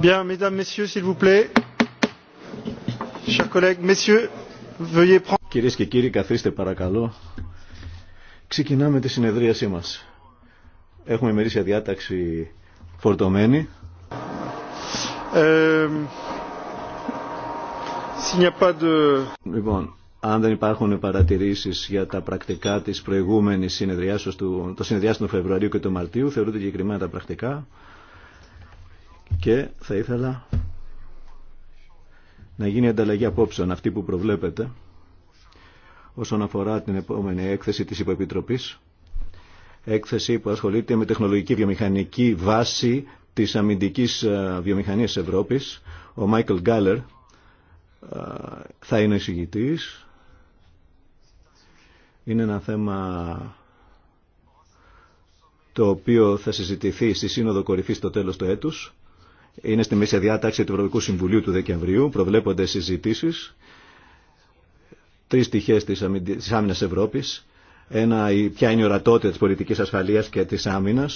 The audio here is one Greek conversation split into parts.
Bien, Κυρίες και κύριοι, καθίστε παρακαλώ. Ξεκινάμε τη συνεδρίασή μας. Έχουμε ημερήσια διάταξη φορτωμένη. Λοιπόν, αν δεν υπάρχουν παρατηρήσει για τα πρακτικά τη προηγούμενη συνεδριάσεω του, το συνεδριάσεω του Φεβρουαρίου και του Μαρτίου, θεωρούνται συγκεκριμένα τα πρακτικά και θα ήθελα να γίνει ανταλλαγή απόψεων αυτή που προβλέπετε όσον αφορά την επόμενη έκθεση της Υποεπιτροπής έκθεση που ασχολείται με τεχνολογική βιομηχανική βάση της αμυντικής ε, βιομηχανίας Ευρώπης ο Μάικλ Γκάλερ ε, θα είναι εισηγητής είναι ένα θέμα το οποίο θα συζητηθεί στη Σύνοδο Κορυφής στο τέλος του έτους είναι στη μέση διάταξη του Ευρωπαϊκού Συμβουλίου του Δεκεμβρίου. Προβλέπονται συζητήσει. Τρει πτυχέ τη άμυνα Ευρώπη. Ένα, ποια είναι η ορατότητα τη πολιτική ασφαλεία και τη άμυνα.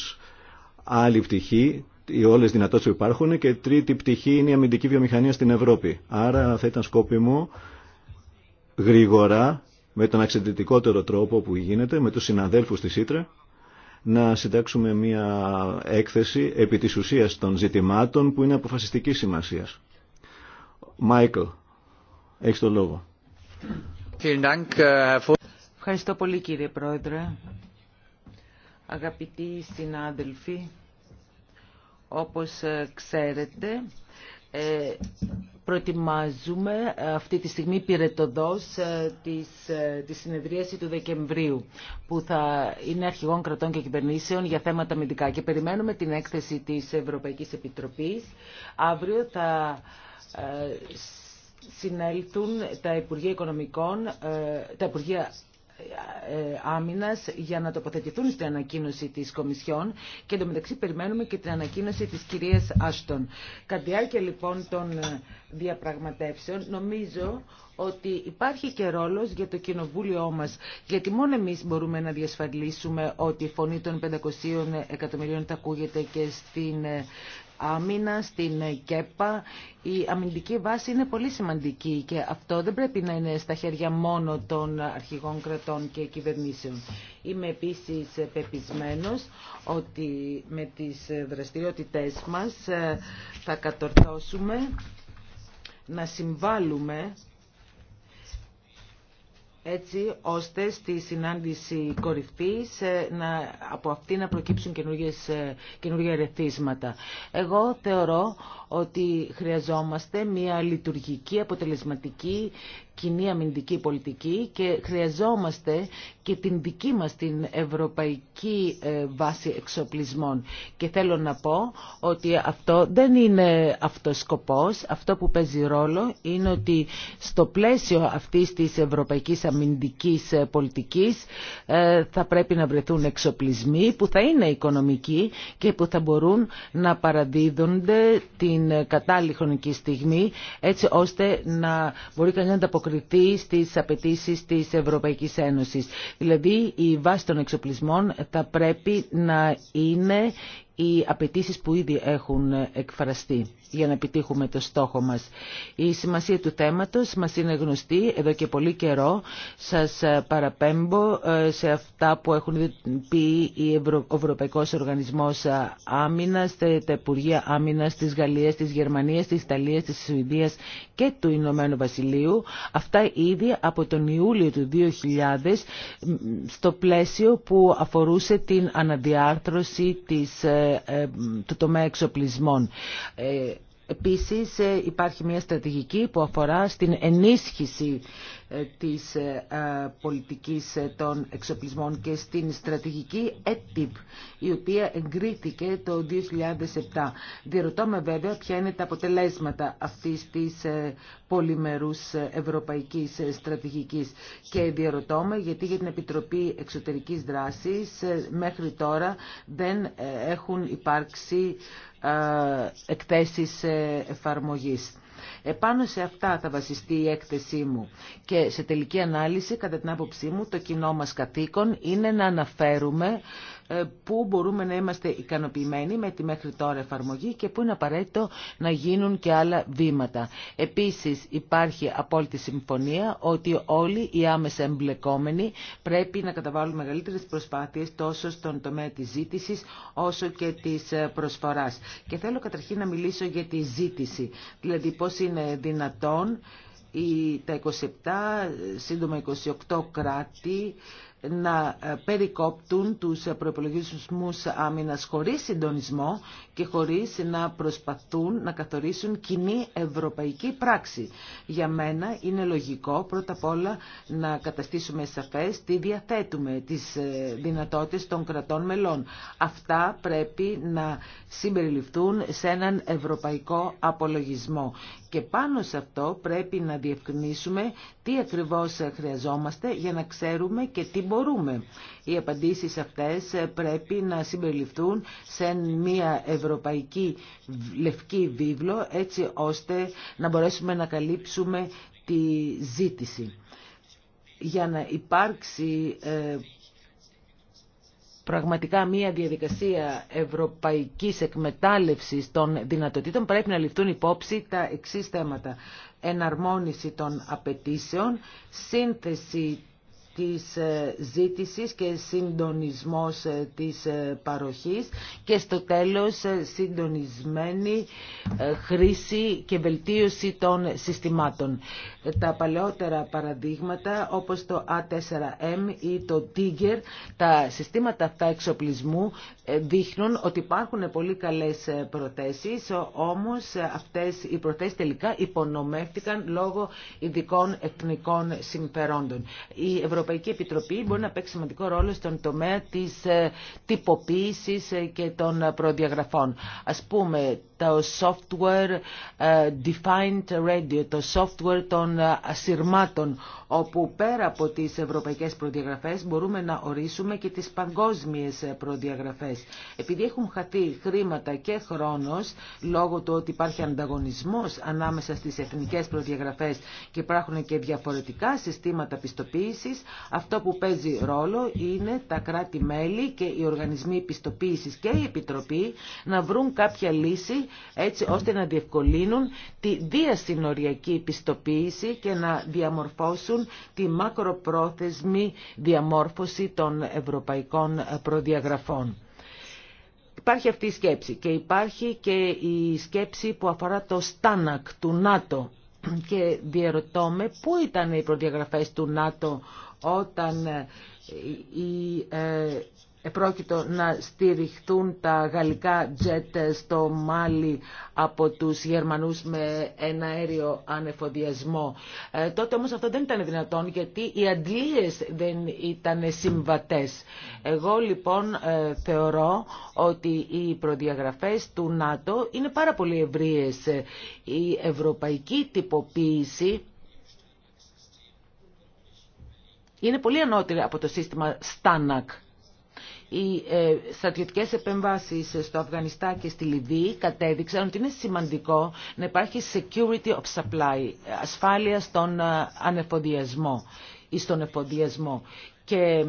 Άλλη πτυχή, οι όλε τι δυνατότητε που υπάρχουν. Και τρίτη πτυχή είναι η αμυντική βιομηχανία στην Ευρώπη. Άρα θα ήταν σκόπιμο γρήγορα, με τον αξιωτικότερο τρόπο που γίνεται, με του συναδέλφου τη ΣΥΤΡΑ, να συντάξουμε μια έκθεση επί της ουσίας των ζητημάτων που είναι αποφασιστικής σημασίας. Μάικλ, έχεις το λόγο. Ευχαριστώ πολύ κύριε Πρόεδρε. Αγαπητοί συνάδελφοι, όπως ε, ξέρετε, ε, προετοιμάζουμε ε, αυτή τη στιγμή πυρετοδός ε, της, ε, της συνεδρίαση του Δεκεμβρίου που θα είναι αρχηγών κρατών και κυβερνήσεων για θέματα αμυντικά και περιμένουμε την έκθεση της Ευρωπαϊκής Επιτροπής. Αύριο θα συνέλθουν τα Υπουργεία Οικονομικών, τα Υπουργεία ε, άμυνας για να τοποθετηθούν στην ανακοίνωση της Κομισιόν και εντωμεταξύ περιμένουμε και την ανακοίνωση της κυρίας Άστον. Κατά διάρκεια λοιπόν των ε, διαπραγματεύσεων νομίζω ότι υπάρχει και ρόλος για το κοινοβούλιο μας, γιατί μόνο εμείς μπορούμε να διασφαλίσουμε ότι η φωνή των 500 εκατομμυρίων θα ακούγεται και στην ε, άμυνα, στην ΚΕΠΑ. Η αμυντική βάση είναι πολύ σημαντική και αυτό δεν πρέπει να είναι στα χέρια μόνο των αρχηγών κρατών και κυβερνήσεων. Είμαι επίσης πεπισμένος ότι με τις δραστηριότητές μας ε, θα κατορθώσουμε να συμβάλλουμε έτσι ώστε στη συνάντηση κορυφής ε, να, από αυτή να προκύψουν ε, καινούργια ρεθίσματα. Εγώ θεωρώ ότι χρειαζόμαστε μια λειτουργική, αποτελεσματική κοινή αμυντική πολιτική και χρειαζόμαστε και την δική μας την ευρωπαϊκή ε, βάση εξοπλισμών. Και θέλω να πω ότι αυτό δεν είναι αυτός σκοπός. Αυτό που παίζει ρόλο είναι ότι στο πλαίσιο αυτής της ευρωπαϊκής αμυντικής ε, πολιτικής ε, θα πρέπει να βρεθούν εξοπλισμοί που θα είναι οικονομικοί και που θα μπορούν να παραδίδονται την κατάλληλη χρονική στιγμή έτσι ώστε να μπορεί κανείς να ανταποκριθεί ανταποκριθεί στις απαιτήσεις της Ευρωπαϊκής Ένωσης. Δηλαδή η βάση των εξοπλισμών θα πρέπει να είναι οι απαιτήσει που ήδη έχουν εκφραστεί για να επιτύχουμε το στόχο μας. Η σημασία του θέματος μας είναι γνωστή εδώ και πολύ καιρό. Σας ε, παραπέμπω ε, σε αυτά που έχουν πει ο Ευρωπαϊκός Οργανισμός ε, Άμυνας, τα Υπουργεία Άμυνας της Γαλλίας, της Γερμανίας, της Ιταλίας, της Σουηδίας και του Ηνωμένου Βασιλείου. Αυτά ήδη από τον Ιούλιο του 2000 στο πλαίσιο που αφορούσε την αναδιάρθρωση της ε, ε, το τομέα εξοπλισμών. Ε, Επίσης ε, υπάρχει μια στρατηγική που αφορά στην ενίσχυση ε, της ε, πολιτικής των εξοπλισμών και στην στρατηγική ETIP, η οποία εγκρίθηκε το 2007. Διερωτώ με βέβαια ποια είναι τα αποτελέσματα αυτής της πολυμερούς ευρωπαϊκής στρατηγικής και διερωτώ με γιατί για την Επιτροπή Εξωτερικής Δράσης μέχρι τώρα δεν έχουν υπάρξει ε, εκτέσεις ε, εφαρμογής. Επάνω σε αυτά θα βασιστεί η έκθεσή μου και σε τελική ανάλυση, κατά την άποψή μου, το κοινό μας καθήκον είναι να αναφέρουμε ε, πού μπορούμε να είμαστε ικανοποιημένοι με τη μέχρι τώρα εφαρμογή και πού είναι απαραίτητο να γίνουν και άλλα βήματα. Επίσης υπάρχει απόλυτη συμφωνία ότι όλοι οι άμεσα εμπλεκόμενοι πρέπει να καταβάλουν μεγαλύτερες προσπάθειες τόσο στον τομέα της ζήτησης όσο και της ε, προσφοράς. Και θέλω καταρχήν να μιλήσω για τη ζήτηση, δηλαδή πώς είναι δυνατόν τα 27, σύντομα 28 κράτη να ε, περικόπτουν τους ε, προπολογισμού άμυνας χωρίς συντονισμό και χωρίς να προσπαθούν να καθορίσουν κοινή ευρωπαϊκή πράξη. Για μένα είναι λογικό πρώτα απ' όλα να καταστήσουμε σαφές τι διαθέτουμε, τις ε, δυνατότητες των κρατών μελών. Αυτά πρέπει να συμπεριληφθούν σε έναν ευρωπαϊκό απολογισμό. Και πάνω σε αυτό πρέπει να διευκρινίσουμε τι ακριβώς χρειαζόμαστε για να ξέρουμε και τι μπορούμε. Οι απαντήσεις αυτές πρέπει να συμπεριληφθούν σε μια ευρωπαϊκή λευκή βίβλο έτσι ώστε να μπορέσουμε να καλύψουμε τη ζήτηση. Για να υπάρξει ε, πραγματικά μια διαδικασία ευρωπαϊκής εκμετάλλευσης των δυνατοτήτων πρέπει να ληφθούν υπόψη τα εξής θέματα. Εναρμόνιση των απαιτήσεων, σύνθεση της ε, ζήτησης και συντονισμός ε, της ε, παροχής και στο τέλος συντονισμένη χρήση και βελτίωση των συστημάτων. Τα παλαιότερα παραδείγματα όπως το A4M ή το Tiger, τα συστήματα αυτά εξοπλισμού δείχνουν ότι υπάρχουν πολύ καλές ε, προθέσεις, όμως ε, αυτές οι προθέσεις τελικά υπονομεύτηκαν λόγω ειδικών εθνικών συμφερόντων. Η Ευρωπαϊκή Επιτροπή μπορεί να παίξει σημαντικό ρόλο στον τομέα της ε, τυποποίησης και των προδιαγραφών. Ας πούμε, το software defined radio, το software των ασυρμάτων όπου πέρα από τις ευρωπαϊκές προδιαγραφές μπορούμε να ορίσουμε και τις παγκόσμιες προδιαγραφές. Επειδή έχουν χαθεί χρήματα και χρόνος λόγω του ότι υπάρχει ανταγωνισμός ανάμεσα στις εθνικές προδιαγραφές και υπάρχουν και διαφορετικά συστήματα πιστοποίησης, αυτό που παίζει ρόλο είναι τα κράτη-μέλη και οι οργανισμοί πιστοποίησης και η Επιτροπή να βρουν κάποια λύση έτσι ώστε να διευκολύνουν τη διασυνοριακή πιστοποίηση και να διαμορφώσουν τη μακροπρόθεσμη διαμόρφωση των ευρωπαϊκών προδιαγραφών. Υπάρχει αυτή η σκέψη και υπάρχει και η σκέψη που αφορά το στάνακ του ΝΑΤΟ και διαρωτώ με πού ήταν οι προδιαγραφές του ΝΑΤΟ όταν ε, η ε, Επρόκειτο να στηριχθούν τα γαλλικά τζετ στο Μάλι από τους Γερμανούς με ένα αέριο ανεφοδιασμό. Ε, τότε όμως αυτό δεν ήταν δυνατόν γιατί οι αντλίες δεν ήταν συμβατές. Εγώ λοιπόν ε, θεωρώ ότι οι προδιαγραφές του ΝΑΤΟ είναι πάρα πολύ ευρείες. Η ευρωπαϊκή τυποποίηση είναι πολύ ανώτερη από το σύστημα ΣΤΑΝΑΚ οι ε, στρατιωτικές επεμβάσεις στο Αφγανιστά και στη Λιβύη κατέδειξαν ότι είναι σημαντικό να υπάρχει security of supply, ασφάλεια στον ε, ανεφοδιασμό ή στον εφοδιασμό. Και ε,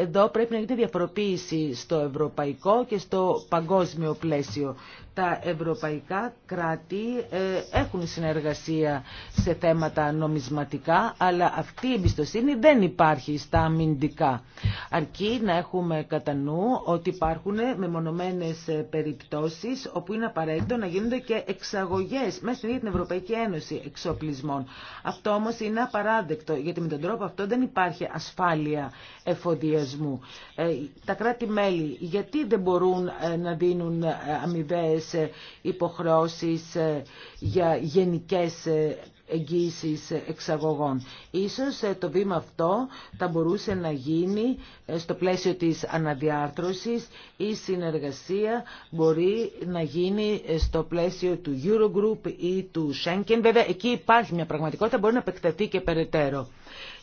εδώ πρέπει να γίνεται διαφοροποίηση στο ευρωπαϊκό και στο παγκόσμιο πλαίσιο τα ευρωπαϊκά κράτη ε, έχουν συνεργασία σε θέματα νομισματικά, αλλά αυτή η εμπιστοσύνη δεν υπάρχει στα αμυντικά. Αρκεί να έχουμε κατά νου ότι υπάρχουν μεμονωμένες ε, περιπτώσεις όπου είναι απαραίτητο να γίνονται και εξαγωγές μέσα στην την Ευρωπαϊκή Ένωση εξοπλισμών. Αυτό όμως είναι απαράδεκτο, γιατί με τον τρόπο αυτό δεν υπάρχει ασφάλεια εφοδιασμού. Ε, τα κράτη-μέλη γιατί δεν μπορούν να δίνουν αμοιβές ε, υποχρεώσεις ε, για γενικές ε, εγγύσεις εξαγωγών. Ίσως το βήμα αυτό θα μπορούσε να γίνει στο πλαίσιο της αναδιάρθρωσης ή συνεργασία μπορεί να γίνει στο πλαίσιο του Eurogroup ή του Schengen. Βέβαια εκεί υπάρχει μια πραγματικότητα, μπορεί να επεκταθεί και περαιτέρω.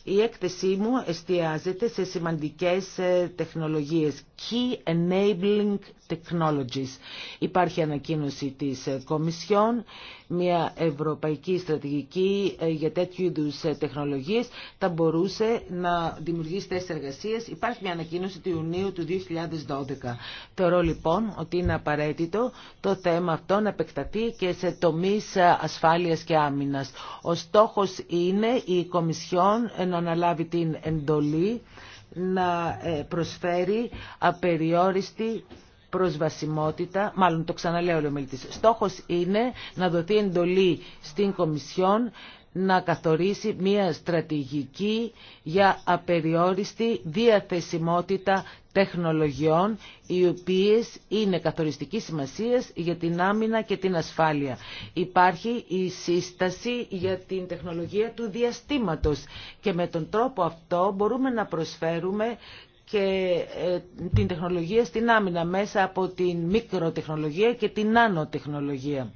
Η έκθεσή μου εστιάζεται σε σημαντικές ε, τεχνολογίες, Key Enabling Technologies. Υπάρχει ανακοίνωση της ε, Κομισιόν, μια ευρωπαϊκή στρατηγική ε, για τέτοιου είδου ε, τεχνολογίε θα μπορούσε να δημιουργήσει θέσει εργασία. Υπάρχει μια ανακοίνωση του Ιουνίου του 2012. Θεωρώ λοιπόν ότι είναι απαραίτητο το θέμα αυτό να επεκταθεί και σε τομεί ε, ασφάλεια και άμυνα. Ο στόχο είναι η Κομισιόν να αναλάβει την εντολή να προσφέρει απεριόριστη προσβασιμότητα, μάλλον το ξαναλέω ο στόχος είναι να δοθεί εντολή στην Κομισιόν να καθορίσει μια στρατηγική για απεριόριστη διαθεσιμότητα τεχνολογιών οι οποίες είναι καθοριστική σημασίας για την άμυνα και την ασφάλεια. Υπάρχει η σύσταση για την τεχνολογία του διαστήματος και με τον τρόπο αυτό μπορούμε να προσφέρουμε και ε, την τεχνολογία στην άμυνα μέσα από την μικροτεχνολογία και την νανοτεχνολογία.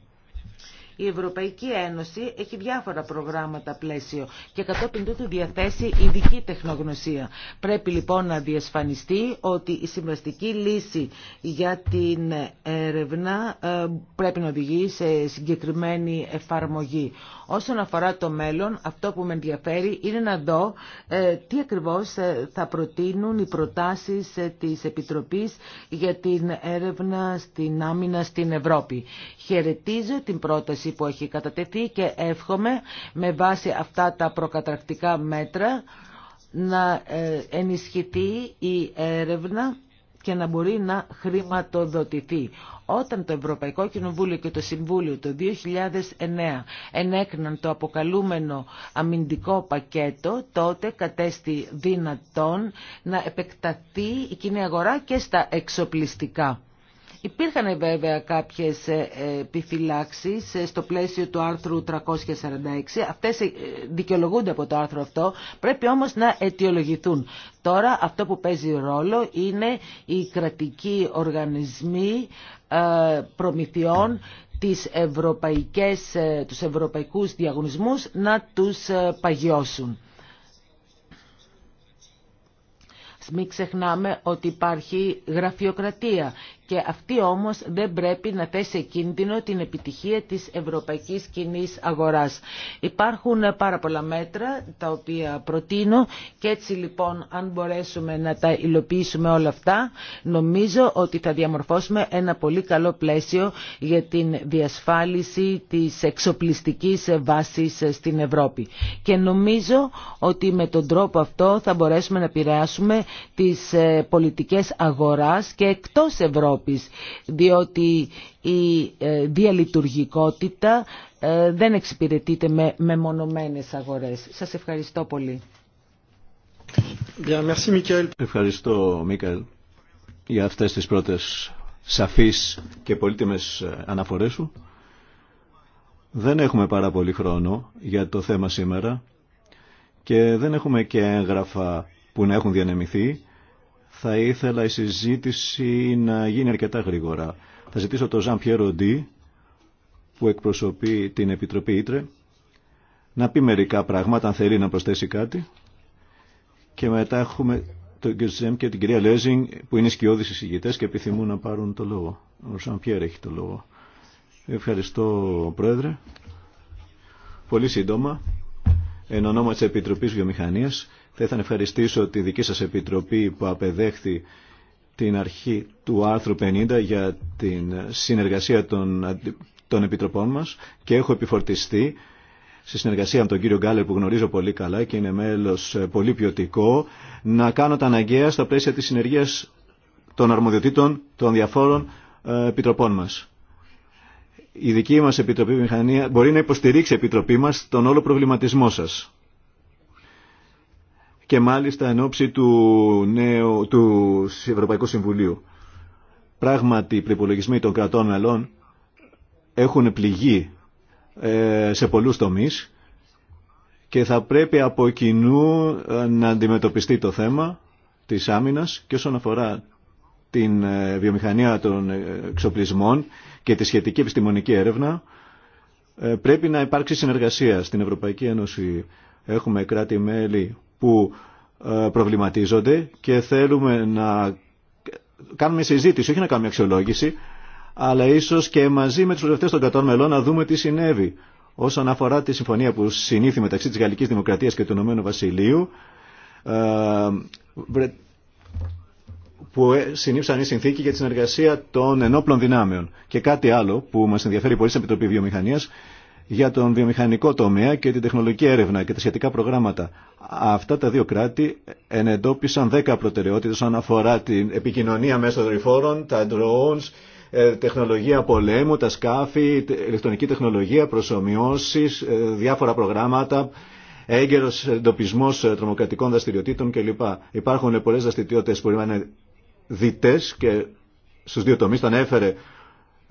Η Ευρωπαϊκή Ένωση έχει διάφορα προγράμματα πλαίσιο και κατόπιν τούτου διαθέσει ειδική τεχνογνωσία. Πρέπει λοιπόν να διασφανιστεί ότι η συμβαστική λύση για την έρευνα ε, πρέπει να οδηγεί σε συγκεκριμένη εφαρμογή. Όσον αφορά το μέλλον, αυτό που με ενδιαφέρει είναι να δω ε, τι ακριβώς ε, θα προτείνουν οι προτάσεις της Επιτροπής για την έρευνα στην άμυνα στην Ευρώπη. Χαιρετίζω την πρόταση που έχει κατατεθεί και εύχομαι με βάση αυτά τα προκατρακτικά μέτρα να ε, ενισχυθεί η έρευνα και να μπορεί να χρηματοδοτηθεί. Όταν το Ευρωπαϊκό Κοινοβούλιο και το Συμβούλιο το 2009 ενέκριναν το αποκαλούμενο αμυντικό πακέτο, τότε κατέστη δυνατόν να επεκταθεί η κοινή αγορά και στα εξοπλιστικά. Υπήρχαν ε, βέβαια κάποιες ε, επιφυλάξεις ε, στο πλαίσιο του άρθρου 346. Αυτές δικαιολογούνται από το άρθρο αυτό, πρέπει όμως να αιτιολογηθούν. Τώρα αυτό που παίζει ρόλο είναι οι κρατικοί οργανισμοί προμηθειών τις ευρωπαϊκές, τους ευρωπαϊκούς διαγωνισμούς να τους παγιώσουν. Μην ξεχνάμε ότι υπάρχει γραφειοκρατία και αυτή όμως δεν πρέπει να θέσει κίνδυνο την επιτυχία της ευρωπαϊκής κοινή αγοράς. Υπάρχουν πάρα πολλά μέτρα τα οποία προτείνω και έτσι λοιπόν αν μπορέσουμε να τα υλοποιήσουμε όλα αυτά νομίζω ότι θα διαμορφώσουμε ένα πολύ καλό πλαίσιο για την διασφάλιση της εξοπλιστικής βάσης στην Ευρώπη. Και νομίζω ότι με τον τρόπο αυτό θα μπορέσουμε να επηρεάσουμε τις ε, πολιτικές αγοράς και εκτός Ευρώπης διότι η ε, διαλειτουργικότητα ε, δεν εξυπηρετείται με μεμονωμένες αγορές. Σας ευχαριστώ πολύ. Ευχαριστώ Μίκαελ για αυτές τις πρώτες σαφείς και πολύτιμες ε, αναφορές σου. Δεν έχουμε πάρα πολύ χρόνο για το θέμα σήμερα και δεν έχουμε και έγγραφα που να έχουν διανεμηθεί θα ήθελα η συζήτηση να γίνει αρκετά γρήγορα. Θα ζητήσω τον Ζαν Πιέροντι, που εκπροσωπεί την Επιτροπή Ήτρε, να πει μερικά πράγματα, αν θέλει να προσθέσει κάτι. Και μετά έχουμε τον κ. και την κυρία Λέζινγκ, που είναι σκιώδεις εισηγητές και επιθυμούν να πάρουν το λόγο. Ο Ζαν Πιέρ έχει το λόγο. Ευχαριστώ, Πρόεδρε. Πολύ σύντομα, εν ονόμα της Επιτροπής Βιομηχανίας, θα ήθελα να ευχαριστήσω τη δική σας επιτροπή που απεδέχθη την αρχή του άρθρου 50 για την συνεργασία των, των επιτροπών μας και έχω επιφορτιστεί στη συνεργασία με τον κύριο Γκάλερ που γνωρίζω πολύ καλά και είναι μέλος ε, πολύ ποιοτικό να κάνω τα αναγκαία στα πλαίσια της συνεργίας των αρμοδιοτήτων των διαφόρων ε, επιτροπών μας. Η δική μας Επιτροπή Μηχανία μπορεί να υποστηρίξει η Επιτροπή μας τον όλο προβληματισμό σας και μάλιστα εν ώψη του, νέου, του Ευρωπαϊκού Συμβουλίου. Πράγματι, οι προπολογισμοί των κρατών μελών έχουν πληγεί ε, σε πολλούς τομείς και θα πρέπει από κοινού ε, να αντιμετωπιστεί το θέμα της άμυνας και όσον αφορά την ε, βιομηχανία των εξοπλισμών και τη σχετική επιστημονική έρευνα πρέπει να υπάρξει συνεργασία στην Ευρωπαϊκή Ένωση. Έχουμε κράτη-μέλη που ε, προβληματίζονται και θέλουμε να κάνουμε συζήτηση, όχι να κάνουμε αξιολόγηση, αλλά ίσως και μαζί με τους βουλευτές των 100 μελών να δούμε τι συνέβη. Όσον αφορά τη συμφωνία που συνήθει μεταξύ της Γαλλικής Δημοκρατίας και του Ηνωμένου Βασιλείου, ε, που ε, συνήψαν η συνθήκη για τη συνεργασία των ενόπλων δυνάμεων. Και κάτι άλλο που μας ενδιαφέρει πολύ στην Επιτροπή Βιομηχανίας για τον βιομηχανικό τομέα και την τεχνολογική έρευνα και τα σχετικά προγράμματα. Αυτά τα δύο κράτη ενεντόπισαν 10 προτεραιότητες όσον αφορά την επικοινωνία μέσω δορυφόρων, τα drones, ε, τεχνολογία πολέμου, τα σκάφη, ηλεκτρονική τεχνολογία, προσωμιώσει, ε, διάφορα προγράμματα, έγκαιρος εντοπισμό ε, τρομοκρατικών δραστηριοτήτων κλπ. Υπάρχουν πολλέ δραστηριότητε που είναι δυτέ και στου δύο τομεί τον έφερε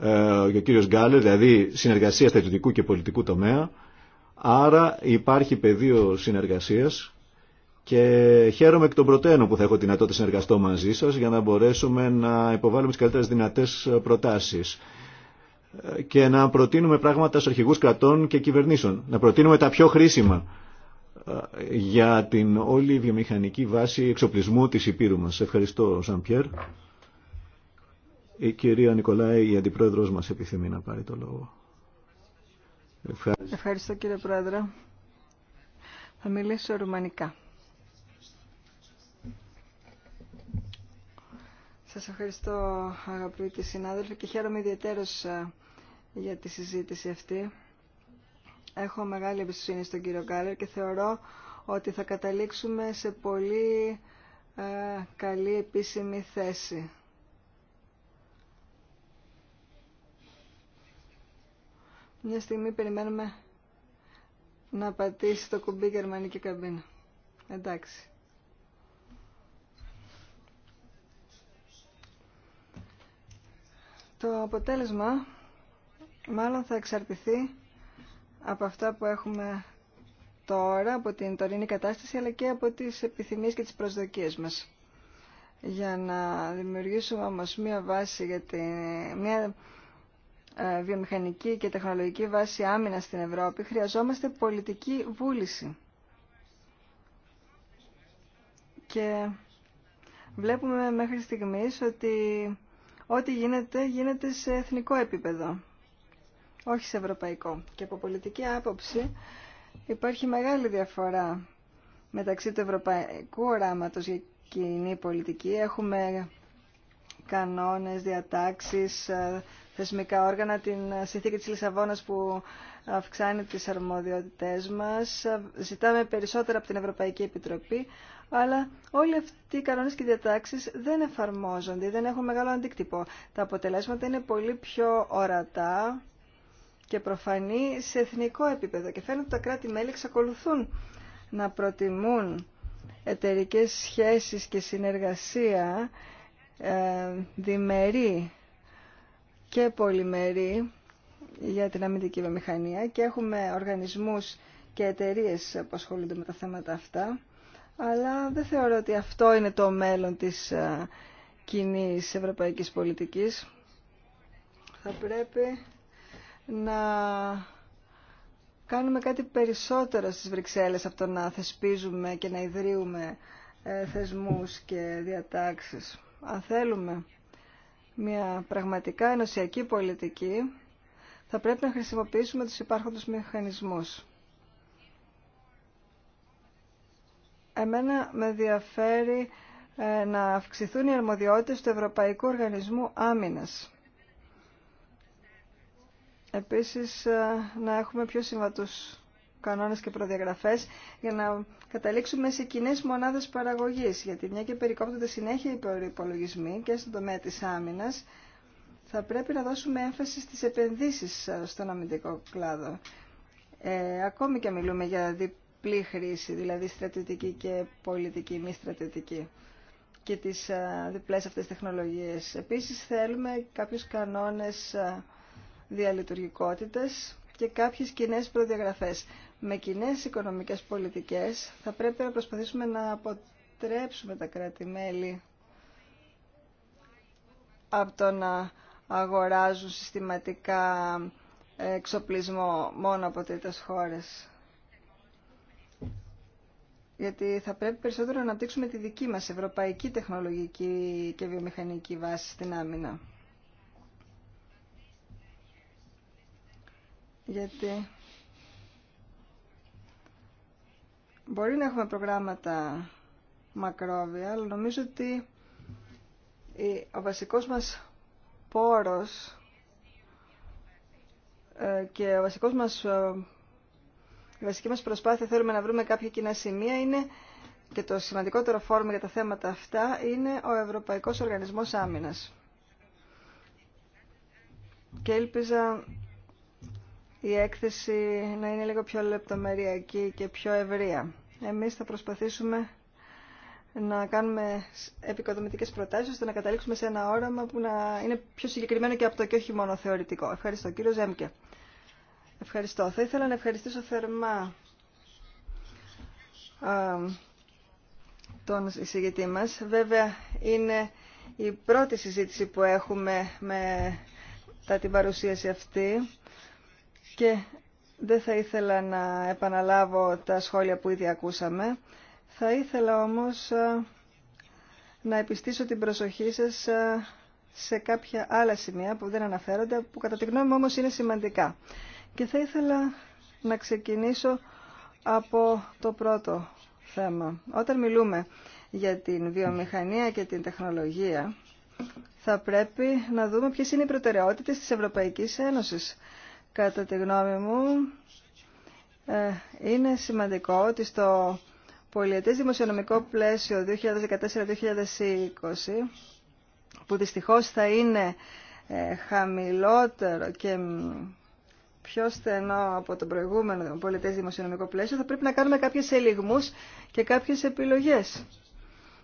ε, και ο κύριος Γκάλερ, δηλαδή συνεργασία στρατιωτικού και πολιτικού τομέα. Άρα υπάρχει πεδίο συνεργασίας και χαίρομαι εκ των προτέρων που θα έχω δυνατότητα συνεργαστώ μαζί σας για να μπορέσουμε να υποβάλουμε τις καλύτερες δυνατές προτάσεις και να προτείνουμε πράγματα στους αρχηγούς κρατών και κυβερνήσεων. Να προτείνουμε τα πιο χρήσιμα ε, για την όλη βιομηχανική βάση εξοπλισμού της Υπήρου μας. Ευχαριστώ, Σαν Πιέρ. Η κυρία Νικολάη, η αντιπρόεδρος μας, επιθυμεί να πάρει το λόγο. Ευχαριστώ, Ευχαριστώ κύριε Πρόεδρε. Θα μιλήσω ρουμανικά. Σας ευχαριστώ αγαπητοί συνάδελφοι και χαίρομαι ιδιαίτερως ε, για τη συζήτηση αυτή. Έχω μεγάλη εμπιστοσύνη στον κύριο Γκάλερ και θεωρώ ότι θα καταλήξουμε σε πολύ ε, καλή επίσημη θέση. Μια στιγμή περιμένουμε να πατήσει το κουμπί γερμανική καμπίνα. Εντάξει. Το αποτέλεσμα μάλλον θα εξαρτηθεί από αυτά που έχουμε τώρα, από την τωρινή κατάσταση, αλλά και από τις επιθυμίες και τις προσδοκίες μας. Για να δημιουργήσουμε όμως μία βάση για την... Μία ε, βιομηχανική και τεχνολογική βάση άμυνα στην Ευρώπη, χρειαζόμαστε πολιτική βούληση. Και βλέπουμε μέχρι στιγμής ότι ό,τι γίνεται, γίνεται σε εθνικό επίπεδο, όχι σε ευρωπαϊκό. Και από πολιτική άποψη υπάρχει μεγάλη διαφορά μεταξύ του ευρωπαϊκού οράματος για κοινή πολιτική. Έχουμε κανόνες, διατάξεις, ε, θεσμικά όργανα, την συνθήκη της Λισαβόνας που αυξάνει τις αρμοδιότητές μας. Ζητάμε περισσότερα από την Ευρωπαϊκή Επιτροπή, αλλά όλοι αυτοί οι κανόνες και οι διατάξεις δεν εφαρμόζονται, δεν έχουν μεγάλο αντίκτυπο. Τα αποτελέσματα είναι πολύ πιο ορατά και προφανή σε εθνικό επίπεδο και φαίνεται ότι τα κράτη-μέλη εξακολουθούν να προτιμούν εταιρικές σχέσεις και συνεργασία ε, και πολυμερή για την αμυντική βιομηχανία και έχουμε οργανισμούς και εταιρείε που ασχολούνται με τα θέματα αυτά, αλλά δεν θεωρώ ότι αυτό είναι το μέλλον της ε, κοινή ευρωπαϊκής πολιτικής. Θα πρέπει να κάνουμε κάτι περισσότερο στις Βρυξέλλες από το να θεσπίζουμε και να ιδρύουμε ε, θεσμούς και διατάξεις. Αν θέλουμε μια πραγματικά ενωσιακή πολιτική, θα πρέπει να χρησιμοποιήσουμε τους υπάρχοντες μηχανισμούς. Εμένα με ενδιαφέρει ε, να αυξηθούν οι αρμοδιότητες του Ευρωπαϊκού Οργανισμού Άμυνας. Επίσης, ε, να έχουμε πιο συμβατούς κανόνες και προδιαγραφές για να καταλήξουμε σε κοινέ μονάδες παραγωγής. Γιατί μια και περικόπτονται συνέχεια οι προπολογισμοί και στον τομέα της άμυνας, θα πρέπει να δώσουμε έμφαση στις επενδύσεις στον αμυντικό κλάδο. Ε, ακόμη και μιλούμε για διπλή χρήση, δηλαδή στρατιωτική και πολιτική, μη στρατιωτική και τις ε, διπλές αυτές τεχνολογίες. Επίσης θέλουμε κάποιους κανόνες ε, διαλειτουργικότητας και κάποιες κοινέ προδιαγραφές. Με κοινέ οικονομικές πολιτικές θα πρέπει να προσπαθήσουμε να αποτρέψουμε τα κράτη-μέλη από το να αγοράζουν συστηματικά εξοπλισμό μόνο από τρίτες χώρες. Γιατί θα πρέπει περισσότερο να αναπτύξουμε τη δική μας ευρωπαϊκή τεχνολογική και βιομηχανική βάση στην άμυνα. γιατί μπορεί να έχουμε προγράμματα μακρόβια, αλλά νομίζω ότι ο βασικός μας πόρος ε, και ο βασικός μας, ε, η βασική μας προσπάθεια θέλουμε να βρούμε κάποια κοινά σημεία είναι και το σημαντικότερο φόρμα για τα θέματα αυτά είναι ο Ευρωπαϊκός Οργανισμός Άμυνας. Και έλπιζα η έκθεση να είναι λίγο πιο λεπτομεριακή και πιο ευρεία. Εμείς θα προσπαθήσουμε να κάνουμε επικοδομητικές προτάσεις ώστε να καταλήξουμε σε ένα όραμα που να είναι πιο συγκεκριμένο και από το και όχι μόνο θεωρητικό. Ευχαριστώ. Κύριο Ζέμκε. Ευχαριστώ. Θα ήθελα να ευχαριστήσω θερμά τον εισηγητή μας. Βέβαια είναι η πρώτη συζήτηση που έχουμε με τα την παρουσίαση αυτή και δεν θα ήθελα να επαναλάβω τα σχόλια που ήδη ακούσαμε. Θα ήθελα όμως ε, να επιστήσω την προσοχή σας ε, σε κάποια άλλα σημεία που δεν αναφέρονται, που κατά τη γνώμη μου όμως είναι σημαντικά. Και θα ήθελα να ξεκινήσω από το πρώτο θέμα. Όταν μιλούμε για την βιομηχανία και την τεχνολογία, θα πρέπει να δούμε ποιες είναι οι προτεραιότητες της Ευρωπαϊκής Ένωσης. Κατά τη γνώμη μου, ε, είναι σημαντικό ότι στο πολιετές δημοσιονομικό πλαίσιο 2014-2020, που δυστυχώς θα είναι ε, χαμηλότερο και πιο στενό από το προηγούμενο πολιτές δημοσιονομικό πλαίσιο, θα πρέπει να κάνουμε κάποιες ελιγμούς και κάποιες επιλογές.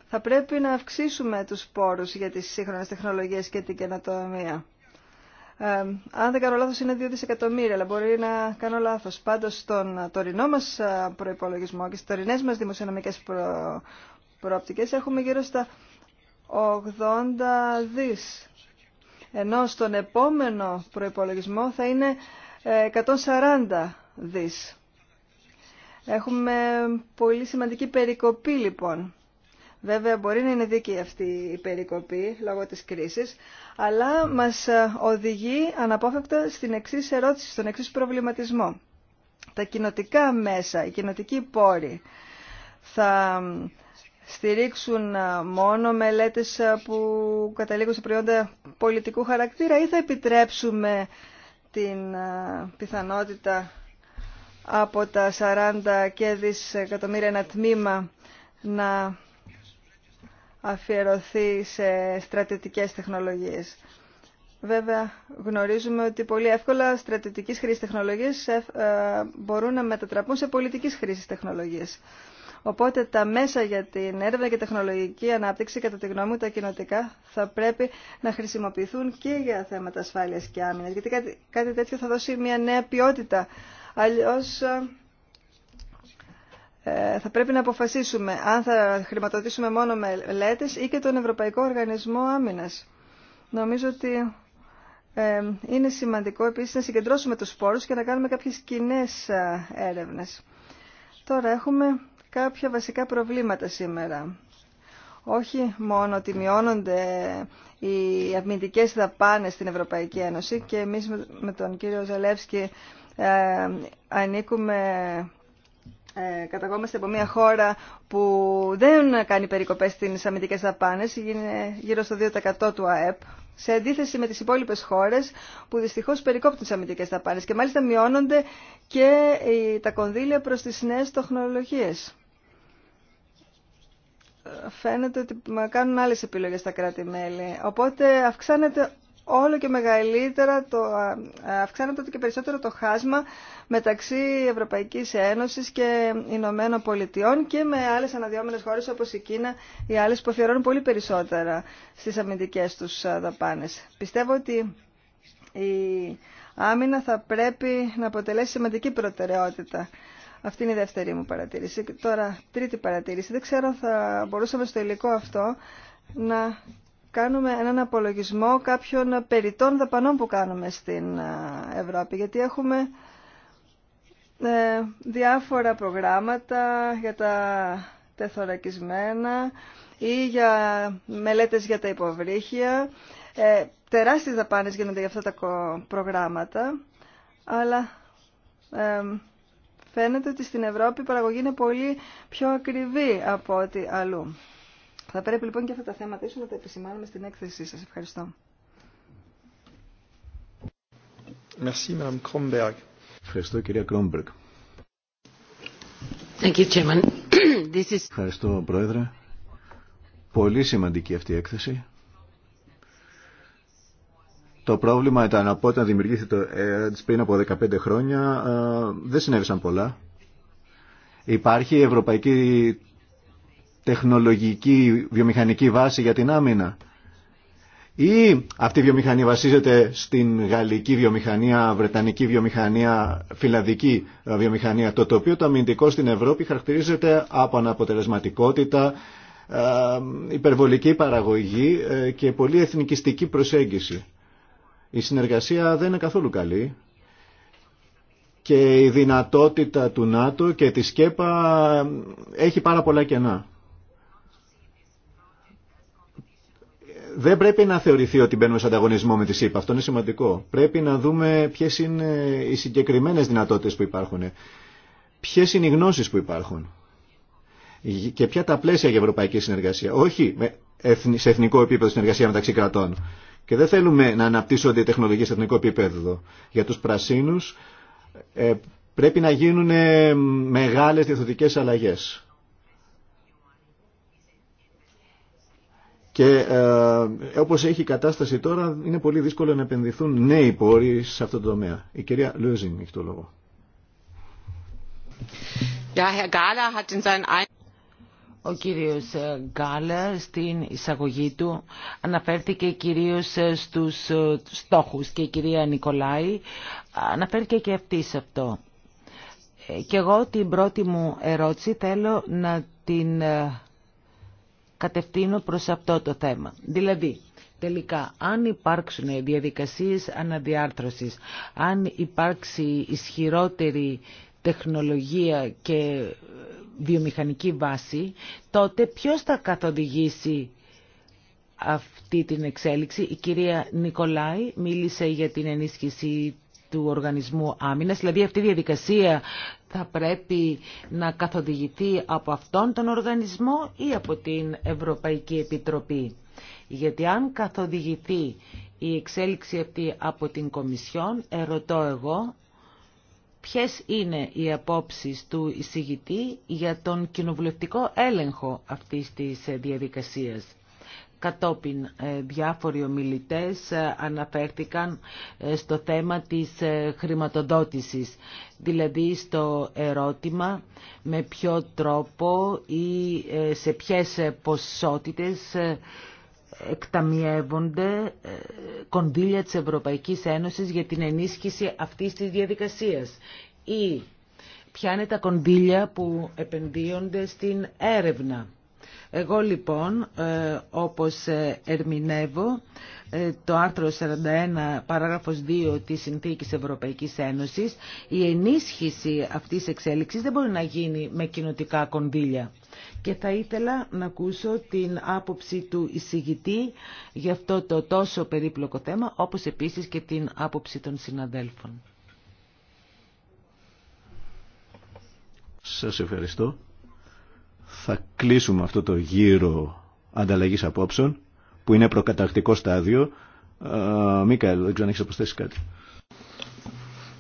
Θα πρέπει να αυξήσουμε τους πόρους για τις σύγχρονες τεχνολογίες και την καινοτομία αν δεν κάνω λάθος είναι 2 δισεκατομμύρια, αλλά μπορεί να κάνω λάθος. Πάντως στον τωρινό μας ε, προϋπολογισμό και στις τωρινές μας δημοσιονομικές προ... προοπτικές έχουμε γύρω στα 80 δις. Ενώ στον επόμενο προϋπολογισμό θα είναι 140 ε, δις. Έχουμε πολύ σημαντική περικοπή λοιπόν Βέβαια μπορεί να είναι δίκαιη αυτή η περικοπή λόγω της κρίσης, αλλά μας ε, οδηγεί αναπόφευκτα στην εξής ερώτηση, στον εξής προβληματισμό. Τα κοινοτικά μέσα, οι κοινοτικοί πόροι θα στηρίξουν ε, μόνο μελέτες ε, που καταλήγουν σε προϊόντα πολιτικού χαρακτήρα ή θα επιτρέψουμε την πιθανότητα από τα 40 και δισεκατομμύρια ένα τμήμα να αφιερωθεί σε στρατιωτικές τεχνολογίες. Βέβαια, γνωρίζουμε ότι πολύ εύκολα στρατιωτικής χρήσης τεχνολογίες ε, ε, μπορούν να μετατραπούν σε πολιτικής χρήσης τεχνολογίες. Οπότε τα μέσα για την έρευνα και τεχνολογική ανάπτυξη, κατά τη γνώμη μου, τα κοινοτικά θα πρέπει να χρησιμοποιηθούν και για θέματα ασφάλειας και άμυνας, γιατί κάτι, κάτι τέτοιο θα δώσει μια νέα ποιότητα. Αλλιώς ε, ε, θα πρέπει να αποφασίσουμε αν θα χρηματοδοτήσουμε μόνο μελέτες ή και τον Ευρωπαϊκό Οργανισμό Άμυνας. Νομίζω ότι ε, είναι σημαντικό επίσης να συγκεντρώσουμε τους πόρους και να κάνουμε κάποιες κοινέ ε, έρευνες. Τώρα έχουμε κάποια βασικά προβλήματα σήμερα. Όχι μόνο ότι μειώνονται οι αμυντικές δαπάνες στην Ευρωπαϊκή Ένωση και εμείς με τον κύριο Ζαλεύσκη ανήκουμε ε, καταγόμαστε από μια χώρα που δεν κάνει περικοπές στις αμυντικές δαπάνες, γύρω στο 2% του ΑΕΠ, σε αντίθεση με τις υπόλοιπες χώρες που δυστυχώς περικόπτουν τις αμυντικές δαπάνες και μάλιστα μειώνονται και τα κονδύλια προς τις νέες τεχνολογίες. Φαίνεται ότι κάνουν άλλες επιλογές τα κράτη-μέλη. Οπότε αυξάνεται όλο και μεγαλύτερα, το, αυξάνεται και περισσότερο το χάσμα μεταξύ Ευρωπαϊκής Ένωσης και Ηνωμένων Πολιτειών και με άλλες αναδυόμενες χώρες όπως η Κίνα ή άλλες που αφιερώνουν πολύ περισσότερα στις αμυντικές τους δαπάνες. Πιστεύω ότι η άμυνα θα πρέπει να αποτελέσει σημαντική προτεραιότητα. Αυτή είναι η δεύτερη μου παρατήρηση. Τώρα, τρίτη παρατήρηση. Δεν ξέρω αν θα μπορούσαμε στο υλικό αυτό να κάνουμε έναν απολογισμό κάποιων περιττών δαπανών που κάνουμε στην ε, Ευρώπη, γιατί έχουμε ε, διάφορα προγράμματα για τα τεθωρακισμένα ή για μελέτες για τα υποβρύχια. Ε, τεράστιες δαπάνες γίνονται για αυτά τα προγράμματα, αλλά φαίνεται ότι στην Ευρώπη η παραγωγή είναι πολύ πιο ακριβή από ό,τι αλλού. Θα πρέπει λοιπόν και αυτά τα θέματα ίσως να τα επισημάνουμε στην έκθεσή σας. Ευχαριστώ. Merci, Madame Kronberg. Ευχαριστώ, κυρία Κρόμπεργκ. Is... Ευχαριστώ, Πρόεδρε. Πολύ σημαντική αυτή η έκθεση. Το πρόβλημα ήταν από όταν δημιουργήθηκε το πριν από 15 χρόνια ε, δεν συνέβησαν πολλά. Υπάρχει η Ευρωπαϊκή τεχνολογική βιομηχανική βάση για την άμυνα. Ή αυτή η βιομηχανία βασίζεται στην γαλλική βιομηχανία, βρετανική βιομηχανία, φιλανδική ε, βιομηχανία, το τοπίο το αμυντικό στην Ευρώπη χαρακτηρίζεται από αναποτελεσματικότητα, ε, υπερβολική παραγωγή ε, και πολύ εθνικιστική προσέγγιση. Η συνεργασία δεν είναι καθόλου καλή και η δυνατότητα του ΝΑΤΟ και της ΚΕΠΑ έχει πάρα πολλά κενά. δεν πρέπει να θεωρηθεί ότι μπαίνουμε σε ανταγωνισμό με τη ΣΥΠΑ. Αυτό είναι σημαντικό. Πρέπει να δούμε ποιε είναι οι συγκεκριμένε δυνατότητε που υπάρχουν. Ποιε είναι οι γνώσει που υπάρχουν. Και ποια τα πλαίσια για ευρωπαϊκή συνεργασία. Όχι σε εθνικό επίπεδο συνεργασία μεταξύ κρατών. Και δεν θέλουμε να αναπτύσσονται οι τεχνολογίε σε εθνικό επίπεδο. Για του πρασίνου ε, πρέπει να γίνουν ε, μεγάλε διαθωτικέ αλλαγέ Και ε, όπως έχει η κατάσταση τώρα, είναι πολύ δύσκολο να επενδυθούν νέοι πόροι σε αυτό το τομέα. Η κυρία Λούζιν έχει το λόγο. Ο κύριος Γκάλα ε, στην εισαγωγή του αναφέρθηκε κυρίως ε, ε, στους στόχους και η κυρία Νικολάη αναφέρθηκε και αυτή σε αυτό. Και εγώ την πρώτη μου ερώτηση θέλω να την κατευθύνω προς αυτό το θέμα. Δηλαδή, τελικά, αν υπάρξουν διαδικασίες αναδιάρθρωσης, αν υπάρξει ισχυρότερη τεχνολογία και ε, βιομηχανική βάση, τότε ποιος θα καθοδηγήσει αυτή την εξέλιξη. Η κυρία Νικολάη μίλησε για την ενίσχυση του Οργανισμού Άμυνας, δηλαδή αυτή η διαδικασία θα πρέπει να καθοδηγηθεί από αυτόν τον οργανισμό ή από την Ευρωπαϊκή Επιτροπή. Γιατί αν καθοδηγηθεί η εξέλιξη αυτή από την Κομισιόν, ερωτώ εγώ, ποιες είναι οι απόψεις του εισηγητή για τον κοινοβουλευτικό έλεγχο αυτής της διαδικασίας. Κατόπιν ε, διάφοροι ομιλητές ε, αναφέρθηκαν ε, στο θέμα της χρηματοδότησης, δηλαδή στο ερώτημα με ποιο τρόπο ή σε ποιες ποσότητες εκταμιεύονται κονδύλια της Ευρωπαϊκής Ένωσης για την ενίσχυση αυτής της διαδικασίας ή ποια είναι τα κονδύλια που επενδύονται στην έρευνα εγώ λοιπόν, ε, όπως ε, ερμηνεύω ε, το άρθρο 41 παράγραφος 2 της Συνθήκης Ευρωπαϊκής Ένωσης, η ενίσχυση αυτής της εξέλιξης δεν μπορεί να γίνει με κοινοτικά κονδύλια. Και θα ήθελα να ακούσω την άποψη του εισηγητή για αυτό το τόσο περίπλοκο θέμα, όπως επίσης και την άποψη των συναδέλφων. Σας ευχαριστώ θα κλείσουμε αυτό το γύρο ανταλλαγής απόψεων που είναι προκαταρκτικό στάδιο. Ε, Μίκαελ, δεν ξέρω αν έχεις αποσθέσει κάτι.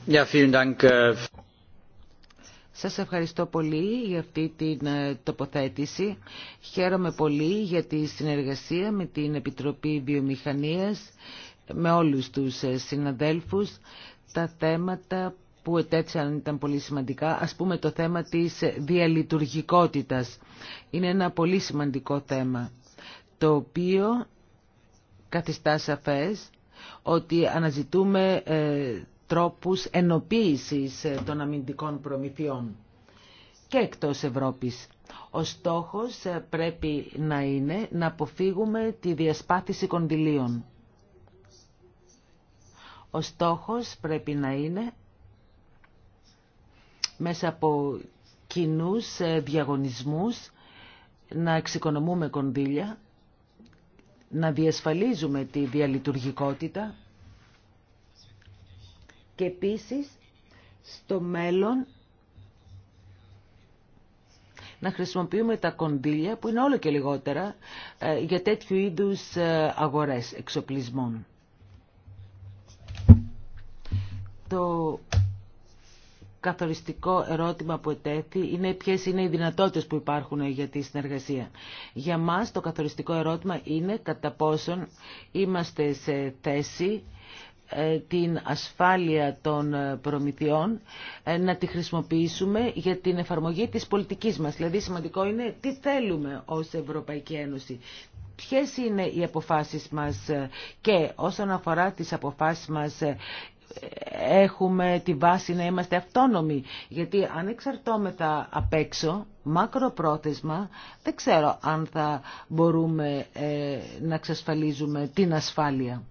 Σα ε, σας ευχαριστώ πολύ για αυτή την ε, τοποθέτηση. Χαίρομαι πολύ για τη συνεργασία με την Επιτροπή Βιομηχανίας, με όλους τους συναδέλφους. Τα θέματα που ετέθησαν ήταν πολύ σημαντικά. Ας πούμε το θέμα της διαλειτουργικότητας. Είναι ένα πολύ σημαντικό θέμα, το οποίο καθιστά σαφές ότι αναζητούμε ε, τρόπους ενοποίησης ε, των αμυντικών προμηθειών και εκτός Ευρώπης. Ο στόχος ε, πρέπει να είναι να αποφύγουμε τη διασπάθηση κονδυλίων. Ο στόχος πρέπει να είναι μέσα από κοινού ε, διαγωνισμούς να εξοικονομούμε κονδύλια, να διασφαλίζουμε τη διαλειτουργικότητα και επίσης στο μέλλον να χρησιμοποιούμε τα κονδύλια που είναι όλο και λιγότερα ε, για τέτοιου είδους ε, αγορές εξοπλισμών. Το καθοριστικό ερώτημα που ετέθη είναι ποιες είναι οι δυνατότητες που υπάρχουν για τη συνεργασία. Για μας το καθοριστικό ερώτημα είναι κατά πόσον είμαστε σε θέση ε, την ασφάλεια των ε, προμηθειών ε, να τη χρησιμοποιήσουμε για την εφαρμογή της πολιτικής μας. Δηλαδή σημαντικό είναι τι θέλουμε ως Ευρωπαϊκή Ένωση. Ποιες είναι οι αποφάσεις μας και όσον αφορά τις αποφάσεις μας έχουμε τη βάση να είμαστε αυτόνομοι. Γιατί αν εξαρτώμεθα απ' έξω, μακροπρόθεσμα, δεν ξέρω αν θα μπορούμε ε, να εξασφαλίζουμε την ασφάλεια.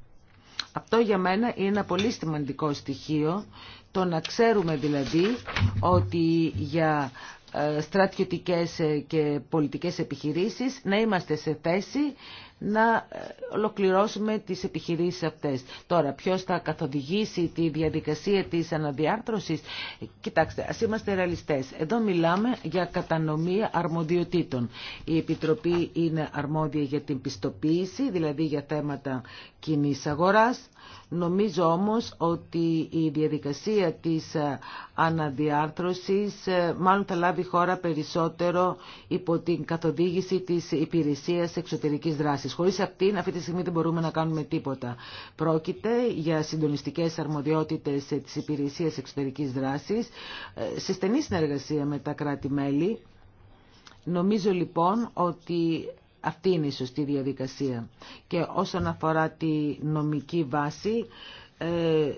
Αυτό για μένα είναι ένα πολύ σημαντικό στοιχείο, το να ξέρουμε δηλαδή ότι για στρατιωτικές ε, και πολιτικές επιχειρήσεις, να είμαστε σε θέση να ε, ολοκληρώσουμε τις επιχειρήσεις αυτές. Τώρα, ποιος θα καθοδηγήσει τη διαδικασία της αναδιάρθρωσης. Κοιτάξτε, ας είμαστε ρεαλιστές. Εδώ μιλάμε για κατανομή αρμοδιοτήτων. Η Επιτροπή είναι αρμόδια για την πιστοποίηση, δηλαδή για θέματα κοινή αγοράς. Νομίζω όμως ότι η διαδικασία της ε, αναδιάρθρωσης ε, μάλλον θα λάβει χώρα περισσότερο υπό την καθοδήγηση της υπηρεσίας εξωτερικής δράσης. Χωρίς αυτήν αυτή τη στιγμή δεν μπορούμε να κάνουμε τίποτα. Πρόκειται για συντονιστικές αρμοδιότητες ε, της υπηρεσίας εξωτερικής δράσης σε στενή συνεργασία με τα κράτη-μέλη. Νομίζω λοιπόν ότι αυτή είναι η σωστή διαδικασία. Και όσον αφορά τη νομική βάση, ε,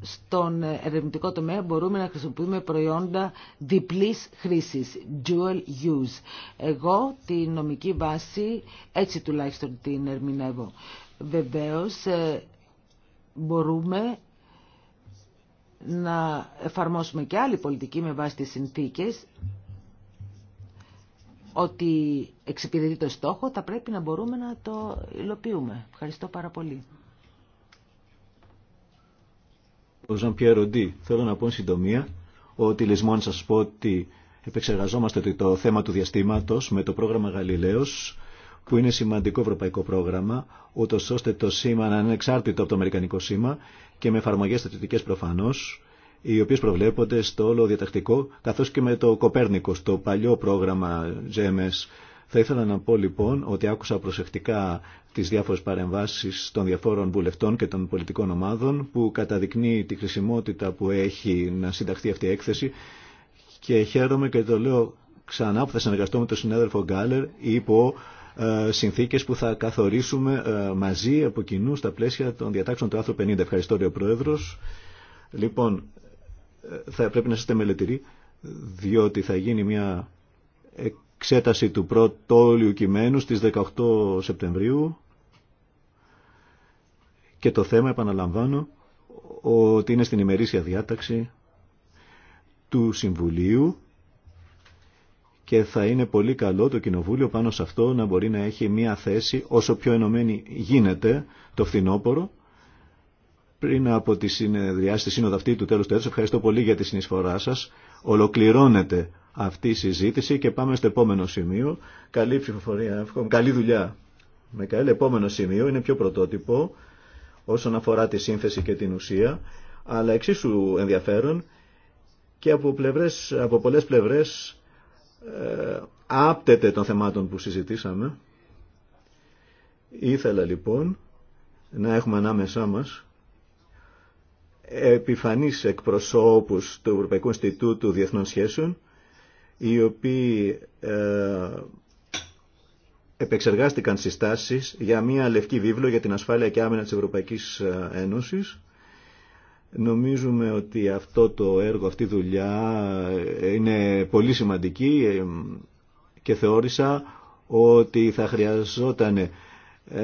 στον ερευνητικό τομέα μπορούμε να χρησιμοποιούμε προϊόντα διπλής χρήσης, dual use. Εγώ τη νομική βάση έτσι τουλάχιστον την ερμηνεύω. Βεβαίως ε, μπορούμε να εφαρμόσουμε και άλλη πολιτική με βάση τις συνθήκες, ότι εξυπηρετεί το στόχο, θα πρέπει να μπορούμε να το υλοποιούμε. Ευχαριστώ πάρα πολύ. Ο Ζαν Πιεροντή, θέλω να πω εν συντομία ότι λησμόν σας πω ότι επεξεργαζόμαστε το θέμα του διαστήματος με το πρόγραμμα Γαλιλαίος που είναι σημαντικό ευρωπαϊκό πρόγραμμα, ούτω ώστε το σήμα να είναι εξάρτητο από το αμερικανικό σήμα και με εφαρμογέ στατιστικέ προφανώ οι οποίε προβλέπονται στο όλο διατακτικό, καθώ και με το Κοπέρνικο, στο παλιό πρόγραμμα GMS. Θα ήθελα να πω λοιπόν ότι άκουσα προσεκτικά τι διάφορε παρεμβάσει των διαφόρων βουλευτών και των πολιτικών ομάδων που καταδεικνύει τη χρησιμότητα που έχει να συνταχθεί αυτή η έκθεση και χαίρομαι και το λέω ξανά που θα συνεργαστώ με τον συνάδελφο Γκάλερ υπό ε, συνθήκες που θα καθορίσουμε ε, μαζί από κοινού στα πλαίσια των διατάξεων του άρθρου 50. Ευχαριστώ, Πρόεδρος. Λοιπόν, θα πρέπει να είστε μελετηροί, διότι θα γίνει μια εξέταση του πρώτου κειμένου στις 18 Σεπτεμβρίου και το θέμα, επαναλαμβάνω, ότι είναι στην ημερήσια διάταξη του Συμβουλίου και θα είναι πολύ καλό το Κοινοβούλιο πάνω σε αυτό να μπορεί να έχει μία θέση όσο πιο ενωμένη γίνεται το φθινόπωρο πριν από τη συνεδριάση τη σύνοδο αυτή του τέλους του έτους, ευχαριστώ πολύ για τη συνεισφορά σας. Ολοκληρώνεται αυτή η συζήτηση και πάμε στο επόμενο σημείο. Καλή ψηφοφορία, καλή δουλειά. Με καλή επόμενο σημείο είναι πιο πρωτότυπο όσον αφορά τη σύνθεση και την ουσία, αλλά εξίσου ενδιαφέρον και από, πλευρές, από πολλές πλευρές ε, άπτεται των θεμάτων που συζητήσαμε. Ήθελα λοιπόν να έχουμε ανάμεσά μας επιφανείς εκπροσώπους του Ευρωπαϊκού Ινστιτούτου Διεθνών Σχέσεων, οι οποίοι ε, επεξεργάστηκαν συστάσεις για μια λευκή βίβλο για την ασφάλεια και άμενα της Ευρωπαϊκής ε, Ένωσης. Νομίζουμε ότι αυτό το έργο, αυτή η δουλειά ε, είναι πολύ σημαντική και θεώρησα ότι θα χρειαζόταν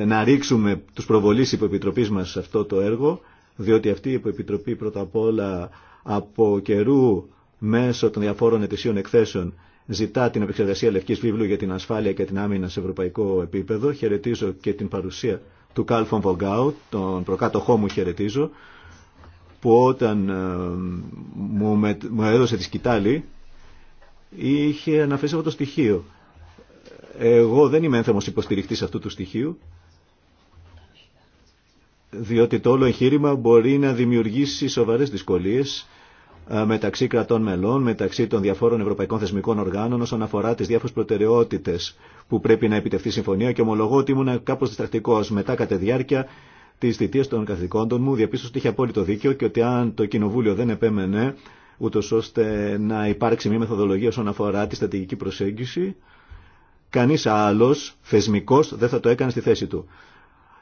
να ρίξουμε τους προβολείς επιτροπής μας σε αυτό το έργο διότι αυτή η Επιτροπή πρώτα απ' όλα από καιρού μέσω των διαφόρων ετησίων εκθέσεων ζητά την επεξεργασία λευκής βίβλου για την ασφάλεια και την άμυνα σε ευρωπαϊκό επίπεδο. Χαιρετίζω και την παρουσία του Κάλφον Βογκάου, τον προκάτοχό μου χαιρετίζω, που όταν ε, μου, έδωσε τη σκητάλη είχε αναφέσει αυτό το στοιχείο. Εγώ δεν είμαι ένθεμος υποστηριχτής αυτού του στοιχείου διότι το όλο εγχείρημα μπορεί να δημιουργήσει σοβαρές δυσκολίες ε, μεταξύ κρατών μελών, μεταξύ των διαφόρων ευρωπαϊκών θεσμικών οργάνων όσον αφορά τι διάφορε προτεραιότητε που πρέπει να επιτευχθεί η συμφωνία και ομολογώ ότι ήμουν κάπω διστακτικό μετά κατά τη διάρκεια τη θητεία των καθηκόντων μου. Διαπίστωσα ότι είχε απόλυτο δίκιο και ότι αν το Κοινοβούλιο δεν επέμενε ούτω ώστε να υπάρξει μια μεθοδολογία όσον αφορά τη στρατηγική προσέγγιση, κανεί άλλο θεσμικό δεν θα το έκανε στη θέση του.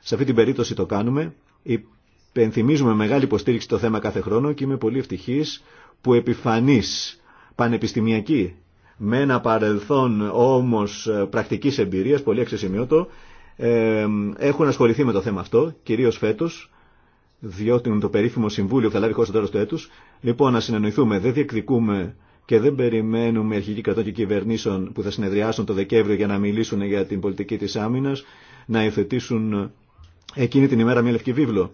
Σε αυτή την περίπτωση το κάνουμε υπενθυμίζουμε μεγάλη υποστήριξη το θέμα κάθε χρόνο και είμαι πολύ ευτυχής που επιφανής πανεπιστημιακή με ένα παρελθόν όμως ε, πρακτικής εμπειρίας, πολύ αξιοσημείωτο, ε, έχουν ασχοληθεί με το θέμα αυτό, κυρίως φέτος, διότι είναι το περίφημο συμβούλιο θα λάβει χώρα στο τέλος του έτους. Λοιπόν, να συνεννοηθούμε, δεν διεκδικούμε και δεν περιμένουμε αρχική κρατών και κυβερνήσεων που θα συνεδριάσουν το Δεκέμβριο για να μιλήσουν για την πολιτική της άμυνας, να υιοθετήσουν εκείνη την ημέρα μια λευκή βίβλο.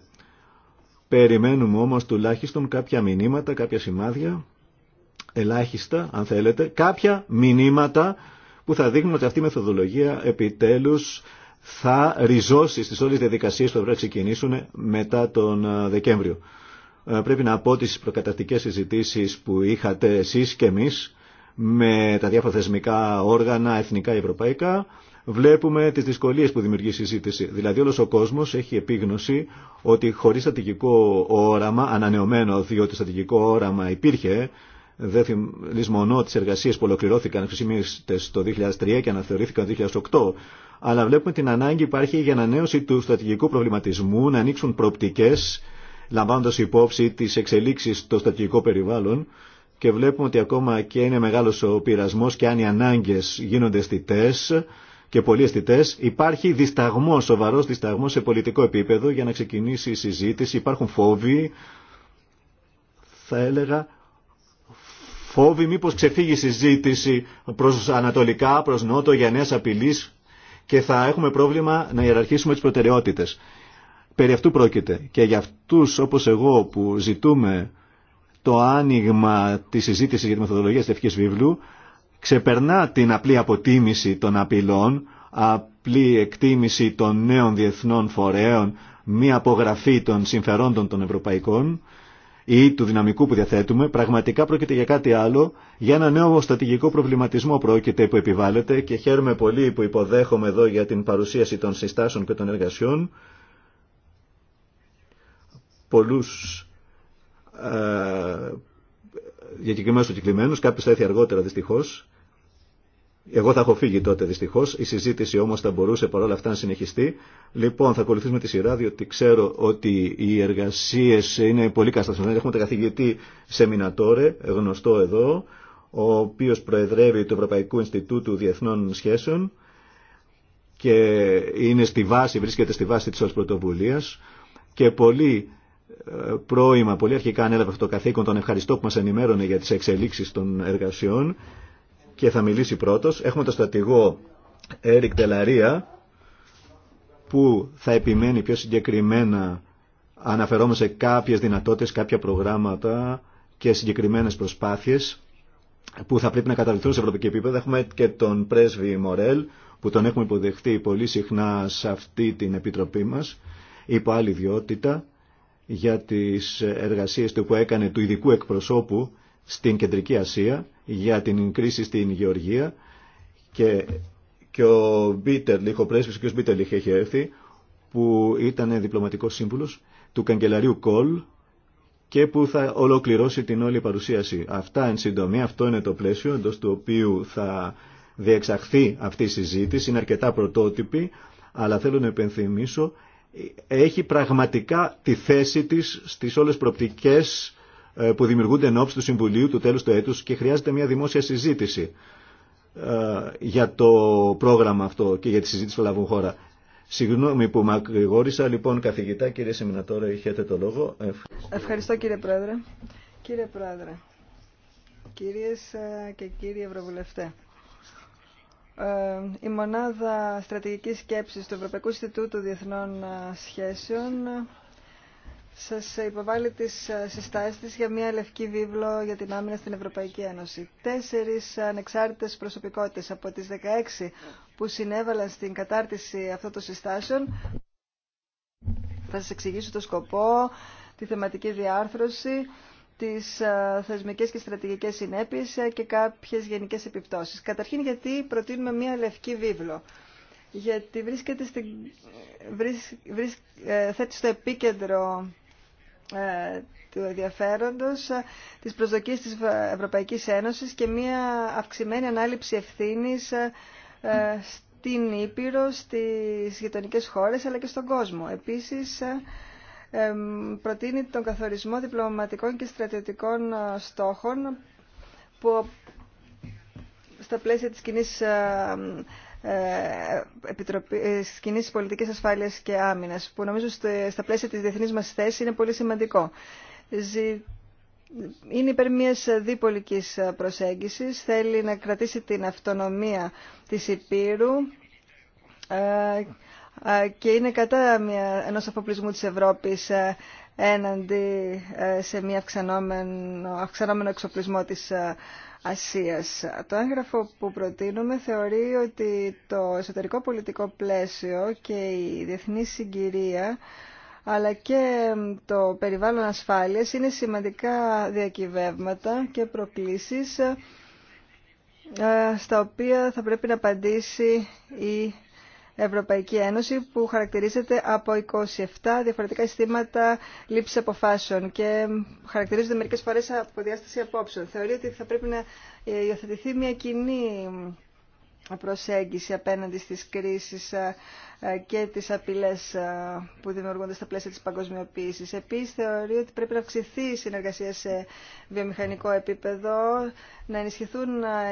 Περιμένουμε όμως τουλάχιστον κάποια μηνύματα, κάποια σημάδια, ελάχιστα αν θέλετε, κάποια μηνύματα που θα δείχνουν ότι αυτή η μεθοδολογία επιτέλους θα ριζώσει στις όλες τις διαδικασίες που θα ξεκινήσουν μετά τον ε, Δεκέμβριο. Ε, πρέπει να πω ότι προκαταρτικές συζητήσεις που είχατε εσείς και εμείς με τα διάφορα θεσμικά όργανα, εθνικά ευρωπαϊκά, βλέπουμε τις δυσκολίες που δημιουργεί η συζήτηση. Δηλαδή όλος ο κόσμος έχει επίγνωση ότι χωρίς στρατηγικό όραμα, ανανεωμένο διότι στρατηγικό όραμα υπήρχε, δεν λησμονώ τις εργασίες που ολοκληρώθηκαν χρησιμίστες το 2003 και αναθεωρήθηκαν το 2008, αλλά βλέπουμε την ανάγκη υπάρχει για ανανέωση του στρατηγικού προβληματισμού, να ανοίξουν προοπτικές, λαμβάνοντας υπόψη τις εξελίξεις στο στρατηγικό περιβάλλον, και βλέπουμε ότι ακόμα και είναι μεγάλος ο πειρασμός και αν οι ανάγκες γίνονται αισθητέ, και πολλοί αισθητέ, υπάρχει δισταγμό, σοβαρό δισταγμό σε πολιτικό επίπεδο για να ξεκινήσει η συζήτηση. Υπάρχουν φόβοι, θα έλεγα, φόβοι μήπω ξεφύγει η συζήτηση προ ανατολικά, προ νότο για νέε απειλή και θα έχουμε πρόβλημα να ιεραρχήσουμε τι προτεραιότητε. Περί αυτού πρόκειται. Και για αυτού όπω εγώ που ζητούμε το άνοιγμα τη συζήτηση για τη μεθοδολογία τη Ευχή Βίβλου, ξεπερνά την απλή αποτίμηση των απειλών, απλή εκτίμηση των νέων διεθνών φορέων, μη απογραφή των συμφερόντων των ευρωπαϊκών ή του δυναμικού που διαθέτουμε, πραγματικά πρόκειται για κάτι άλλο, για ένα νέο στατηγικό προβληματισμό πρόκειται που επιβάλλεται και χαίρομαι πολύ που υποδέχομαι εδώ για την παρουσίαση των συστάσεων και των εργασιών. Πολλούς ε, διακεκριμένους του κυκλημένους, κάποιος θα έρθει αργότερα δυστυχώς. Εγώ θα έχω φύγει τότε δυστυχώ. Η συζήτηση όμω θα μπορούσε παρόλα αυτά να συνεχιστεί. Λοιπόν, θα ακολουθήσουμε τη σειρά, διότι ξέρω ότι οι εργασίε είναι πολύ καταστασμένε. Έχουμε τον καθηγητή Σεμινατόρε, γνωστό εδώ, ο οποίο προεδρεύει το Ευρωπαϊκού Ινστιτούτου Διεθνών Σχέσεων και είναι στη βάση, βρίσκεται στη βάση τη όλη πρωτοβουλία. Και πολύ ε, πρώιμα, πολύ αρχικά ανέλαβε αυτό το καθήκον. Τον ευχαριστώ που μα ενημέρωνε για τι εξελίξει των εργασιών και θα μιλήσει πρώτος. Έχουμε τον στρατηγό Έρικ Τελαρία που θα επιμένει πιο συγκεκριμένα αναφερόμαστε σε κάποιες δυνατότητες, κάποια προγράμματα και συγκεκριμένες προσπάθειες που θα πρέπει να καταληθούν σε ευρωπαϊκή επίπεδο. Έχουμε και τον πρέσβη Μορέλ που τον έχουμε υποδεχτεί πολύ συχνά σε αυτή την επιτροπή μας υπό άλλη ιδιότητα για τις εργασίες του που έκανε του ειδικού εκπροσώπου στην Κεντρική Ασία για την κρίση στην Γεωργία και, και ο Μπίτερλιχ, ο πρέσβης ο κ. Μπίτερλιχ έχει έρθει που ήταν διπλωματικός σύμβουλος του καγκελαρίου Κολ και που θα ολοκληρώσει την όλη παρουσίαση. Αυτά εν συντομή, αυτό είναι το πλαίσιο εντός του οποίου θα διεξαχθεί αυτή η συζήτηση, είναι αρκετά πρωτότυπη, αλλά θέλω να επενθυμίσω, έχει πραγματικά τη θέση της στις όλες προπτικές ε, που δημιουργούνται εν ώψη του Συμβουλίου του τέλους του έτους και χρειάζεται μια δημόσια συζήτηση ε, για το πρόγραμμα αυτό και για τη συζήτηση που λάβουν χώρα. Συγγνώμη που μακρηγόρησα. Λοιπόν, καθηγητά, κύριε Σεμινατόρα, είχετε το λόγο. Ευχαριστώ. κύριε Πρόεδρε. Κύριε Πρόεδρε, κυρίες ε, και κύριοι Ευρωβουλευτέ, η Μονάδα Στρατηγικής Σκέψης του Ευρωπαϊκού Ινστιτούτου Διεθνών Σχέσεων σας υποβάλλει τις ε, συστάσεις της για μια λευκή βίβλο για την άμυνα στην Ευρωπαϊκή Ένωση. Τέσσερις ανεξάρτητες προσωπικότητες από τις 16 που συνέβαλαν στην κατάρτιση αυτών των συστάσεων θα σας εξηγήσω το σκοπό, τη θεματική διάρθρωση, τις ε, θεσμικές και στρατηγικές συνέπειες ε, και κάποιες γενικές επιπτώσεις. Καταρχήν γιατί προτείνουμε μια λευκή βίβλο γιατί βρίσκεται στην, θέτει στο επίκεντρο ε, του ενδιαφέροντος, ε, της προσδοκία της Ευρωπαϊκής Ένωσης και μια αυξημένη ανάληψη ευθύνης ε, στην Ήπειρο, στις γειτονικέ χώρες αλλά και στον κόσμο. Επίσης, προτείνει τον καθορισμό διπλωματικών και στρατιωτικών στόχων που στα πλαίσια της κοινή ε, επιτροπή ε, Κοινής Πολιτικής Ασφάλειας και Άμυνας, που νομίζω στα πλαίσια της διεθνής μας θέση είναι πολύ σημαντικό. Είναι υπέρ μια διπολικής προσέγγισης, θέλει να κρατήσει την αυτονομία της Υπήρου ε, και είναι κατά μια, ενός αφοπλισμού της Ευρώπης έναντι σε μια αυξανόμενο, αυξανόμενο εξοπλισμό της Ασίας. Το έγγραφο που προτείνουμε θεωρεί ότι το εσωτερικό πολιτικό πλαίσιο και η διεθνή συγκυρία αλλά και το περιβάλλον ασφάλειας είναι σημαντικά διακυβεύματα και προκλήσεις ε, στα οποία θα πρέπει να απαντήσει η Ευρωπαϊκή Ένωση που χαρακτηρίζεται από 27 διαφορετικά συστήματα λήψη αποφάσεων και χαρακτηρίζονται μερικές φορές από διάσταση απόψεων. Θεωρεί ότι θα πρέπει να ε, υιοθετηθεί μια κοινή προσέγγιση απέναντι στις κρίσεις ε, ε, και τις απειλές ε, που δημιουργούνται στα πλαίσια της παγκοσμιοποίησης. Επίσης, θεωρεί ότι πρέπει να αυξηθεί η συνεργασία σε βιομηχανικό επίπεδο, να ενισχυθούν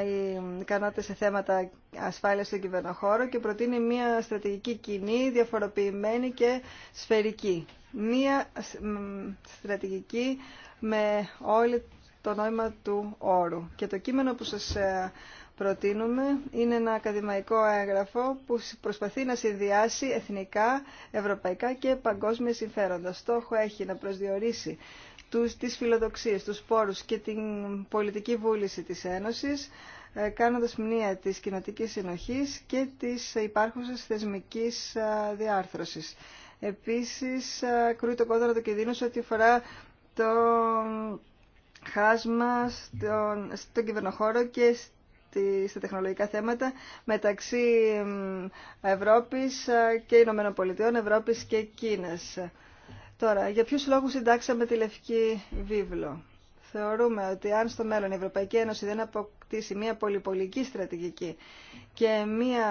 οι ικανότητες σε θέματα ασφάλειας στον κυβερνοχώρο και προτείνει μια στρατηγική κοινή, διαφοροποιημένη και σφαιρική. Μια στρατηγική με όλη το νόημα του όρου. Και το κείμενο που σας προτείνουμε είναι ένα ακαδημαϊκό έγγραφο που προσπαθεί να συνδυάσει εθνικά, ευρωπαϊκά και παγκόσμια συμφέροντα. Στόχο έχει να προσδιορίσει τους, τις φιλοδοξίες, τους πόρους και την πολιτική βούληση της Ένωσης, ε, κάνοντας μνήα της κοινοτική συνοχής και της υπάρχουσας θεσμικής ε, διάρθρωσης. Επίσης, ε, κρούει το κόδωνα το κινδύνου σε ό,τι αφορά το χάσμα στον, στον κυβερνοχώρο και στα τεχνολογικά θέματα μεταξύ Ευρώπης ε, και Ηνωμένων Πολιτειών, Ευρώπης και Κίνας. Τώρα, για ποιους λόγους συντάξαμε τη Λευκή Βίβλο θεωρούμε ότι αν στο μέλλον η Ευρωπαϊκή Ένωση δεν αποκτήσει μια πολυπολική στρατηγική και μια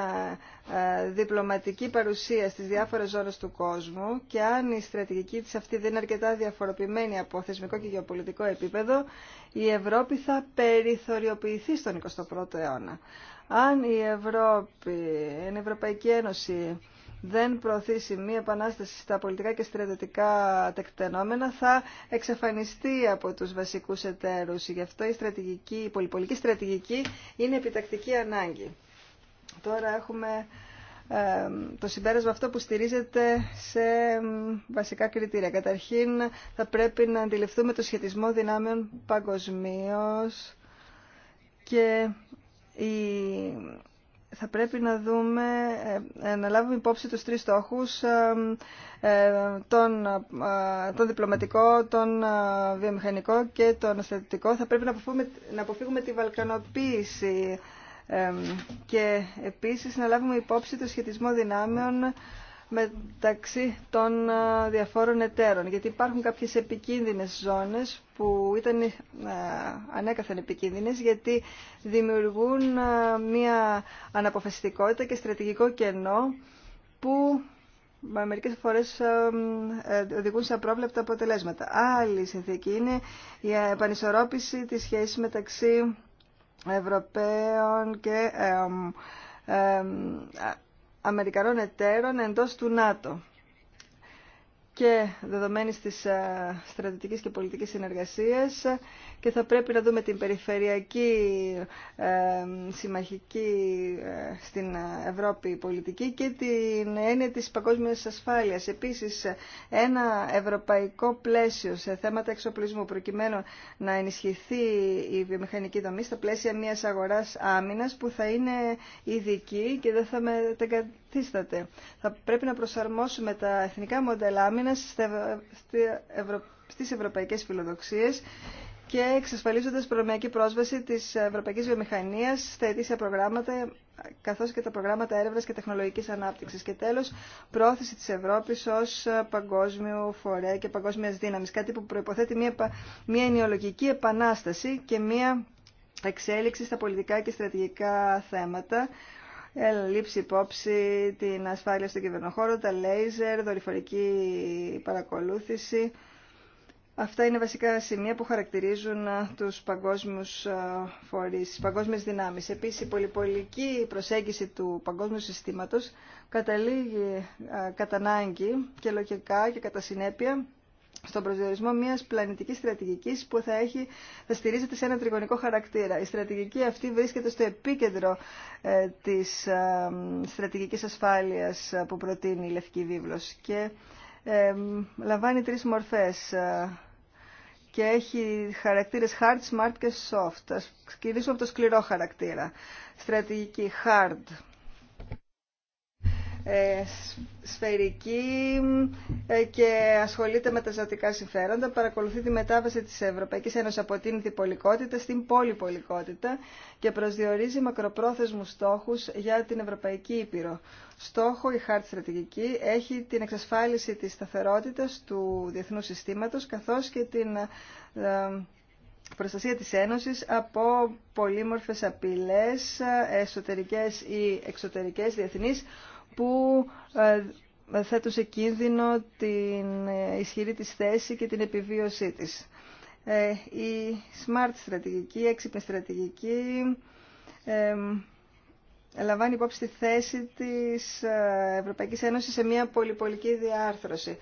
ε, διπλωματική παρουσία στις διάφορες ζώνες του κόσμου και αν η στρατηγική της αυτή δεν είναι αρκετά διαφοροποιημένη από θεσμικό και γεωπολιτικό επίπεδο, η Ευρώπη θα περιθωριοποιηθεί στον 21ο αιώνα. Αν η Ευρώπη, η Ευρωπαϊκή Ένωση δεν προωθήσει μία επανάσταση στα πολιτικά και στρατιωτικά τεκτενόμενα θα εξαφανιστεί από τους βασικούς εταίρους. Γι' αυτό η, στρατηγική, η πολυπολική στρατηγική είναι επιτακτική ανάγκη. Τώρα έχουμε το συμπέρασμα αυτό που στηρίζεται σε βασικά κριτήρια. Καταρχήν θα πρέπει να αντιληφθούμε το σχετισμό δυνάμεων παγκοσμίω και η θα πρέπει να δούμε, ε, ε, να λάβουμε υπόψη τους τρεις στόχους, ε, τον, τον διπλωματικό, τον βιομηχανικό και τον αισθητικό. Θα πρέπει να αποφύγουμε, να αποφύγουμε τη βαλκανοποίηση και επίσης να λάβουμε υπόψη το σχετισμό δυνάμεων μεταξύ των διαφόρων εταίρων. Γιατί υπάρχουν κάποιες επικίνδυνες ζώνες που ήταν ανέκαθεν επικίνδυνες γιατί δημιουργούν μια αναποφασιστικότητα και στρατηγικό κενό που με μερικές φορές οδηγούν σε απρόβλεπτα αποτελέσματα. Άλλη συνθήκη είναι η επανισορρόπηση της σχέσης μεταξύ Ευρωπαίων και Αμερικανών εταίρων εντός του ΝΑΤΟ και δεδομένη τη ε, στρατητική και πολιτική συνεργασία, και θα πρέπει να δούμε την περιφερειακή ε, συμμαχική ε, στην Ευρώπη πολιτική και την έννοια της παγκόσμιας ασφάλειας. Επίσης, ένα ευρωπαϊκό πλαίσιο σε θέματα εξοπλισμού προκειμένου να ενισχυθεί η βιομηχανική δομή στα πλαίσια μιας αγοράς άμυνας που θα είναι ειδική και δεν θα θα πρέπει να προσαρμόσουμε τα εθνικά μοντέλα άμυνα στι ευρωπαϊκέ φιλοδοξίε και εξασφαλίζοντα προνομιακή πρόσβαση τη ευρωπαϊκή βιομηχανία στα ετήσια προγράμματα καθώ και τα προγράμματα έρευνα και τεχνολογική ανάπτυξη. Και τέλο, πρόθεση τη Ευρώπη ω παγκόσμιο φορέα και παγκόσμια δύναμη. Κάτι που προποθέτει μια, μια ενοιολογική επανάσταση και μια εξέλιξη στα πολιτικά και στρατηγικά θέματα λήψη υπόψη την ασφάλεια στον κυβερνοχώρο, τα λέιζερ, δορυφορική παρακολούθηση. Αυτά είναι βασικά σημεία που χαρακτηρίζουν ε, τους παγκόσμιους ε, φορείς, τις παγκόσμιες δυνάμεις. Επίσης, η πολυπολική προσέγγιση του παγκόσμιου συστήματος καταλήγει ε, κατά ανάγκη και λογικά και κατά συνέπεια στον προσδιορισμό μια πλανητική στρατηγική που θα, έχει, θα στηρίζεται σε ένα τριγωνικό χαρακτήρα. Η στρατηγική αυτή βρίσκεται στο επίκεντρο ε, τη ε, στρατηγική ασφάλεια ε, που προτείνει η Λευκή Βίβλο και ε, λαμβάνει τρει μορφέ και έχει χαρακτήρες hard, smart και soft. Ας κυρίσω από το σκληρό χαρακτήρα. Στρατηγική hard ε, σφαιρική ε, και ασχολείται με τα ζωτικά συμφέροντα. Παρακολουθεί τη μετάβαση της Ευρωπαϊκής Ένωσης από την διπολικότητα στην πολυπολικότητα και προσδιορίζει μακροπρόθεσμους στόχους για την Ευρωπαϊκή Ήπειρο. Στόχο η χάρτη στρατηγική έχει την εξασφάλιση της σταθερότητας του διεθνού συστήματος καθώς και την ε, προστασία της Ένωσης από πολύμορφες απειλές, εσωτερικές ή εξωτερικές διεθνείς, που ε, θέτουν σε κίνδυνο την ισχυρή της θέση και την επιβίωσή της. Ε, η smart στρατηγική, η έξυπνη στρατηγική, ε, λαμβάνει υπόψη τη θέση της Ευρωπαϊκής Ένωσης σε μια πολυπολική διάρθρωση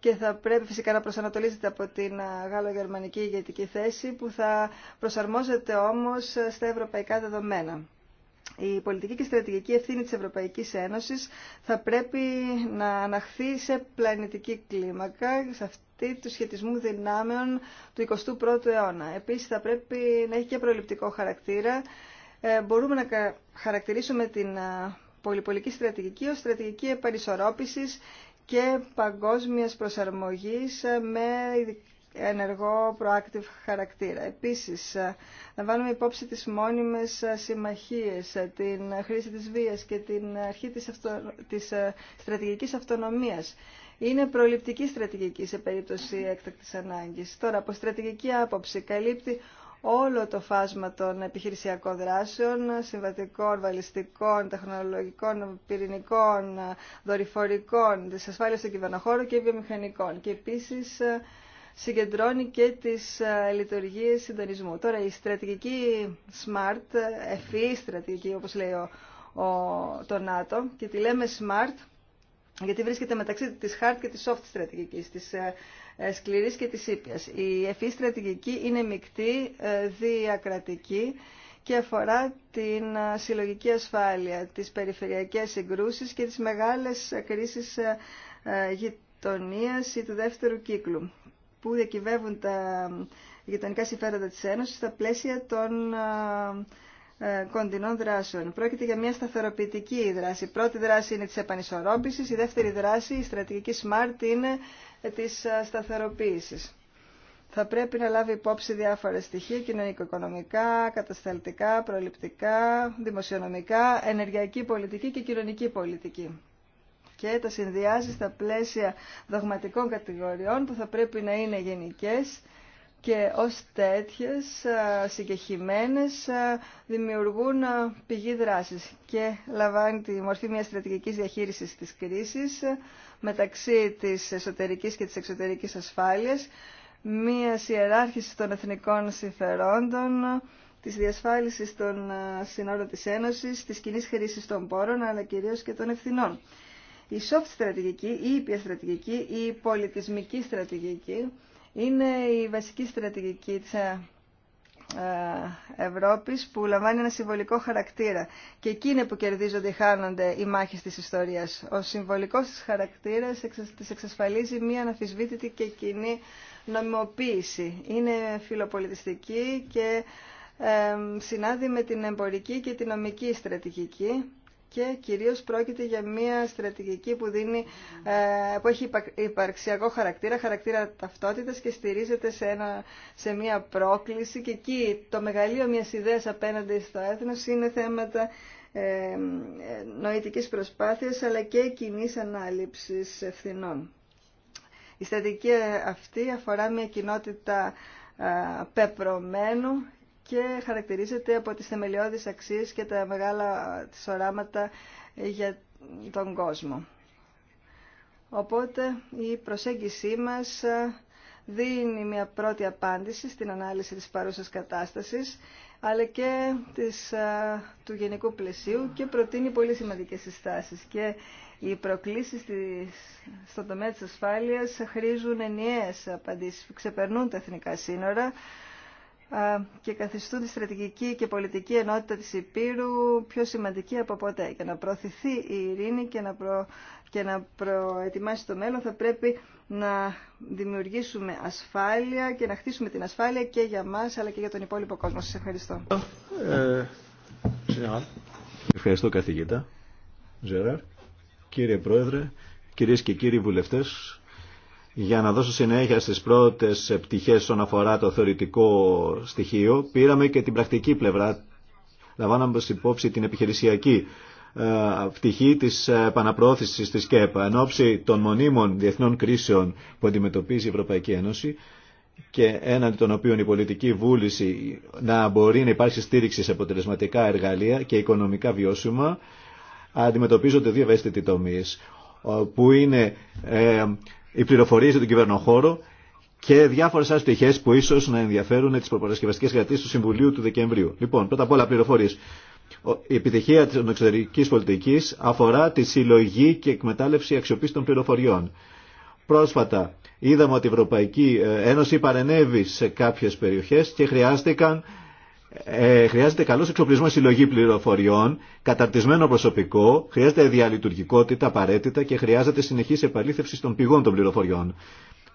και θα πρέπει φυσικά να προσανατολίζεται από την γάλλο-γερμανική ηγετική θέση που θα προσαρμόζεται όμως στα ευρωπαϊκά δεδομένα η πολιτική και στρατηγική ευθύνη της Ευρωπαϊκής Ένωσης θα πρέπει να αναχθεί σε πλανητική κλίμακα, σε αυτή του σχετισμού δυνάμεων του 21ου αιώνα. Επίσης θα πρέπει να έχει και προληπτικό χαρακτήρα. Ε, μπορούμε να χαρακτηρίσουμε την ε, πολυπολική στρατηγική ως στρατηγική επανισορρόπησης και παγκόσμιας προσαρμογής ε, με ενεργό proactive χαρακτήρα. Επίσης, ε, να βάλουμε υπόψη τις μόνιμες ε, συμμαχίες, ε, την χρήση της βίας και την αρχή της, αυτο... της στρατηγικής αυτονομίας. Είναι προληπτική στρατηγική σε περίπτωση έκτακτης ανάγκης. Τώρα, από στρατηγική άποψη, καλύπτει όλο το φάσμα των επιχειρησιακών δράσεων, συμβατικών, βαλιστικών, τεχνολογικών, πυρηνικών, δορυφορικών, της ασφάλειας του κυβερνοχώρο και βιομηχανικών. Και επίσης συγκεντρώνει και τις ε, λειτουργίες συντονισμού. Τώρα η στρατηγική SMART, ευφυή e, στρατηγική όπως λέει ο, το ΝΑΤΟ και τη λέμε SMART γιατί βρίσκεται μεταξύ της hard και της soft στρατηγικής, της ε, ε, σκληρής και της ήπιας. Η ευφυή e στρατηγική είναι μεικτή, διακρατική και αφορά την συλλογική ασφάλεια, τις περιφερειακές συγκρούσεις και τις μεγάλες κρίσεις γειτονίας ή του δεύτερου κύκλου που διακυβεύουν τα γειτονικά συμφέροντα της Ένωσης στα πλαίσια των ε, ε, κοντινών δράσεων. Πρόκειται για μια σταθεροποιητική δράση. Η πρώτη δράση είναι της επανισορρόπησης, η δεύτερη δράση, η στρατηγική SMART, είναι της ε, σταθεροποίησης. Θα πρέπει να λάβει υπόψη διάφορα στοιχεία, κοινωνικο-οικονομικά, κατασταλτικά, προληπτικά, δημοσιονομικά, ενεργειακή πολιτική και κοινωνική πολιτική και τα συνδυάζει στα πλαίσια δογματικών κατηγοριών που θα πρέπει να είναι γενικές και ως τέτοιες συγκεχημένες δημιουργούν πηγή δράσης και λαμβάνει τη μορφή μιας στρατηγικής διαχείρισης της κρίσης μεταξύ της εσωτερικής και της εξωτερικής ασφάλειας, μιας ιεράρχησης των εθνικών συμφερόντων, της διασφάλισης των συνόρων της Ένωσης, της κοινή χρήση των πόρων αλλά κυρίως και των ευθυνών η soft στρατηγική, η ήπια στρατηγική, η πολιτισμική στρατηγική είναι η βασική στρατηγική της ε, ε, Ευρώπης που λαμβάνει ένα συμβολικό χαρακτήρα και εκεί είναι που κερδίζονται ή χάνονται οι μάχες της ιστορίας. Ο συμβολικός της χαρακτήρας της εξασφαλίζει μία αναφυσβήτητη και κοινή νομιμοποίηση. Είναι φιλοπολιτιστική και ε, συνάδει με την εμπορική και την νομική στρατηγική και κυρίως πρόκειται για μια στρατηγική που, δίνει, ε, που έχει υπαρξιακό χαρακτήρα, χαρακτήρα ταυτότητας και στηρίζεται σε, ένα, σε μια πρόκληση και εκεί το μεγαλείο μιας ιδέας απέναντι στο έθνος είναι θέματα ε, νοητικής προσπάθειας αλλά και κοινή ανάληψης ευθυνών. Η στρατηγική αυτή αφορά μια κοινότητα ε, πεπρωμένου και χαρακτηρίζεται από τις θεμελιώδεις αξίες και τα μεγάλα τις οράματα για τον κόσμο. Οπότε η προσέγγισή μας δίνει μια πρώτη απάντηση στην ανάλυση της παρούσας κατάστασης, αλλά και της, του γενικού πλαισίου και προτείνει πολύ σημαντικές συστάσεις. Και οι προκλήσεις στον τομέα της ασφάλειας χρήζουν ενιαίες απαντήσεις που ξεπερνούν τα εθνικά σύνορα, και καθιστούν τη στρατηγική και πολιτική ενότητα της Υπήρου πιο σημαντική από ποτέ. Για να προωθηθεί η ειρήνη και να, και να προετοιμάσει το μέλλον θα πρέπει να δημιουργήσουμε ασφάλεια και να χτίσουμε την ασφάλεια και για μας αλλά και για τον υπόλοιπο κόσμο. Σας ευχαριστώ. Ε, ευχαριστώ καθηγήτα. Ζεράρ. Κύριε Πρόεδρε, κυρίες και κύριοι βουλευτές, για να δώσω συνέχεια στις πρώτες πτυχές όσον αφορά το θεωρητικό στοιχείο, πήραμε και την πρακτική πλευρά, λαμβάναμε υπόψη την επιχειρησιακή ε, πτυχή της ε, επαναπρόθεσης της ΚΕΠΑ εν ώψη των μονίμων διεθνών κρίσεων που αντιμετωπίζει η Ευρωπαϊκή Ένωση και έναντι των οποίων η πολιτική βούληση να μπορεί να υπάρξει στήριξη σε αποτελεσματικά εργαλεία και οικονομικά βιώσιμα αντιμετωπίζονται δύο ευαίσθητοι τομείς που είναι ε, οι πληροφορίε για τον κυβερνοχώρο και διάφορε άλλε πτυχέ που ίσω να ενδιαφέρουν τι προπαρασκευαστικέ κρατήσει του Συμβουλίου του Δεκεμβρίου. Λοιπόν, πρώτα απ' όλα πληροφορίε. Η επιτυχία τη εξωτερική πολιτική αφορά τη συλλογή και εκμετάλλευση αξιοπίστων πληροφοριών. Πρόσφατα είδαμε ότι η Ευρωπαϊκή ε, Ένωση παρενέβη σε κάποιε περιοχέ και χρειάστηκαν ε, χρειάζεται καλό εξοπλισμό συλλογή πληροφοριών, καταρτισμένο προσωπικό, χρειάζεται διαλειτουργικότητα απαραίτητα και χρειάζεται συνεχής επαλήθευση των πηγών των πληροφοριών.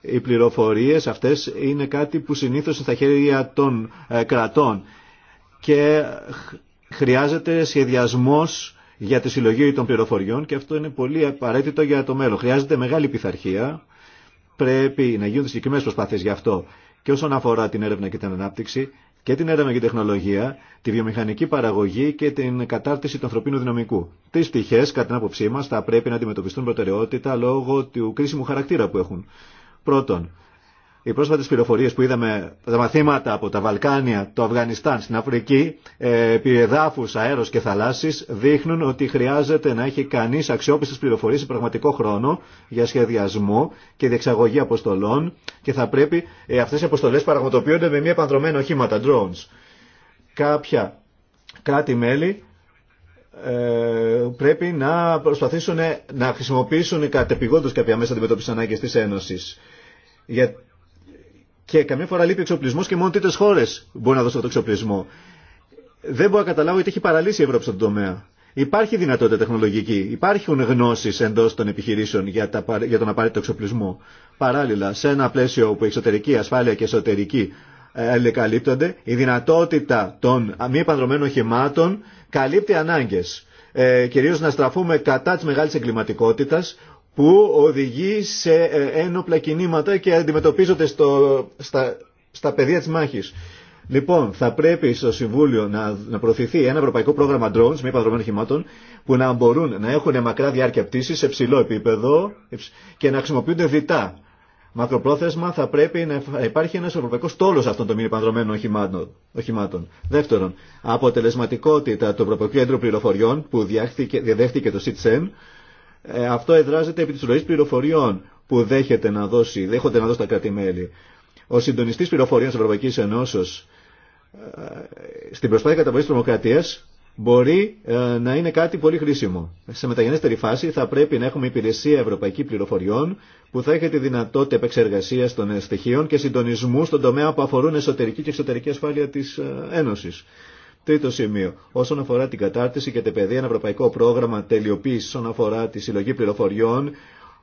Οι πληροφορίες αυτές είναι κάτι που συνήθως είναι στα χέρια των ε, κρατών και χρειάζεται σχεδιασμό για τη συλλογή των πληροφοριών και αυτό είναι πολύ απαραίτητο για το μέλλον. Χρειάζεται μεγάλη πειθαρχία, πρέπει να γίνονται συγκεκριμένε προσπάθειες γι' αυτό. Και όσον αφορά την έρευνα και την ανάπτυξη, και την έρευνα και τεχνολογία, τη βιομηχανική παραγωγή και την κατάρτιση του ανθρωπίνου δυναμικού. Τρει στοιχέ, κατά την άποψή μα, θα πρέπει να αντιμετωπιστούν προτεραιότητα λόγω του κρίσιμου χαρακτήρα που έχουν. Πρώτον, οι πρόσφατε πληροφορίε που είδαμε, τα μαθήματα από τα Βαλκάνια, το Αφγανιστάν στην Αφρική, ε, επί εδάφου, αέρος και θαλάσσης, δείχνουν ότι χρειάζεται να έχει κανεί αξιόπιστες πληροφορίε σε πραγματικό χρόνο για σχεδιασμό και διεξαγωγή αποστολών και θα πρέπει ε, αυτές οι αποστολέ πραγματοποιούνται με μια επανδρομένα οχήματα, drones. Κάποια κράτη-μέλη ε, πρέπει να προσπαθήσουν να χρησιμοποιήσουν κατεπηγόντω κάποια μέσα αντιμετώπιση ανάγκη τη Ένωση. Για και καμιά φορά λείπει εξοπλισμό και μόνο τρίτε χώρε μπορεί να δώσουν το εξοπλισμό. Δεν μπορώ να καταλάβω γιατί έχει παραλύσει η Ευρώπη στον τομέα. Υπάρχει δυνατότητα τεχνολογική, υπάρχουν γνώσει εντό των επιχειρήσεων για, τα, για τον απαραίτητο εξοπλισμό. Παράλληλα, σε ένα πλαίσιο όπου εξωτερική ασφάλεια και εσωτερική ε, αλληλεκαλύπτονται, η δυνατότητα των μη επανδρομένων οχημάτων καλύπτει ανάγκε. Ε, Κυρίω να στραφούμε κατά τη μεγάλη εγκληματικότητα, που οδηγεί σε ε, ένοπλα κινήματα και αντιμετωπίζονται στο, στα, στα πεδία της μάχης. Λοιπόν, θα πρέπει στο Συμβούλιο να, να προωθηθεί ένα ευρωπαϊκό πρόγραμμα drones μη παδρομένων χημάτων που να μπορούν να έχουν μακρά διάρκεια πτήση σε ψηλό επίπεδο και να χρησιμοποιούνται διτά. Μακροπρόθεσμα θα πρέπει να υπάρχει ένα ευρωπαϊκό στόλο αυτών των μη επανδρομένων οχημάτων. Δεύτερον, αποτελεσματικότητα του Ευρωπαϊκού Κέντρου Πληροφοριών που διαδέχθηκε το ε, αυτό εδράζεται επί της ροής πληροφοριών που δέχεται να δώσει, δέχονται να δώσει τα κράτη-μέλη. Ο συντονιστή πληροφοριών τη Ευρωπαϊκή Ενώσεω ε, στην προσπάθεια καταβολή τρομοκρατία μπορεί ε, να είναι κάτι πολύ χρήσιμο. Σε μεταγενέστερη φάση θα πρέπει να έχουμε υπηρεσία Ευρωπαϊκή Πληροφοριών που θα έχει τη δυνατότητα επεξεργασία των στοιχείων και συντονισμού στον τομέα που αφορούν εσωτερική και εξωτερική ασφάλεια τη Ένωση. Τρίτο σημείο. Όσον αφορά την κατάρτιση και την παιδεία, ένα ευρωπαϊκό πρόγραμμα τελειοποίηση όσον αφορά τη συλλογή πληροφοριών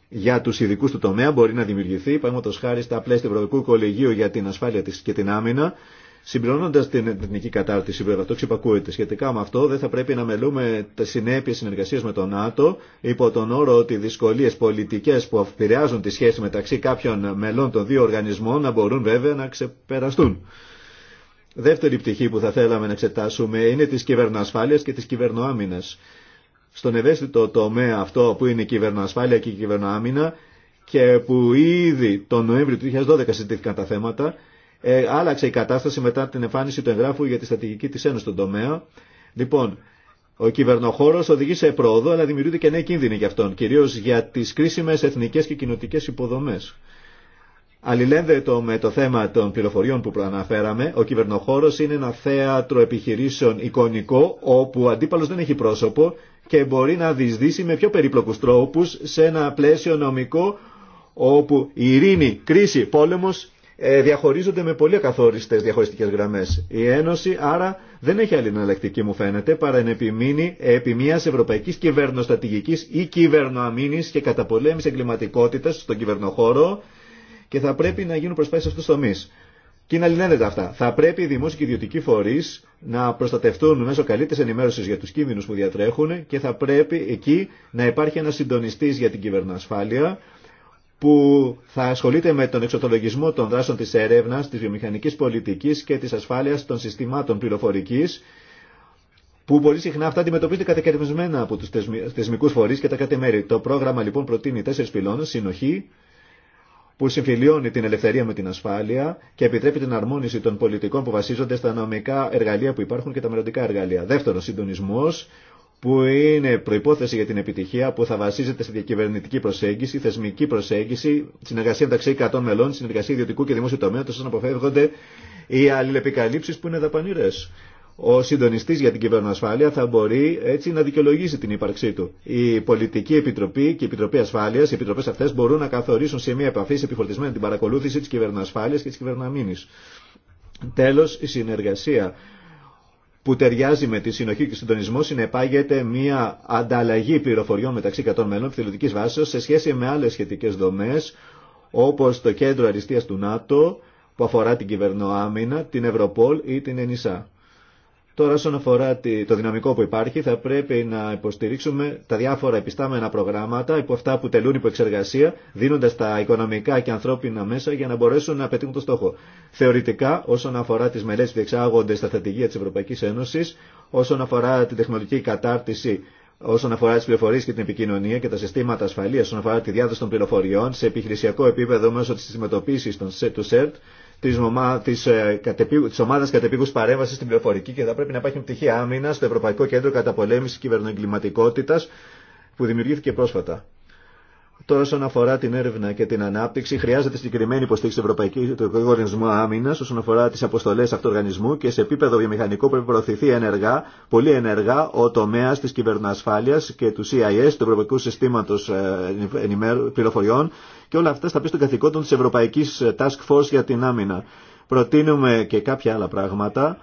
για του ειδικού του τομέα μπορεί να δημιουργηθεί, παραδείγματο χάρη στα πλαίσια του Ευρωπαϊκού Κολεγίου για την ασφάλεια τη και την άμυνα, συμπληρώνοντα την εθνική κατάρτιση, βέβαια, αυτό ξυπακούεται. Σχετικά με αυτό, δεν θα πρέπει να μελούμε τα συνέπειε συνεργασία με τον ΝΑΤΟ, υπό τον όρο ότι οι δυσκολίε πολιτικέ που επηρεάζουν τη σχέση μεταξύ κάποιων μελών των δύο οργανισμών να μπορούν βέβαια να ξεπεραστούν. Δεύτερη πτυχή που θα θέλαμε να εξετάσουμε είναι της κυβερνοασφάλειας και της κυβερνοάμυνας. Στον ευαίσθητο τομέα αυτό που είναι η κυβερνοασφάλεια και η κυβερνοάμυνα και που ήδη τον Νοέμβριο του 2012 συζητήθηκαν τα θέματα, ε, άλλαξε η κατάσταση μετά την εμφάνιση του εγγράφου για τη στρατηγική της Ένωσης στον τομέα. Λοιπόν, ο κυβερνοχώρο οδηγεί σε πρόοδο, αλλά δημιουργείται και νέοι κίνδυνοι για αυτόν, κυρίω για τι κρίσιμε εθνικέ και κοινοτικέ υποδομέ. Αλληλένδετο με το θέμα των πληροφοριών που προαναφέραμε, ο κυβερνοχώρο είναι ένα θέατρο επιχειρήσεων εικονικό όπου ο αντίπαλος δεν έχει πρόσωπο και μπορεί να διεισδύσει με πιο περίπλοκους τρόπους σε ένα πλαίσιο νομικό όπου η ειρήνη, κρίση, πόλεμος ε, διαχωρίζονται με πολύ ακαθόριστες διαχωριστικές γραμμές. Η Ένωση άρα δεν έχει άλλη εναλλακτική μου φαίνεται παρά να επιμείνει επί μιας ευρωπαϊκής κυβερνοστατηγικής ή κυβερνοαμήνης και καταπολέμης εγκληματικότητα στον κυβερνοχώρο και θα πρέπει να γίνουν προσπάσει σε αυτού του τομείς. Και είναι αλληλένδετα αυτά. Θα πρέπει οι δημόσιοι και οι ιδιωτικοί φορεί να προστατευτούν μέσω καλύτερη ενημέρωση για του κίνδυνου που διατρέχουν και θα πρέπει εκεί να υπάρχει ένα συντονιστή για την κυβερνοασφάλεια που θα ασχολείται με τον εξοτολογισμό των δράσεων της έρευνας, της βιομηχανικής πολιτικής και της ασφάλειας των συστημάτων πληροφορικής, που πολύ συχνά αυτά αντιμετωπίζονται κατακαιρμισμένα από τους θεσμικούς φορείς και τα Το πρόγραμμα λοιπόν προτείνει τέσσερις πυλώνες, συνοχή, που συμφιλιώνει την ελευθερία με την ασφάλεια και επιτρέπει την αρμόνιση των πολιτικών που βασίζονται στα νομικά εργαλεία που υπάρχουν και τα μελλοντικά εργαλεία. Δεύτερο, συντονισμό που είναι προπόθεση για την επιτυχία που θα βασίζεται στη διακυβερνητική προσέγγιση, θεσμική προσέγγιση, συνεργασία μεταξύ 100 μελών, συνεργασία ιδιωτικού και δημόσιου τομέα, ώστε να αποφεύγονται οι αλληλεπικαλύψει που είναι δαπανηρέ ο συντονιστή για την κυβερνοασφάλεια θα μπορεί έτσι να δικαιολογήσει την ύπαρξή του. Η Πολιτική Επιτροπή και η Επιτροπή Ασφάλεια, οι επιτροπέ αυτέ μπορούν να καθορίσουν σε μια επαφή επιφορτισμένη την παρακολούθηση τη ασφάλεια και τη κυβερναμίνη. Τέλο, η συνεργασία που ταιριάζει με τη συνοχή και συντονισμό συνεπάγεται μια ανταλλαγή πληροφοριών μεταξύ 100 μελών επιθελοντική βάση σε σχέση με άλλε σχετικέ δομέ όπω το Κέντρο Αριστεία του ΝΑΤΟ που αφορά την κυβερνοάμυνα, την Ευρωπόλ ή την ΕΝΙΣΑ. Τώρα, όσον αφορά το δυναμικό που υπάρχει, θα πρέπει να υποστηρίξουμε τα διάφορα επιστάμενα προγράμματα, υπό αυτά που τελούν υπό εξεργασία, δίνοντα τα οικονομικά και ανθρώπινα μέσα για να μπορέσουν να πετύχουν το στόχο. Θεωρητικά, όσον αφορά τι μελέτε που διεξάγονται στα στρατηγία τη Ευρωπαϊκή Ένωση, όσον αφορά την τεχνολογική κατάρτιση, όσον αφορά τι πληροφορίε και την επικοινωνία και τα συστήματα ασφαλεία, όσον αφορά τη διάδοση των πληροφοριών, σε επιχειρησιακό επίπεδο μέσω τη αντιμετωπίση του ΣΕΡΤ, της, ομα, της, ε, της ομάδας κατεπίγους παρέμβασης στην πληροφορική και θα πρέπει να υπάρχει πτυχή άμυνα στο Ευρωπαϊκό Κέντρο Καταπολέμησης Κυβερνοεγκληματικότητας που δημιουργήθηκε πρόσφατα. Τώρα, όσον αφορά την έρευνα και την ανάπτυξη, χρειάζεται συγκεκριμένη υποστήριξη του Ευρωπαϊκού Οργανισμού Άμυνα όσον αφορά τι αποστολέ αυτού του οργανισμού και σε επίπεδο βιομηχανικό πρέπει να προωθηθεί ενεργά, πολύ ενεργά, ο τομέα τη κυβερνοασφάλεια και του CIS, του Ευρωπαϊκού Συστήματο ε, Πληροφοριών, και όλα αυτά στα πει των καθηκόντων της Ευρωπαϊκής ε, Task Force για την άμυνα. Προτείνουμε και κάποια άλλα πράγματα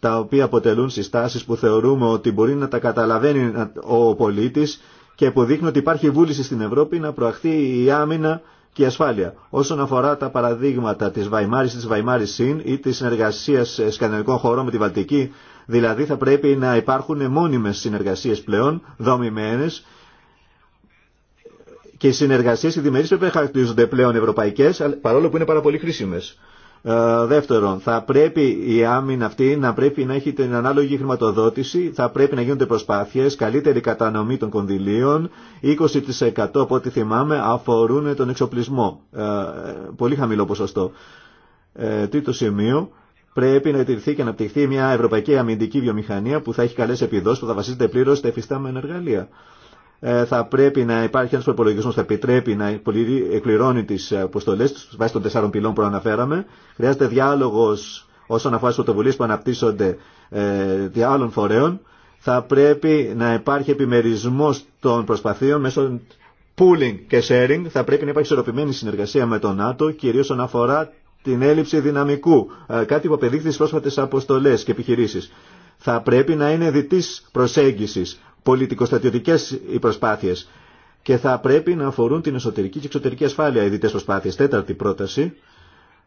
τα οποία αποτελούν συστάσεις που θεωρούμε ότι μπορεί να τα καταλαβαίνει ε, ο πολίτης και που δείχνει ότι υπάρχει βούληση στην Ευρώπη να προαχθεί η άμυνα και η ασφάλεια. Όσον αφορά τα παραδείγματα της Βαϊμάρης, της Βαϊμάρης ΣΥΝ ή της συνεργασίας ε, σκανδινικών χωρών με τη Βαλτική, δηλαδή θα πρέπει να υπάρχουν μόνιμες συνεργασίες πλέον, δομημένες και οι συνεργασίε οι διμερεί να χαρακτηρίζονται πλέον ευρωπαϊκέ, παρόλο που είναι πάρα πολύ χρήσιμε. Ε, δεύτερον, θα πρέπει η άμυνα αυτή να πρέπει να έχει την ανάλογη χρηματοδότηση, θα πρέπει να γίνονται προσπάθειε καλύτερη κατανομή των κονδυλίων, 20% από ό,τι θυμάμαι αφορούν τον εξοπλισμό. Ε, πολύ χαμηλό ποσοστό. Ε, τρίτο σημείο, πρέπει να ιδρυθεί και να αναπτυχθεί μια ευρωπαϊκή αμυντική βιομηχανία που θα έχει καλέ επιδόσεις, που θα βασίζεται πλήρω στα εφιστάμενα εργαλεία. Ε, θα πρέπει να υπάρχει ένα προπολογισμό που θα επιτρέπει να εκπληρώνει τι αποστολέ βάσει των τεσσάρων πυλών που αναφέραμε. Χρειάζεται διάλογο όσον αφορά τι πρωτοβουλίε που αναπτύσσονται ε, άλλων φορέων. Θα πρέπει να υπάρχει επιμερισμό των προσπαθείων μέσω pooling και sharing. Θα πρέπει να υπάρχει ισορροπημένη συνεργασία με τον ΝΑΤΟ, κυρίω όσον αφορά την έλλειψη δυναμικού. Ε, κάτι που απεδείχθη στι πρόσφατε αποστολέ και επιχειρήσει θα πρέπει να είναι διτής προσέγγισης, πολιτικοστατιωτικέ οι προσπάθειε. και θα πρέπει να αφορούν την εσωτερική και εξωτερική ασφάλεια οι διτέ προσπάθειε. Τέταρτη πρόταση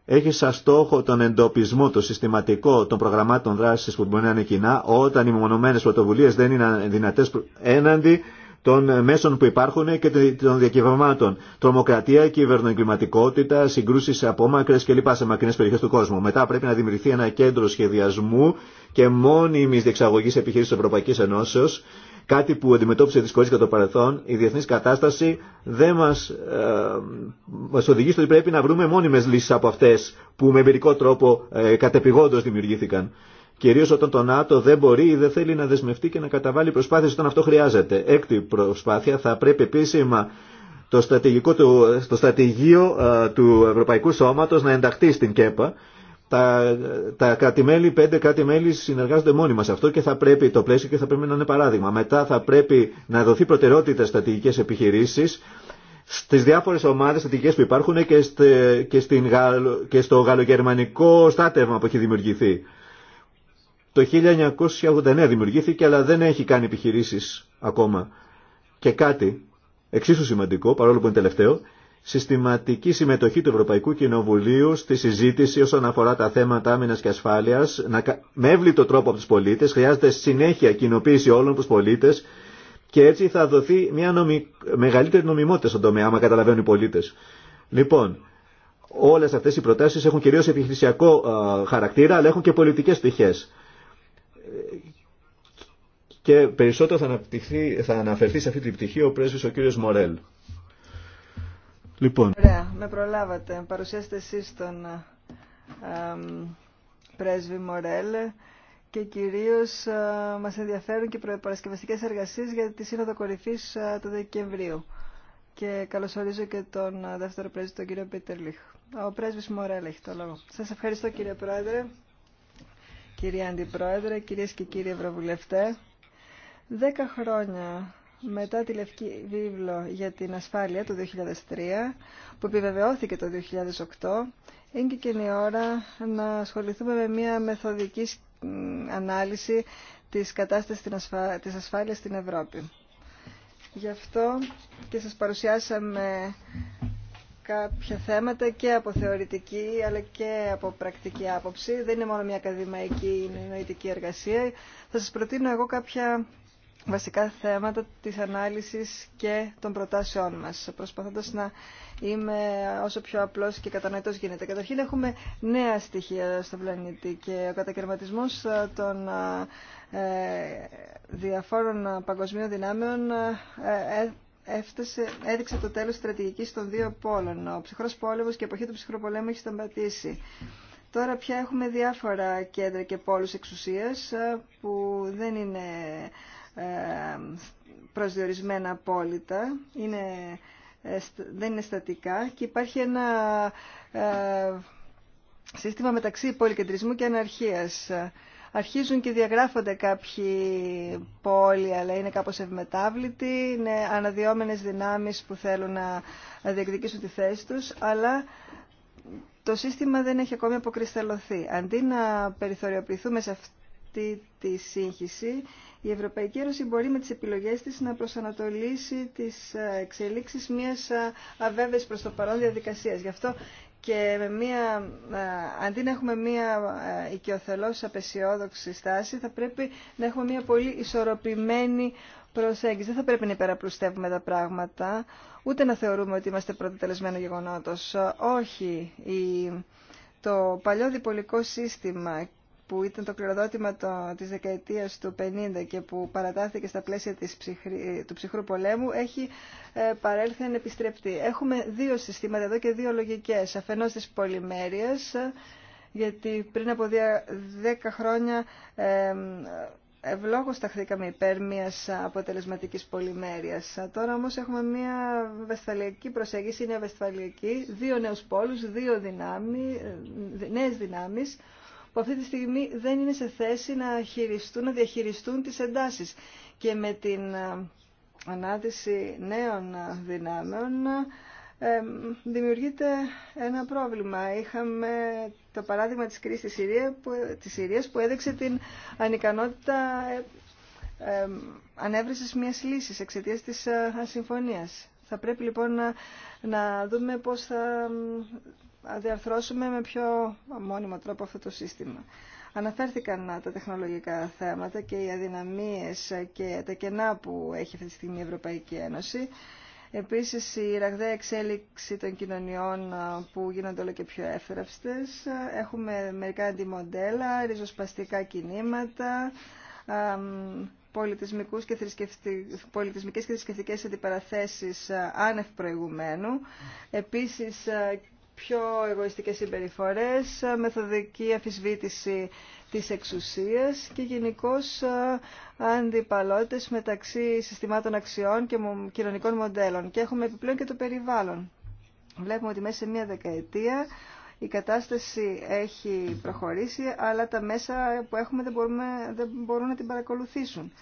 έχει σαν στόχο τον εντοπισμό, το συστηματικό των προγραμμάτων δράση που μπορεί να είναι κοινά όταν οι μονομένε πρωτοβουλίε δεν είναι δυνατέ έναντι των μέσων που υπάρχουν και των διακυβευμάτων. Τρομοκρατία, κυβερνοεγκληματικότητα, συγκρούσει απόμακρε κλπ. σε μακρινέ περιοχέ του κόσμου. Μετά πρέπει να δημιουργηθεί ένα κέντρο σχεδιασμού και μόνιμη διεξαγωγή επιχειρήσεων Ευρωπαϊκή Ενώσεω κάτι που αντιμετώπισε δυσκολίε κατά το παρελθόν, η διεθνή κατάσταση δεν μα ε, μας οδηγεί στο ότι πρέπει να βρούμε μόνιμε λύσει από αυτέ που με εμπειρικό τρόπο ε, κατεπηγόντω δημιουργήθηκαν κυρίω όταν το ΝΑΤΟ δεν μπορεί ή δεν θέλει να δεσμευτεί και να καταβάλει προσπάθειε όταν αυτό χρειάζεται. Έκτη προσπάθεια θα πρέπει επίσημα το, του, το στρατηγείο του Ευρωπαϊκού Σώματο να ενταχθεί στην ΚΕΠΑ. Τα, τα πέντε κράτη-μέλη συνεργάζονται μόνιμα μα αυτό και θα πρέπει το πλαίσιο και θα πρέπει να είναι παράδειγμα. Μετά θα πρέπει να δοθεί προτεραιότητα στρατηγικέ επιχειρήσει στι διάφορε ομάδε στρατηγικέ που υπάρχουν και, στην, και στο γαλλογερμανικό στάτευμα που έχει δημιουργηθεί. Το 1989 δημιουργήθηκε αλλά δεν έχει κάνει επιχειρήσεις ακόμα. Και κάτι εξίσου σημαντικό, παρόλο που είναι τελευταίο, συστηματική συμμετοχή του Ευρωπαϊκού Κοινοβουλίου στη συζήτηση όσον αφορά τα θέματα άμυνας και ασφάλειας, με εύλητο τρόπο από τους πολίτες, χρειάζεται συνέχεια κοινοποίηση όλων τους πολίτες και έτσι θα δοθεί μια νομι... μεγαλύτερη νομιμότητα στον τομέα, άμα καταλαβαίνουν οι πολίτες. Λοιπόν, όλες αυτές οι προτάσεις έχουν κυρίως επιχειρησιακό χαρακτήρα, αλλά έχουν και πολιτικές στοιχείε και περισσότερο θα, θα αναφερθεί σε αυτή την πτυχή ο πρέσβης ο κύριος Μορέλ. Λοιπόν. Ωραία, με προλάβατε. Παρουσιάστε εσείς τον πρέσβη Μορέλ και κυρίως ε, μας ενδιαφέρουν και οι παρασκευαστικές εργασίες για τη Σύνοδο Κορυφής ε, του Δεκεμβρίου. Και καλωσορίζω και τον ε, δεύτερο πρέσβη, τον κύριο Πίτερ Λίχ. Ο πρέσβης Μορέλ έχει το λόγο. Σας ευχαριστώ κύριε Πρόεδρε. Κυρία Αντιπρόεδρε, κυρίες και κύριοι Ευρωβουλευτέ, δέκα χρόνια μετά τη Λευκή Βίβλο για την Ασφάλεια το 2003, που επιβεβαιώθηκε το 2008, είναι και η ώρα να ασχοληθούμε με μια μεθοδική ανάλυση της κατάστασης της ασφάλειας στην Ευρώπη. Γι' αυτό και σας παρουσιάσαμε κάποια θέματα και από θεωρητική αλλά και από πρακτική άποψη. Δεν είναι μόνο μια ακαδημαϊκή νοητική εργασία. Θα σας προτείνω εγώ κάποια βασικά θέματα της ανάλυσης και των προτάσεών μας, προσπαθώντας να είμαι όσο πιο απλός και κατανοητός γίνεται. Καταρχήν έχουμε νέα στοιχεία στο πλανήτη και ο κατακαιρματισμός ε, των ε, ε, διαφόρων παγκοσμίων δυνάμεων έφτασε, έδειξε το τέλος στρατηγικής των δύο πόλων. Ο ψυχρός πόλεμος και η εποχή του ψυχρού πολέμου έχει σταματήσει. Τώρα πια έχουμε διάφορα κέντρα και πόλους εξουσίας ε, που δεν είναι ε, προσδιορισμένα απόλυτα, είναι, ε, δεν είναι στατικά και υπάρχει ένα σύστημα μεταξύ πολυκεντρισμού και αναρχίας αρχίζουν και διαγράφονται κάποιοι πόλοι, αλλά είναι κάπως ευμετάβλητοι, είναι αναδυόμενες δυνάμεις που θέλουν να διεκδικήσουν τη θέση τους, αλλά το σύστημα δεν έχει ακόμη αποκρισταλωθεί. Αντί να περιθωριοποιηθούμε σε αυτή τη σύγχυση, η Ευρωπαϊκή Ένωση μπορεί με τις επιλογές της να προσανατολίσει τις εξελίξεις μιας αβέβαιης προς το παρόν διαδικασίας και με μία, ε, αντί να έχουμε μία ε, οικειοθελώς απεσιόδοξη στάση, θα πρέπει να έχουμε μία πολύ ισορροπημένη προσέγγιση. Δεν θα πρέπει να υπεραπλουστεύουμε τα πράγματα, ούτε να θεωρούμε ότι είμαστε πρωτοτελεσμένο γεγονότος. Όχι, το παλιό διπολικό σύστημα που ήταν το κληροδότημα το, της δεκαετίας του 50 και που παρατάθηκε στα πλαίσια της του ψυχρού πολέμου έχει ε, παρέλθει ανεπιστρεπτή. Έχουμε δύο συστήματα εδώ και δύο λογικές. Αφενός της πολυμέρειας, γιατί πριν από δέκα χρόνια ε, ευλόγως ταχθήκαμε υπέρ μιας αποτελεσματικής πολυμέρειας. Τώρα όμως έχουμε μια βεσφαλιακή προσέγγιση, είναι βεσφαλιακή, δύο νέους πόλους, δύο δυνάμει, ε, νέες δυνάμεις που αυτή τη στιγμή δεν είναι σε θέση να χειριστούν, να διαχειριστούν τις εντάσεις. Και με την ε, ανάδυση νέων ε, δυνάμεων ε, δημιουργείται ένα πρόβλημα. Είχαμε το παράδειγμα της κρίσης της, Συρίας που, της Συρίας που έδειξε την ανικανότητα ε, ανέβρισης μιας λύσης εξαιτία της ασυμφωνίας. Θα πρέπει λοιπόν να, να δούμε πώς θα διαρθρώσουμε με πιο μόνιμο τρόπο αυτό το σύστημα. Αναφέρθηκαν τα τεχνολογικά θέματα και οι αδυναμίες και τα κενά που έχει αυτή τη στιγμή η Ευρωπαϊκή Ένωση. Επίσης η ραγδαία εξέλιξη των κοινωνιών που γίνονται όλο και πιο εύθραυστες. Έχουμε μερικά αντιμοντέλα, ριζοσπαστικά κινήματα, πολιτισμικούς και πολιτισμικές και θρησκευτικές αντιπαραθέσεις άνευ προηγουμένου. Επίσης πιο εγωιστικές συμπεριφορές, μεθοδική αφισβήτηση της εξουσίας και γενικώ ε, αντιπαλότητες μεταξύ συστημάτων αξιών και κοινωνικών μοντέλων. Και έχουμε επιπλέον και το περιβάλλον. Βλέπουμε ότι μέσα σε μία δεκαετία η κατάσταση έχει προχωρήσει, αλλά τα μέσα που έχουμε δεν, μπορούμε, δεν μπορούν να την παρακολουθήσουν.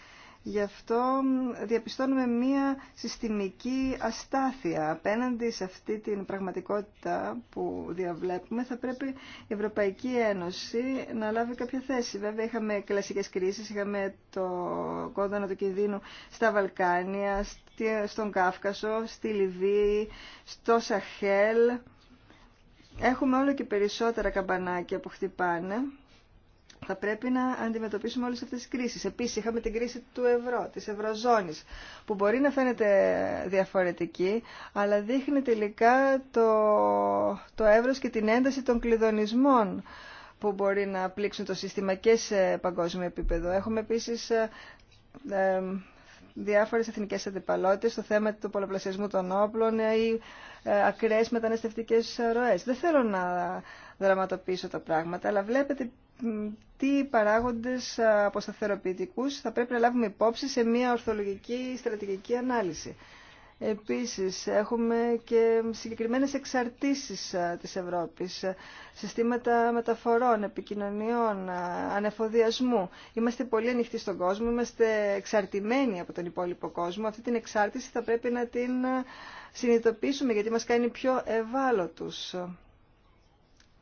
Γι' αυτό διαπιστώνουμε μία συστημική αστάθεια απέναντι σε αυτή την πραγματικότητα που διαβλέπουμε. Θα πρέπει η Ευρωπαϊκή Ένωση να λάβει κάποια θέση. Βέβαια είχαμε κλασικές κρίσεις, είχαμε το κόδωνα του κινδύνου στα Βαλκάνια, στον Κάφκασο, στη Λιβύη, στο Σαχέλ. Έχουμε όλο και περισσότερα καμπανάκια που χτυπάνε θα πρέπει να αντιμετωπίσουμε όλες αυτές τις κρίσεις. Επίσης είχαμε την κρίση του ευρώ, της ευρωζώνης, που μπορεί να φαίνεται διαφορετική, αλλά δείχνει τελικά το, το εύρος και την ένταση των κλειδονισμών που μπορεί να πλήξουν το σύστημα και σε παγκόσμιο επίπεδο. Έχουμε επίσης ε, ε διάφορες εθνικές αντιπαλότητες στο θέμα του πολλαπλασιασμού των όπλων ε, ή ε, ακραίες μεταναστευτικές ροές. Δεν θέλω να δραματοποιήσω τα πράγματα, αλλά βλέπετε τι παράγοντες αποσταθεροποιητικούς θα πρέπει να λάβουμε υπόψη σε μια ορθολογική στρατηγική ανάλυση. Επίσης, έχουμε και συγκεκριμένες εξαρτήσεις της Ευρώπης, συστήματα μεταφορών, επικοινωνιών, ανεφοδιασμού. Είμαστε πολύ ανοιχτοί στον κόσμο, είμαστε εξαρτημένοι από τον υπόλοιπο κόσμο. Αυτή την εξάρτηση θα πρέπει να την συνειδητοποιήσουμε, γιατί μας κάνει πιο ευάλωτους.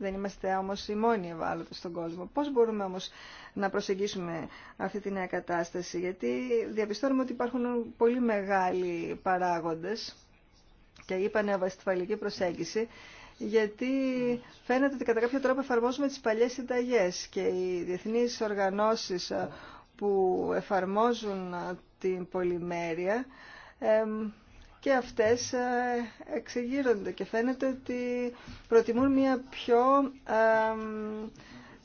Δεν είμαστε όμως οι μόνοι ευάλωτοι στον κόσμο. Πώς μπορούμε όμως να προσεγγίσουμε αυτή τη νέα κατάσταση, γιατί διαπιστώνουμε ότι υπάρχουν πολύ μεγάλοι παράγοντες και είπα νεοβαστιφαλική προσέγγιση, γιατί φαίνεται ότι κατά κάποιο τρόπο εφαρμόζουμε τις παλιές συνταγές και οι διεθνείς οργανώσεις που εφαρμόζουν την πολυμέρεια και αυτές ε, εξεγείρονται και φαίνεται ότι προτιμούν μια πιο ε,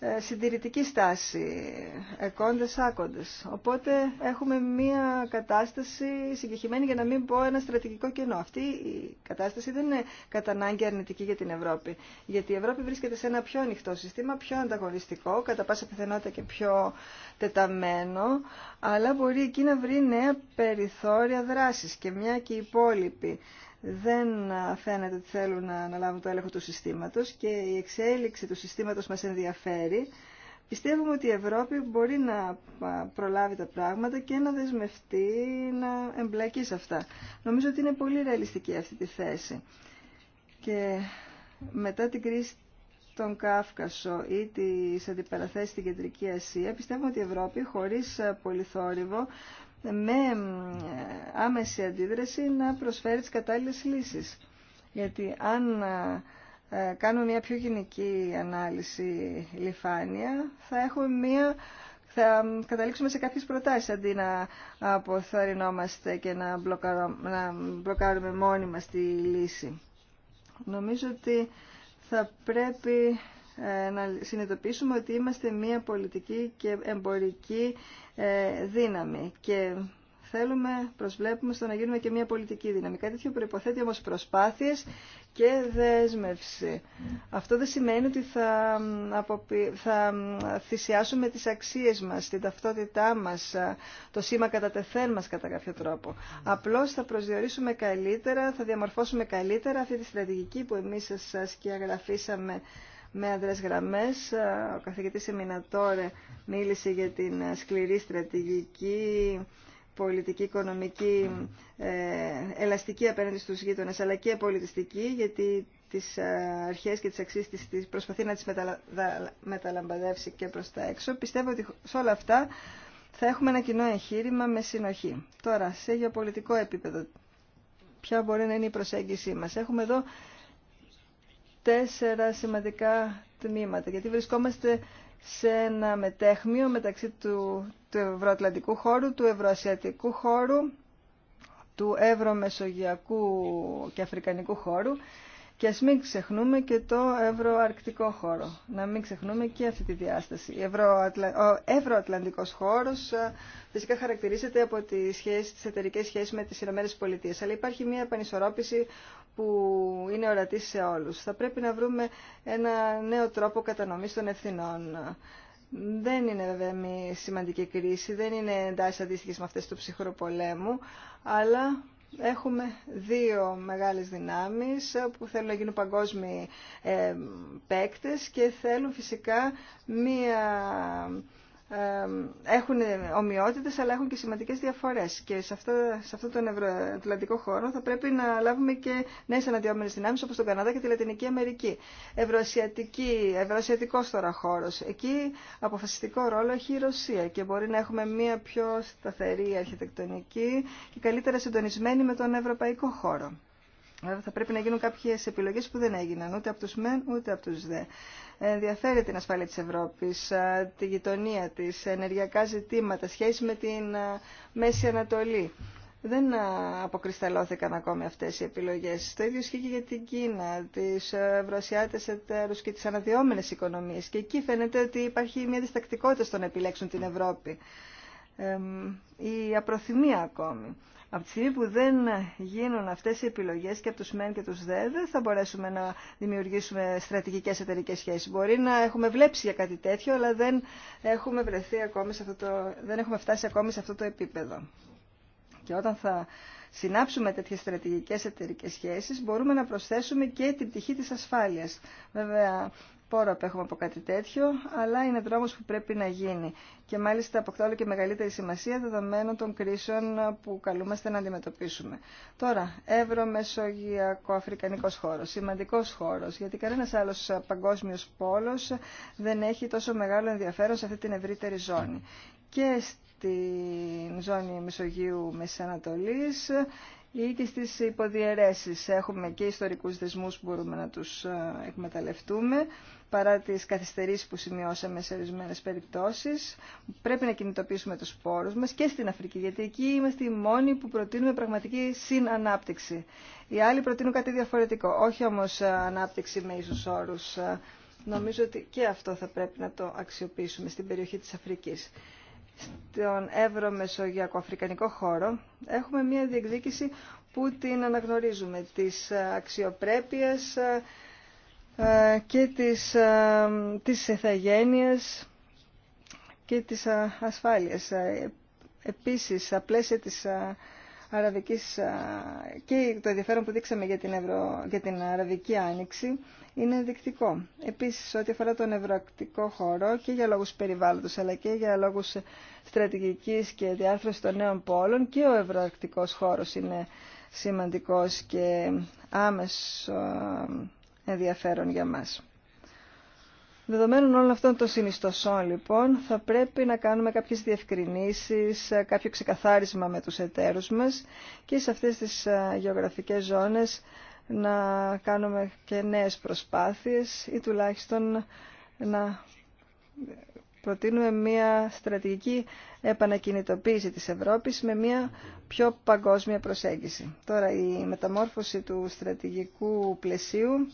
ε, συντηρητική στάση, εκόντες άκοντες. Οπότε έχουμε μία κατάσταση συγκεκριμένη για να μην πω ένα στρατηγικό κενό. Αυτή η κατάσταση δεν είναι κατά ανάγκη αρνητική για την Ευρώπη. Γιατί η Ευρώπη βρίσκεται σε ένα πιο ανοιχτό σύστημα, πιο ανταγωνιστικό, κατά πάσα πιθανότητα και πιο τεταμένο, αλλά μπορεί εκεί να βρει νέα περιθώρια δράσης και μια και οι δεν φαίνεται ότι θέλουν να αναλάβουν το έλεγχο του συστήματος και η εξέλιξη του συστήματος μας ενδιαφέρει. Πιστεύουμε ότι η Ευρώπη μπορεί να προλάβει τα πράγματα και να δεσμευτεί, να εμπλακεί σε αυτά. Νομίζω ότι είναι πολύ ρεαλιστική αυτή τη θέση. Και μετά την κρίση τον Κάφκασο ή τις αντιπαραθέσεις στην Κεντρική Ασία, πιστεύουμε ότι η Ευρώπη χωρίς πολυθόρυβο με άμεση αντίδραση να προσφέρει τις κατάλληλες λύσεις. Γιατί αν ε, κάνουμε μια πιο γενική ανάλυση λιφάνια, θα έχουμε μια θα καταλήξουμε σε κάποιες προτάσεις αντί να αποθαρρυνόμαστε και να, να μπλοκάρουμε μόνοι μας τη λύση. Νομίζω ότι θα πρέπει ε, να συνειδητοποιήσουμε ότι είμαστε μια πολιτική και εμπορική ε, δύναμη και θέλουμε, προσβλέπουμε στο να γίνουμε και μια πολιτική δύναμη. Κάτι τέτοιο προϋποθέτει όμως προσπάθειες και δέσμευση. Αυτό δεν σημαίνει ότι θα, θα θυσιάσουμε τις αξίες μας, την ταυτότητά μας, το σήμα κατά τεθέν μας κατά κάποιο τρόπο. Απλώς θα προσδιορίσουμε καλύτερα, θα διαμορφώσουμε καλύτερα αυτή τη στρατηγική που εμείς σας και αγραφήσαμε με αδρές γραμμές. Ο καθηγητής Εμινατόρε μίλησε για την σκληρή στρατηγική, πολιτική, οικονομική, ε, ελαστική απέναντι στους γείτονες, αλλά και πολιτιστική, γιατί τις ε, αρχές και τις αξίες της, προσπαθεί να τις μεταλαμπαδεύσει και προς τα έξω. Πιστεύω ότι σε όλα αυτά θα έχουμε ένα κοινό εγχείρημα με συνοχή. Τώρα, σε γεωπολιτικό επίπεδο, ποια μπορεί να είναι η προσέγγιση μας. Έχουμε εδώ τέσσερα σημαντικά τμήματα, γιατί βρισκόμαστε σε ένα μετέχμιο μεταξύ του, του ευρωατλαντικού χώρου, του ευρωασιατικού χώρου, του ευρωμεσογειακού και αφρικανικού χώρου και ας μην ξεχνούμε και το ευρωαρκτικό χώρο. Να μην ξεχνούμε και αυτή τη διάσταση. Ο ευρωατλαντικός χώρος ε, φυσικά χαρακτηρίζεται από τις, σχέσεις, τις εταιρικές σχέσεις με τις Ηνωμένες Πολιτείες, αλλά υπάρχει μια επανισορρόπηση που είναι ορατή σε όλους. Θα πρέπει να βρούμε ένα νέο τρόπο κατανομής των ευθυνών. Δεν είναι βέβαια μια σημαντική κρίση, δεν είναι εντάσεις αντίστοιχες με αυτές του ψυχρού αλλά έχουμε δύο μεγάλες δυνάμεις που θέλουν να γίνουν παγκόσμιοι ε, παίκτες και θέλουν φυσικά μια έχουν ομοιότητες αλλά έχουν και σημαντικές διαφορές και σε, σε αυτόν τον ευρωατλαντικό χώρο θα πρέπει να λάβουμε και νέες αναδυόμενες δυνάμεις όπως τον Καναδά και τη Λατινική Αμερική. Ευρωασιατική, ευρωασιατικός τώρα χώρος. Εκεί αποφασιστικό ρόλο έχει η Ρωσία και μπορεί να έχουμε μια πιο σταθερή αρχιτεκτονική και καλύτερα συντονισμένη με τον ευρωπαϊκό χώρο. Άρα θα πρέπει να γίνουν κάποιες επιλογές που δεν έγιναν ούτε από τους μεν ούτε από τους δε ενδιαφέρει την ασφάλεια της Ευρώπης, τη γειτονία της, ενεργειακά ζητήματα, σχέση με την Μέση Ανατολή. Δεν αποκρισταλώθηκαν ακόμη αυτές οι επιλογές. Το ίδιο ισχύει και για την Κίνα, τις Ευρωσιάτες εταίρους και τις αναδυόμενες οικονομίες. Και εκεί φαίνεται ότι υπάρχει μια διστακτικότητα στο να επιλέξουν την Ευρώπη. η απροθυμία ακόμη. Από τη στιγμή που δεν γίνουν αυτές οι επιλογές και από τους μεν και τους δε, δεν θα μπορέσουμε να δημιουργήσουμε στρατηγικές εταιρικές σχέσεις. Μπορεί να έχουμε βλέψει για κάτι τέτοιο, αλλά δεν έχουμε, βρεθεί ακόμη σε αυτό το, δεν έχουμε φτάσει ακόμη σε αυτό το επίπεδο. Και όταν θα συνάψουμε τέτοιες στρατηγικές εταιρικές σχέσεις, μπορούμε να προσθέσουμε και την πτυχή της ασφάλειας. Βέβαια, πόρο απέχουμε από κάτι τέτοιο, αλλά είναι δρόμος που πρέπει να γίνει. Και μάλιστα αποκτά όλο και μεγαλύτερη σημασία δεδομένων των κρίσεων που καλούμαστε να αντιμετωπίσουμε. Εύρω, Εύρο-Μεσογειακό-Αφρικανικός Αφρικανικό χώρο. Σημαντικό χώρο, γιατί κανένα άλλο παγκόσμιο πόλο δεν έχει τόσο μεγάλο ενδιαφέρον σε αυτή την ευρύτερη ζώνη. Και στην ζώνη Μεσογείου Ανατολή ή και στις υποδιαιρέσεις. Έχουμε και ιστορικούς δεσμούς που μπορούμε να τους ε, εκμεταλλευτούμε παρά τις καθυστερήσεις που σημειώσαμε σε ορισμένες περιπτώσεις. Πρέπει να κινητοποιήσουμε τους πόρους μας και στην Αφρική, γιατί εκεί είμαστε οι μόνοι που προτείνουμε πραγματική συνανάπτυξη. Οι άλλοι προτείνουν κάτι διαφορετικό, όχι όμως ε, ανάπτυξη με ίσους όρους. Ε, νομίζω ότι και αυτό θα πρέπει να το αξιοποιήσουμε στην περιοχή της Αφρικής. Στον Εύρο-Μεσογειακό Αφρικανικό χώρο έχουμε μια διεκδίκηση που την αναγνωρίζουμε, της ε, αξιοπρέπειας, ε, και της, της εθαγένειας και της ε, ασφάλειας. Ε, επίσης, στα πλαίσια της αραβικής και το ενδιαφέρον που δείξαμε για την, Ευρω... για την αραβική άνοιξη είναι ενδεικτικό. Επίσης, ό,τι αφορά τον ευρωακτικό χώρο και για λόγους περιβάλλοντος αλλά και για λόγους στρατηγικής και διάρθρωση των νέων πόλων και ο ευρωακτικός χώρος είναι σημαντικός και άμεσο ενδιαφέρον για μας. Δεδομένων όλων αυτών των συνιστοσών, λοιπόν, θα πρέπει να κάνουμε κάποιες διευκρινήσεις, κάποιο ξεκαθάρισμα με τους εταίρους μας και σε αυτές τις ε, γεωγραφικές ζώνες να κάνουμε και νέες προσπάθειες ή τουλάχιστον να προτείνουμε μια στρατηγική επανακινητοποίηση της Ευρώπης με μια πιο παγκόσμια προσέγγιση. Τώρα η μεταμόρφωση του στρατηγικού πλαισίου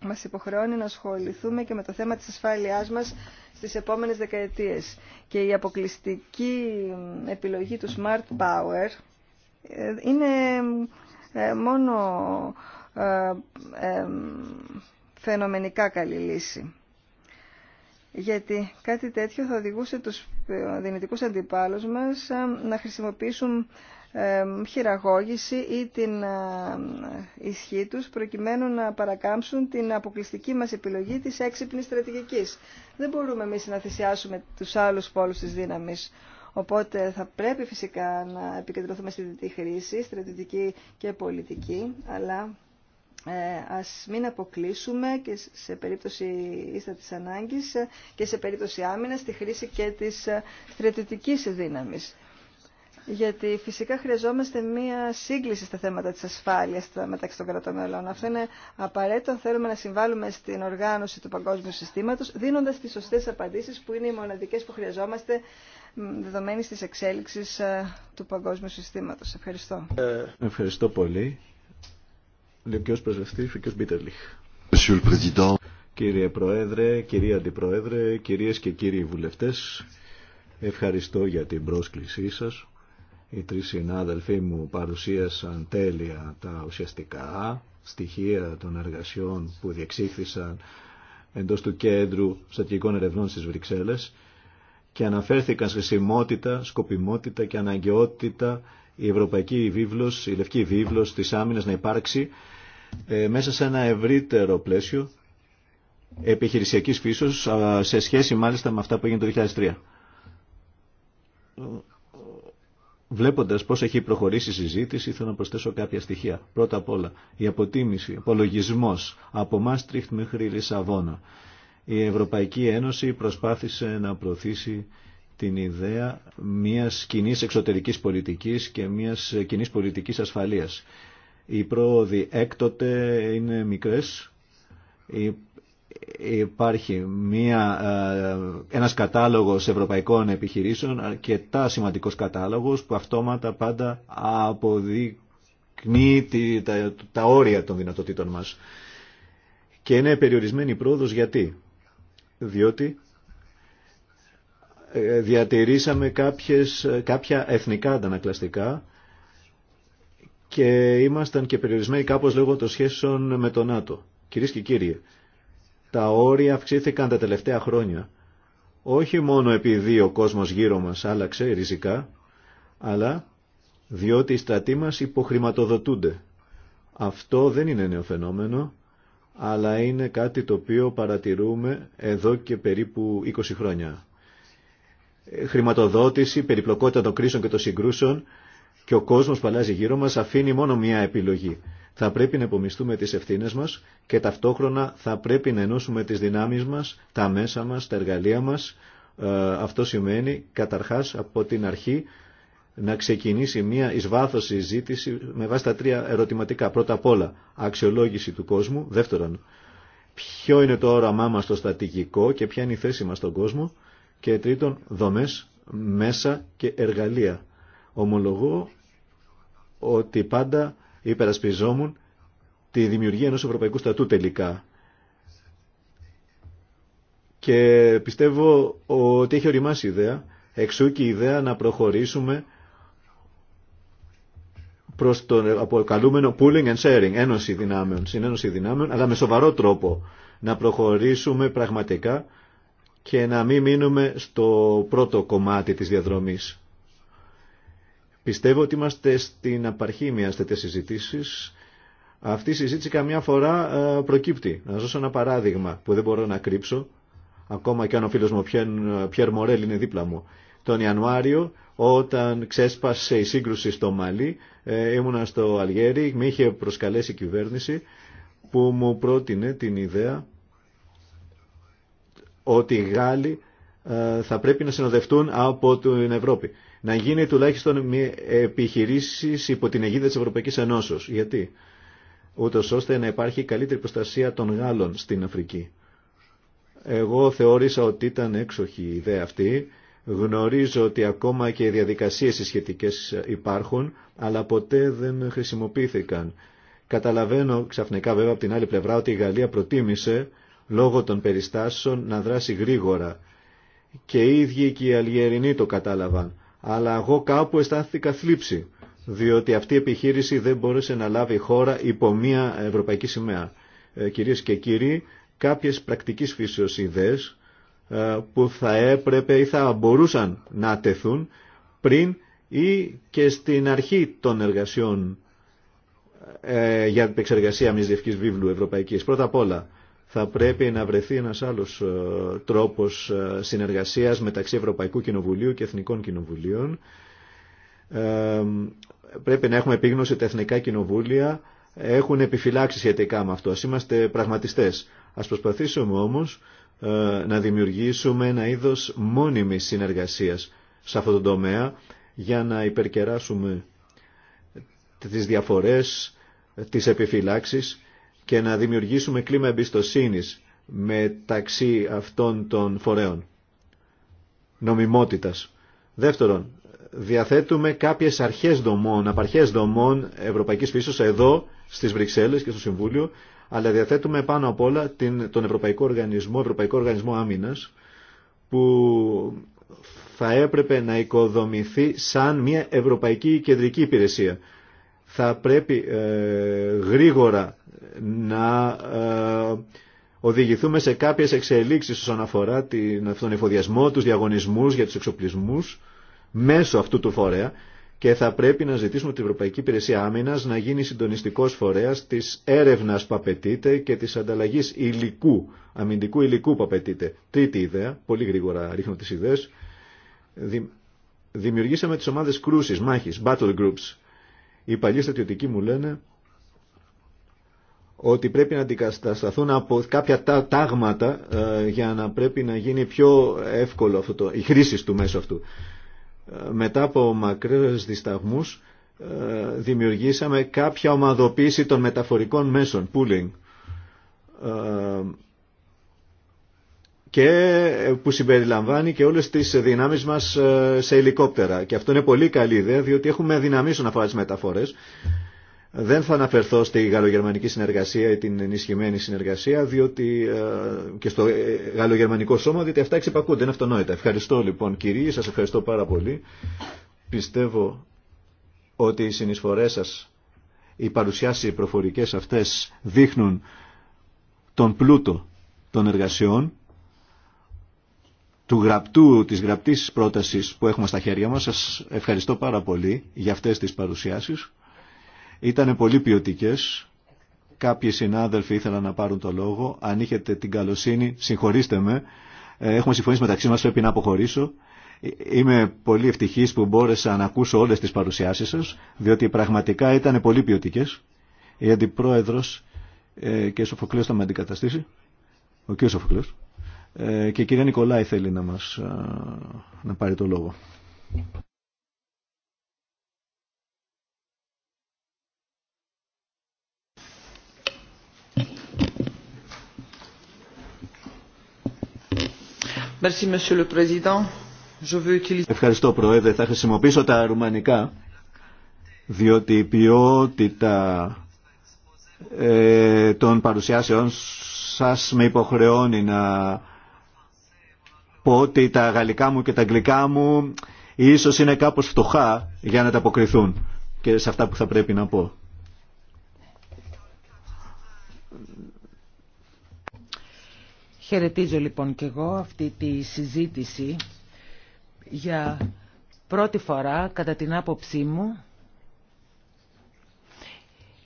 μας υποχρεώνει να ασχοληθούμε και με το θέμα της ασφάλειάς μας στις επόμενες δεκαετίες. Και η αποκλειστική επιλογή του Smart Power ε, είναι ε, μόνο ε, φαινομενικά καλή λύση. Γιατί κάτι τέτοιο θα οδηγούσε τους δυνητικούς αντιπάλους μας να χρησιμοποιήσουν χειραγώγηση ή την ε, ισχύ τους προκειμένου να παρακάμψουν την αποκλειστική μας επιλογή της έξυπνης στρατηγικής. Δεν μπορούμε εμείς να θυσιάσουμε τους άλλους πόλους της δύναμης. Οπότε θα πρέπει φυσικά να επικεντρωθούμε στη δυτική χρήση, στρατηγική και πολιτική, αλλά ε, ας μην αποκλείσουμε και σε περίπτωση ίστα της ανάγκης και σε περίπτωση άμυνας τη χρήση και της ε, στρατιωτικής δύναμης γιατί φυσικά χρειαζόμαστε μία σύγκληση στα θέματα της ασφάλειας μεταξύ των κρατών μελών. Αυτό είναι απαραίτητο θέλουμε να συμβάλλουμε στην οργάνωση του παγκόσμιου συστήματος, δίνοντας τις σωστές απαντήσεις που είναι οι μοναδικές που χρειαζόμαστε δεδομένης της εξέλιξης ε, του παγκόσμιου συστήματος. Ευχαριστώ. Ε, ευχαριστώ πολύ. Λεωκιός Πρεσβευτής, Φίκος Μπίτερλιχ. Κύριε Προέδρε, κυρία Αντιπροέδρε, κυρίες και κύριοι βουλευτές, ευχαριστώ για την πρόσκλησή σας. Οι τρεις συνάδελφοί μου παρουσίασαν τέλεια τα ουσιαστικά στοιχεία των εργασιών που διεξήχθησαν εντός του κέντρου στατικών ερευνών στις Βρυξέλλες και αναφέρθηκαν σχεσιμότητα, σκοπιμότητα και αναγκαιότητα η Ευρωπαϊκή Βίβλος, η Λευκή Βίβλος της Άμυνας να υπάρξει ε, μέσα σε ένα ευρύτερο πλαίσιο επιχειρησιακής φύσεως σε σχέση μάλιστα με αυτά που έγινε το 2003. Βλέποντας πώς έχει προχωρήσει η συζήτηση, θέλω να προσθέσω κάποια στοιχεία. Πρώτα απ' όλα, η αποτίμηση, απολογισμός από Μάστριχτ μέχρι Λισαβόνα. Η Ευρωπαϊκή Ένωση προσπάθησε να προωθήσει την ιδέα μιας κοινή εξωτερικής πολιτικής και μιας κοινή πολιτικής ασφαλείας. Οι πρόοδοι έκτοτε είναι μικρές, υπάρχει μια, ε, ένας κατάλογος ευρωπαϊκών επιχειρήσεων, αρκετά σημαντικός κατάλογος που αυτόματα πάντα αποδεικνύει τα, όρια των δυνατοτήτων μας. Και είναι περιορισμένη η πρόοδος γιατί. Διότι ε, διατηρήσαμε κάποιες, κάποια εθνικά αντανακλαστικά και ήμασταν και περιορισμένοι κάπως λόγω των σχέσεων με τον ΝΑΤΟ. Κυρίες και κύριοι, τα όρια αυξήθηκαν τα τελευταία χρόνια. Όχι μόνο επειδή ο κόσμος γύρω μας άλλαξε ριζικά, αλλά διότι οι στρατοί μας υποχρηματοδοτούνται. Αυτό δεν είναι νέο φαινόμενο, αλλά είναι κάτι το οποίο παρατηρούμε εδώ και περίπου 20 χρόνια. Χρηματοδότηση, περιπλοκότητα των κρίσεων και των συγκρούσεων και ο κόσμος που αλλάζει γύρω μας αφήνει μόνο μία επιλογή θα πρέπει να υπομισθούμε τις ευθύνες μας και ταυτόχρονα θα πρέπει να ενώσουμε τις δυνάμεις μας, τα μέσα μας, τα εργαλεία μας. Ε, αυτό σημαίνει καταρχάς από την αρχή να ξεκινήσει μια εις βάθος συζήτηση με βάση τα τρία ερωτηματικά. Πρώτα απ' όλα, αξιολόγηση του κόσμου. Δεύτερον, ποιο είναι το όραμά μας στο στατικικό και ποια είναι η θέση μας στον κόσμο. Και τρίτον, δομές, μέσα και εργαλεία. Ομολογώ ότι πάντα υπερασπιζόμουν τη δημιουργία ενός Ευρωπαϊκού Στατού τελικά. Και πιστεύω ότι έχει οριμάσει η ιδέα, εξού και η ιδέα να προχωρήσουμε προς το αποκαλούμενο pooling and sharing, ένωση δυνάμεων, συνένωση δυνάμεων, αλλά με σοβαρό τρόπο να προχωρήσουμε πραγματικά και να μην μείνουμε στο πρώτο κομμάτι της διαδρομής. Πιστεύω ότι είμαστε στην απαρχή μιας τέτοιας συζητήσης. Αυτή η συζήτηση καμιά φορά ε, προκύπτει. Να σας δώσω ένα παράδειγμα που δεν μπορώ να κρύψω, ακόμα και αν ο φίλος μου Πιέρ Μορέλ είναι δίπλα μου. Τον Ιανουάριο, όταν ξέσπασε η σύγκρουση στο Μαλί, ε, ήμουνα στο Αλγέρι, με είχε προσκαλέσει η κυβέρνηση που μου πρότεινε την ιδέα ότι οι Γάλλοι ε, θα πρέπει να συνοδευτούν από την Ευρώπη να γίνει τουλάχιστον επιχειρήσει υπό την αιγίδα τη Ευρωπαϊκή Ενώσεω. Γιατί? ούτω ώστε να υπάρχει καλύτερη προστασία των Γάλλων στην Αφρική. Εγώ θεώρησα ότι ήταν έξοχη η ιδέα αυτή. Γνωρίζω ότι ακόμα και οι διαδικασίες οι υπάρχουν, αλλά ποτέ δεν χρησιμοποιήθηκαν. Καταλαβαίνω ξαφνικά βέβαια από την άλλη πλευρά ότι η Γαλλία προτίμησε λόγω των περιστάσεων να δράσει γρήγορα. Και οι ίδιοι και οι Αλγερινοί το κατάλαβαν αλλά εγώ κάπου αισθάνθηκα θλίψη, διότι αυτή η επιχείρηση δεν μπόρεσε να λάβει χώρα υπό μια ευρωπαϊκή σημαία. Ε, Κυρίε και κύριοι, κάποιες πρακτικής φύσεως ε, που θα έπρεπε ή θα μπορούσαν να τεθούν πριν ή και στην αρχή των εργασιών ε, για την επεξεργασία μιας διευκής βίβλου ευρωπαϊκής. Πρώτα απ' όλα, θα πρέπει να βρεθεί ένας άλλος ε, τρόπος ε, συνεργασίας μεταξύ Ευρωπαϊκού Κοινοβουλίου και Εθνικών Κοινοβουλίων. Ε, πρέπει να έχουμε επίγνωση ότι τα Εθνικά Κοινοβούλια έχουν επιφυλάξει σχετικά με αυτό. Ας είμαστε πραγματιστές. Ας προσπαθήσουμε όμως να δημιουργήσουμε ένα είδος μόνιμης συνεργασίας σε αυτό το τομέα για να υπερκεράσουμε τις διαφορές, τις επιφυλάξεις και να δημιουργήσουμε κλίμα εμπιστοσύνης μεταξύ αυτών των φορέων νομιμότητας. Δεύτερον, διαθέτουμε κάποιες αρχές δομών, απαρχές δομών ευρωπαϊκής φύσης εδώ στις Βρυξέλλες και στο Συμβούλιο, αλλά διαθέτουμε πάνω απ' όλα την, τον Ευρωπαϊκό Οργανισμό, Ευρωπαϊκό Οργανισμό Άμυνας, που θα έπρεπε να οικοδομηθεί σαν μια ευρωπαϊκή κεντρική υπηρεσία. Θα πρέπει ε, γρήγορα να ε, οδηγηθούμε σε κάποιες εξελίξεις όσον αφορά την, τον εφοδιασμό, τους διαγωνισμούς για τους εξοπλισμούς μέσω αυτού του φορέα και θα πρέπει να ζητήσουμε την Ευρωπαϊκή Υπηρεσία Άμυνα να γίνει συντονιστικό φορέα τη έρευνα που απαιτείται και τη ανταλλαγή υλικού, αμυντικού υλικού που απαιτείται. Τρίτη ιδέα, πολύ γρήγορα ρίχνω τι ιδέε. Δημιουργήσαμε τι ομάδε κρούση, μάχη, battle groups. Οι παλιοί στρατιωτικοί μου λένε ότι πρέπει να αντικατασταθούν από κάποια τάγματα ε, για να πρέπει να γίνει πιο εύκολο αυτό το, η χρήση του μέσου αυτού. Ε, μετά από μακρύς δισταγμούς ε, δημιουργήσαμε κάποια ομαδοποίηση των μεταφορικών μέσων, pooling, και που συμπεριλαμβάνει και όλες τις δυνάμεις μας σε ελικόπτερα. Και αυτό είναι πολύ καλή ιδέα, διότι έχουμε δυναμίσει να αφορά τις μεταφορές δεν θα αναφερθώ στη γαλλογερμανική συνεργασία ή την ενισχυμένη συνεργασία διότι, ε, και στο ε, γαλλογερμανικό σώμα, διότι αυτά εξυπακούνται, είναι αυτονόητα. Ευχαριστώ λοιπόν κύριε σας ευχαριστώ πάρα πολύ. Πιστεύω ότι οι συνεισφορέ σας, οι παρουσιάσεις προφορικές αυτές δείχνουν τον πλούτο των εργασιών, του γραπτού, της γραπτής πρότασης που έχουμε στα χέρια μας. Σας ευχαριστώ πάρα πολύ για αυτές τις παρουσιάσεις. Ήταν πολύ ποιοτικέ. Κάποιοι συνάδελφοι ήθελαν να πάρουν το λόγο. Αν είχετε την καλοσύνη, συγχωρήστε με. Ε, έχουμε συμφωνήσει μεταξύ μας, πρέπει να αποχωρήσω. Ε, είμαι πολύ ευτυχής που μπόρεσα να ακούσω όλες τις παρουσιάσεις σας, διότι πραγματικά ήταν πολύ ποιοτικέ. Η Αντιπρόεδρος ε, και Σοφοκλέο θα με αντικαταστήσει. Ο κ. Σοφοκλέο. Ε, και η κυρία Νικολάη θέλει να μας ε, να πάρει το λόγο. Ευχαριστώ Πρόεδρε. Θα χρησιμοποιήσω τα ρουμανικά διότι η ποιότητα ε, των παρουσιάσεων σας με υποχρεώνει να πω ότι τα γαλλικά μου και τα αγγλικά μου ίσως είναι κάπως φτωχά για να τα αποκριθούν και σε αυτά που θα πρέπει να πω. Χαιρετίζω λοιπόν και εγώ αυτή τη συζήτηση για πρώτη φορά κατά την άποψή μου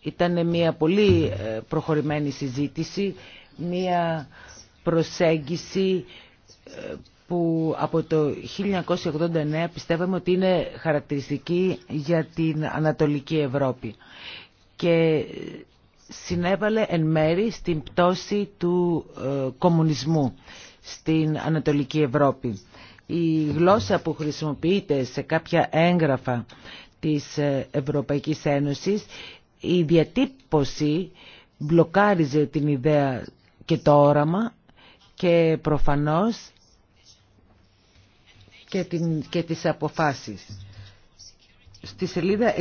ήταν μια πολύ ε, προχωρημένη συζήτηση, μια προσέγγιση ε, που από το 1989 πιστεύαμε ότι είναι χαρακτηριστική για την Ανατολική Ευρώπη. Και συνέβαλε εν μέρη στην πτώση του ε, κομμουνισμού στην Ανατολική Ευρώπη. Η γλώσσα που χρησιμοποιείται σε κάποια έγγραφα της ε, Ευρωπαϊκής Ένωσης, η διατύπωση μπλοκάριζε την ιδέα και το όραμα και προφανώς και, την, και τις αποφάσεις. Στη σελίδα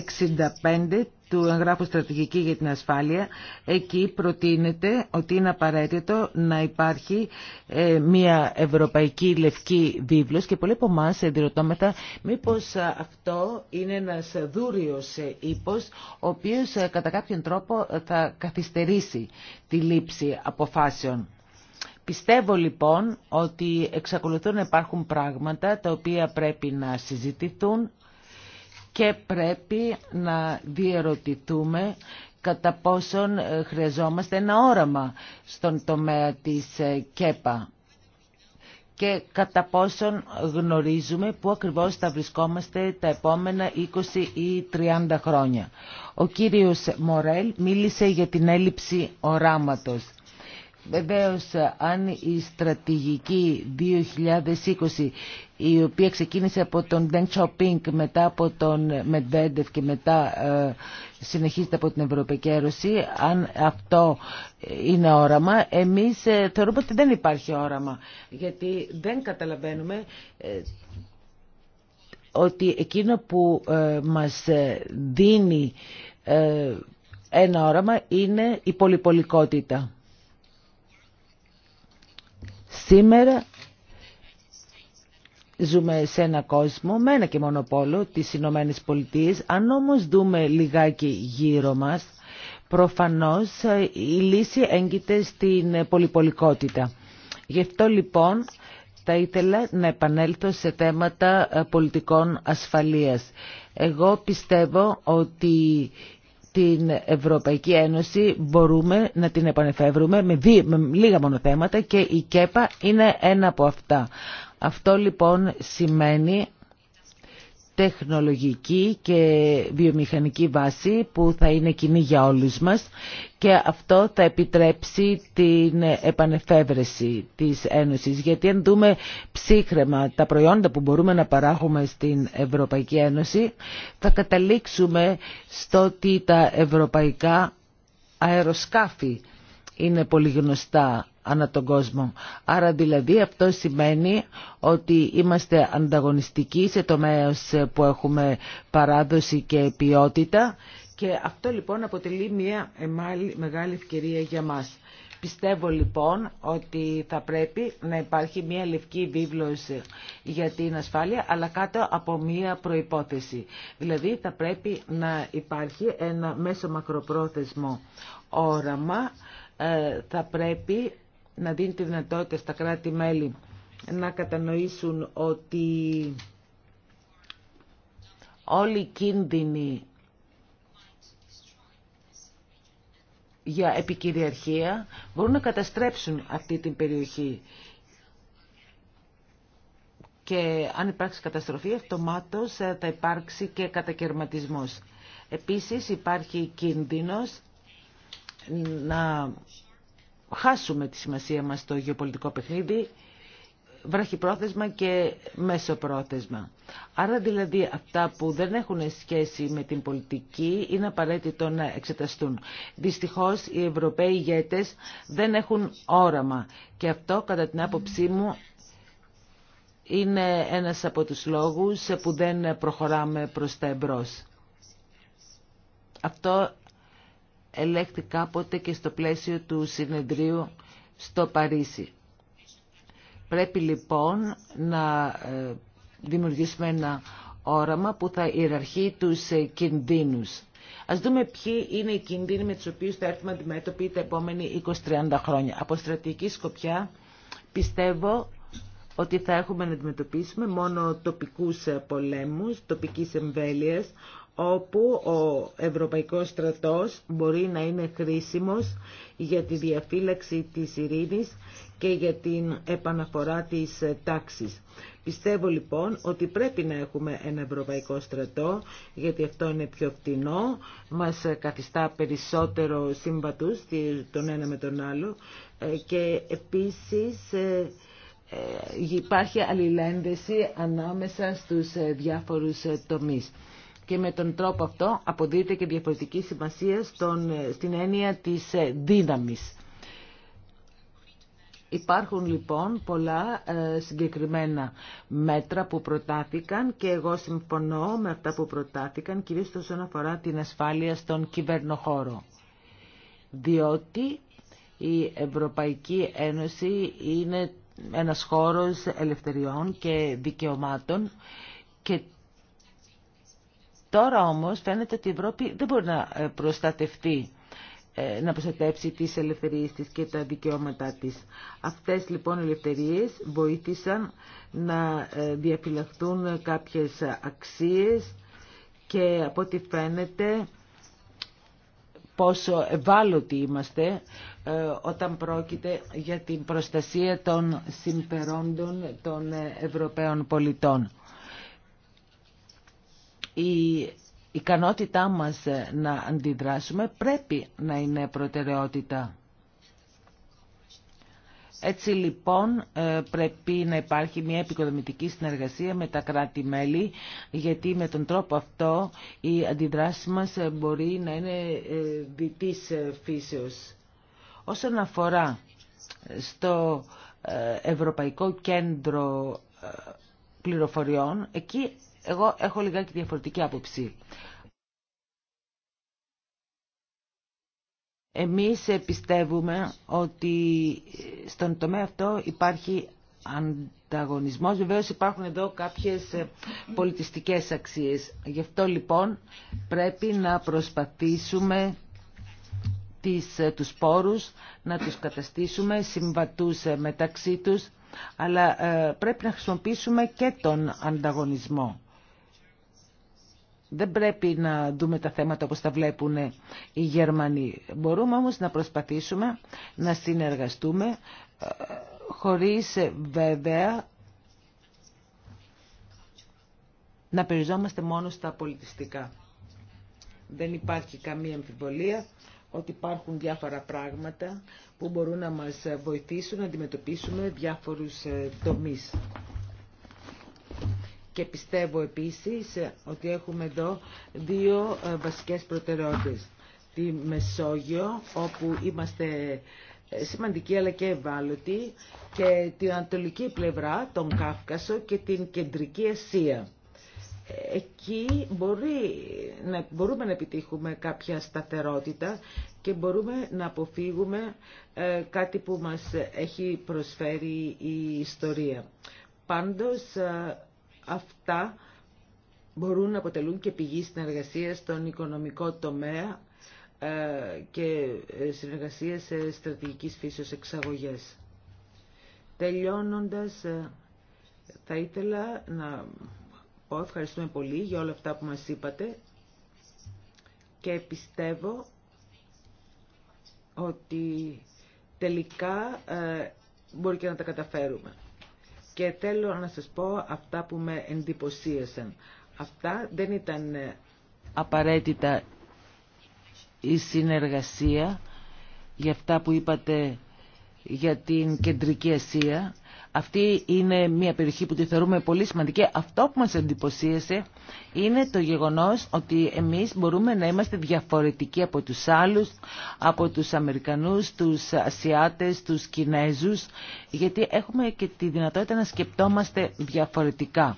65 του εγγράφου στρατηγική για την ασφάλεια, εκεί προτείνεται ότι είναι απαραίτητο να υπάρχει ε, μια ευρωπαϊκή λευκή βίβλος και πολλοί από εμάς μήπως ε, αυτό είναι ένας δούριος ε, ύπος ο οποίος κατά κάποιον τρόπο θα καθυστερήσει τη λήψη αποφάσεων. Πιστεύω λοιπόν ότι εξακολουθούν να υπάρχουν πράγματα τα οποία πρέπει να συζητηθούν, και πρέπει να διερωτηθούμε κατά πόσον ε, χρειαζόμαστε ένα όραμα στον τομέα της ε, ΚΕΠΑ και κατά πόσον γνωρίζουμε πού ακριβώς θα βρισκόμαστε τα επόμενα 20 ή 30 χρόνια. Ο κύριος Μορέλ μίλησε για την έλλειψη οράματος. Βεβαίω, αν η στρατηγική 2020, η οποία ξεκίνησε από τον Deng Xiaoping, μετά από τον Medvedev και μετά ε, συνεχίζεται από την Ευρωπαϊκή Ένωση, αν αυτό είναι όραμα, εμείς ε, θεωρούμε ότι δεν υπάρχει όραμα, γιατί δεν καταλαβαίνουμε ε, ότι εκείνο που ε, μας δίνει ένα όραμα είναι η πολυπολικότητα. Σήμερα ζούμε σε ένα κόσμο με ένα και πόλο, της Ηνωμένε Πολιτείε. Αν όμως δούμε λιγάκι γύρω μας, προφανώς ε, η λύση έγκυται στην πολυπολικότητα. Γι' αυτό λοιπόν θα ήθελα να επανέλθω σε θέματα ε, πολιτικών ασφαλείας. Εγώ πιστεύω ότι την Ευρωπαϊκή Ένωση μπορούμε να την επανεφεύρουμε με, με λίγα μονοθέματα και η ΚΕΠΑ είναι ένα από αυτά. Αυτό λοιπόν σημαίνει τεχνολογική και βιομηχανική βάση που θα είναι κοινή για όλους μας και αυτό θα επιτρέψει την επανεφεύρεση της Ένωσης. Γιατί αν δούμε ψύχρεμα τα προϊόντα που μπορούμε να παράγουμε στην Ευρωπαϊκή Ένωση θα καταλήξουμε στο ότι τα ευρωπαϊκά αεροσκάφη είναι πολύ γνωστά ανά τον κόσμο. Άρα δηλαδή αυτό σημαίνει ότι είμαστε ανταγωνιστικοί σε τομέας που έχουμε παράδοση και ποιότητα και αυτό λοιπόν αποτελεί μια μεγάλη ευκαιρία για μας. Πιστεύω λοιπόν ότι θα πρέπει να υπάρχει μια λευκή βίβλωση για την ασφάλεια, αλλά κάτω από μια προϋπόθεση. Δηλαδή θα πρέπει να υπάρχει ένα μέσο μακροπρόθεσμο όραμα, ε, θα πρέπει να δίνει τη δυνατότητα στα κράτη-μέλη να κατανοήσουν ότι όλοι οι κίνδυνοι για επικυριαρχία μπορούν να καταστρέψουν αυτή την περιοχή. Και αν υπάρξει καταστροφή, αυτομάτως ε, θα υπάρξει και κατακαιρματισμός. Επίσης υπάρχει κίνδυνος να χάσουμε τη σημασία μας στο γεωπολιτικό παιχνίδι βραχυπρόθεσμα και μέσοπρόθεσμα. Άρα δηλαδή αυτά που δεν έχουν σχέση με την πολιτική είναι απαραίτητο να εξεταστούν. Δυστυχώς οι Ευρωπαίοι ηγέτες δεν έχουν όραμα και αυτό κατά την άποψή μου είναι ένας από τους λόγους που δεν προχωράμε προς τα εμπρός. Αυτό ελέγχθη κάποτε και στο πλαίσιο του συνεδρίου στο Παρίσι. Πρέπει λοιπόν να ε, δημιουργήσουμε ένα όραμα που θα ιεραρχεί τους ε, κινδύνους. Ας δούμε ποιοι είναι οι κινδύνοι με τους οποίους θα έρθουμε αντιμέτωποι τα επόμενη 20-30 χρόνια. Από στρατηγική σκοπιά πιστεύω ότι θα έχουμε να αντιμετωπίσουμε μόνο τοπικούς ε, πολέμους, τοπικής εμβέλειας, όπου ο Ευρωπαϊκός στρατός μπορεί να είναι χρήσιμος για τη διαφύλαξη της ειρήνης και για την επαναφορά της τάξης. Πιστεύω λοιπόν ότι πρέπει να έχουμε ένα ευρωπαϊκό στρατό, γιατί αυτό είναι πιο φτηνό, μας καθιστά περισσότερο σύμβατους τον ένα με τον άλλο ε, και επίσης ε, ε, υπάρχει αλληλένδεση ανάμεσα στους διάφορους τομείς και με τον τρόπο αυτό αποδίδεται και διαφορετική σημασία στον, στην έννοια της ε, δύναμης. Υπάρχουν λοιπόν πολλά ε, συγκεκριμένα μέτρα που προτάθηκαν και εγώ συμφωνώ με αυτά που προτάθηκαν κυρίως όσον αφορά την ασφάλεια στον κυβερνοχώρο. Διότι η Ευρωπαϊκή Ένωση είναι ένας χώρος ελευθεριών και δικαιωμάτων και Τώρα όμως φαίνεται ότι η Ευρώπη δεν μπορεί να ε, προστατευτεί ε, να προστατεύσει τις ελευθερίες της και τα δικαιώματά της. Αυτές λοιπόν οι ελευθερίες βοήθησαν να ε, διαφυλαχθούν κάποιες αξίες και από ό,τι φαίνεται πόσο ευάλωτοι είμαστε όταν πρόκειται για την προστασία των συμπερόντων των Ευρωπαίων πολιτών η ικανότητά μας ε, να αντιδράσουμε πρέπει να είναι προτεραιότητα. Έτσι λοιπόν ε, πρέπει να υπάρχει μια επικοδομητική συνεργασία με τα κράτη-μέλη γιατί με τον τρόπο αυτό η αντιδράση μας ε, μπορεί να είναι διτής φύσεως. Όσον αφορά στο Ευρωπαϊκό Κέντρο Πληροφοριών, εκεί εγώ έχω λιγάκι διαφορετική άποψη. Εμείς πιστεύουμε ότι στον τομέα αυτό υπάρχει ανταγωνισμός. Βεβαίως υπάρχουν εδώ κάποιες πολιτιστικές αξίες. Γι' αυτό λοιπόν πρέπει να προσπαθήσουμε τις, τους πόρους, να τους καταστήσουμε συμβατούς μεταξύ τους, αλλά ε, πρέπει να χρησιμοποιήσουμε και τον ανταγωνισμό. Δεν πρέπει να δούμε τα θέματα όπως τα βλέπουν οι Γερμανοί. Μπορούμε όμως να προσπαθήσουμε να συνεργαστούμε ε, χωρίς ε, βέβαια να περιζόμαστε μόνο στα πολιτιστικά. Δεν υπάρχει καμία αμφιβολία ότι υπάρχουν διάφορα πράγματα που μπορούν να μας βοηθήσουν να αντιμετωπίσουμε διάφορους ε, τομείς. Και πιστεύω επίσης ότι έχουμε εδώ δύο ε, βασικές προτεραιότητες. Τη Μεσόγειο, όπου είμαστε ε, σημαντικοί αλλά και ευάλωτοι και την Ανατολική πλευρά, τον Κάφκασο και την Κεντρική Ασία. Εκεί μπορεί, να, μπορούμε να επιτύχουμε κάποια σταθερότητα και μπορούμε να αποφύγουμε ε, κάτι που μας έχει προσφέρει η ιστορία. Πάντως, αυτά μπορούν να αποτελούν και πηγή συνεργασία στον οικονομικό τομέα ε, και ε, συνεργασία σε στρατηγικής φύσεως εξαγωγές. Τελειώνοντας, ε, θα ήθελα να πω ευχαριστούμε πολύ για όλα αυτά που μας είπατε και πιστεύω ότι τελικά μπορεί και να τα καταφέρουμε. Και θέλω να σας πω αυτά που με εντυπωσίασαν. Αυτά δεν ήταν ε, απαραίτητα η συνεργασία για αυτά που είπατε για την Κεντρική Ασία αυτή είναι μια περιοχή που τη θεωρούμε πολύ σημαντική. Αυτό που μας εντυπωσίασε είναι το γεγονός ότι εμείς μπορούμε να είμαστε διαφορετικοί από τους άλλους, από τους Αμερικανούς, τους Ασιάτες, τους Κινέζους, γιατί έχουμε και τη δυνατότητα να σκεπτόμαστε διαφορετικά.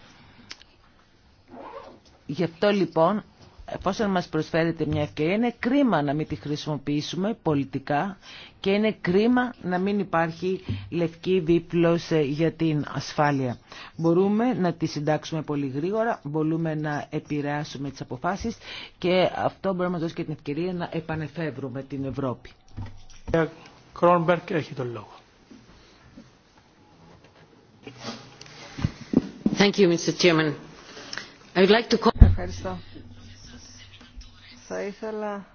Γι' αυτό λοιπόν εφόσον μας προσφέρεται μια ευκαιρία, είναι κρίμα να μην τη χρησιμοποιήσουμε πολιτικά και είναι κρίμα να μην υπάρχει λευκή δίπλωση ε, για την ασφάλεια. Μπορούμε να τη συντάξουμε πολύ γρήγορα, μπορούμε να επηρεάσουμε τις αποφάσεις και αυτό μπορεί να δώσει και την ευκαιρία να επανεφεύρουμε την Ευρώπη. Κρόνμπερκ έχει Ευχαριστώ. Θα ήθελα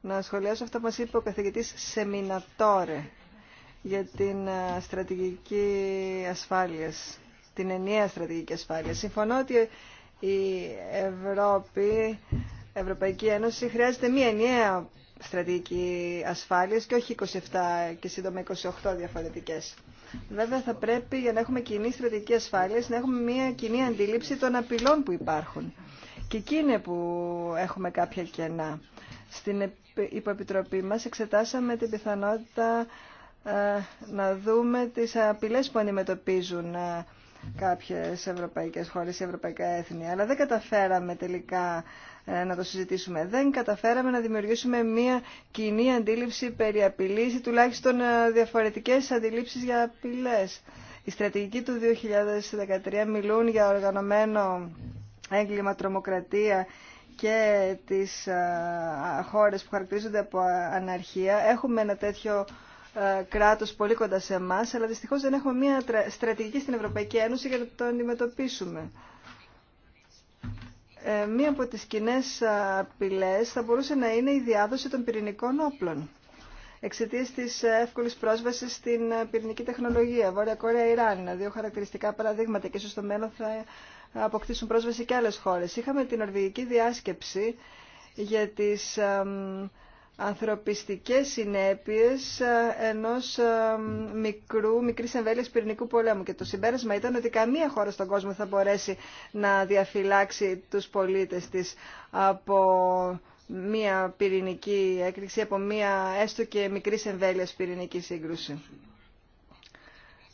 να σχολιάσω αυτό που μας είπε ο καθηγητής Σεμινατόρε για την ε, στρατηγική ασφάλειας, την ενιαία στρατηγική ασφάλεια. Συμφωνώ ότι η Ευρώπη, Ευρωπαϊκή Ένωση χρειάζεται μία ενιαία στρατηγική ασφάλειας και όχι 27 και σύντομα 28 διαφορετικές. Βέβαια θα πρέπει για να έχουμε κοινή στρατηγική ασφάλειας να έχουμε μία κοινή αντίληψη των απειλών που υπάρχουν. Και εκεί είναι που έχουμε κάποια κενά. Στην υποεπιτροπή μας εξετάσαμε την πιθανότητα ε, να δούμε τις απειλές που αντιμετωπίζουν ε, κάποιες ευρωπαϊκές χώρες ευρωπαϊκά έθνη. Αλλά δεν καταφέραμε τελικά ε, να το συζητήσουμε. Δεν καταφέραμε να δημιουργήσουμε μια κοινή αντίληψη περί απειλής ή τουλάχιστον διαφορετικές αντιλήψεις για απειλές. Η στρατηγική του 2013 μιλούν για οργανωμένο έγκλημα, τρομοκρατία και τις ε, χώρες που χαρακτηρίζονται από αναρχία. Έχουμε ένα τέτοιο ε, κράτος πολύ κοντά σε εμά, αλλά δυστυχώς δεν έχουμε μια στρατηγική στην Ευρωπαϊκή Ένωση για να το αντιμετωπίσουμε. Ε, μία από τις κοινέ απειλέ θα μπορούσε να είναι η διάδοση των πυρηνικών όπλων. Εξαιτία τη εύκολη πρόσβαση στην πυρηνική τεχνολογία, Βόρεια Κορέα, Ιράν, δύο χαρακτηριστικά παραδείγματα και ίσω στο μέλλον θα αποκτήσουν πρόσβαση και άλλες χώρες. Είχαμε την Ορβηγική Διάσκεψη για τις ανθρωπιστικές συνέπειες ε, ενός μικρού, μικρής εμβέλειας πυρηνικού πολέμου. Και το συμπέρασμα ήταν ότι καμία χώρα στον κόσμο θα μπορέσει να διαφυλάξει τους πολίτες της από μία πυρηνική έκρηξη, από μία έστω και μικρής εμβέλειας πυρηνική σύγκρουση.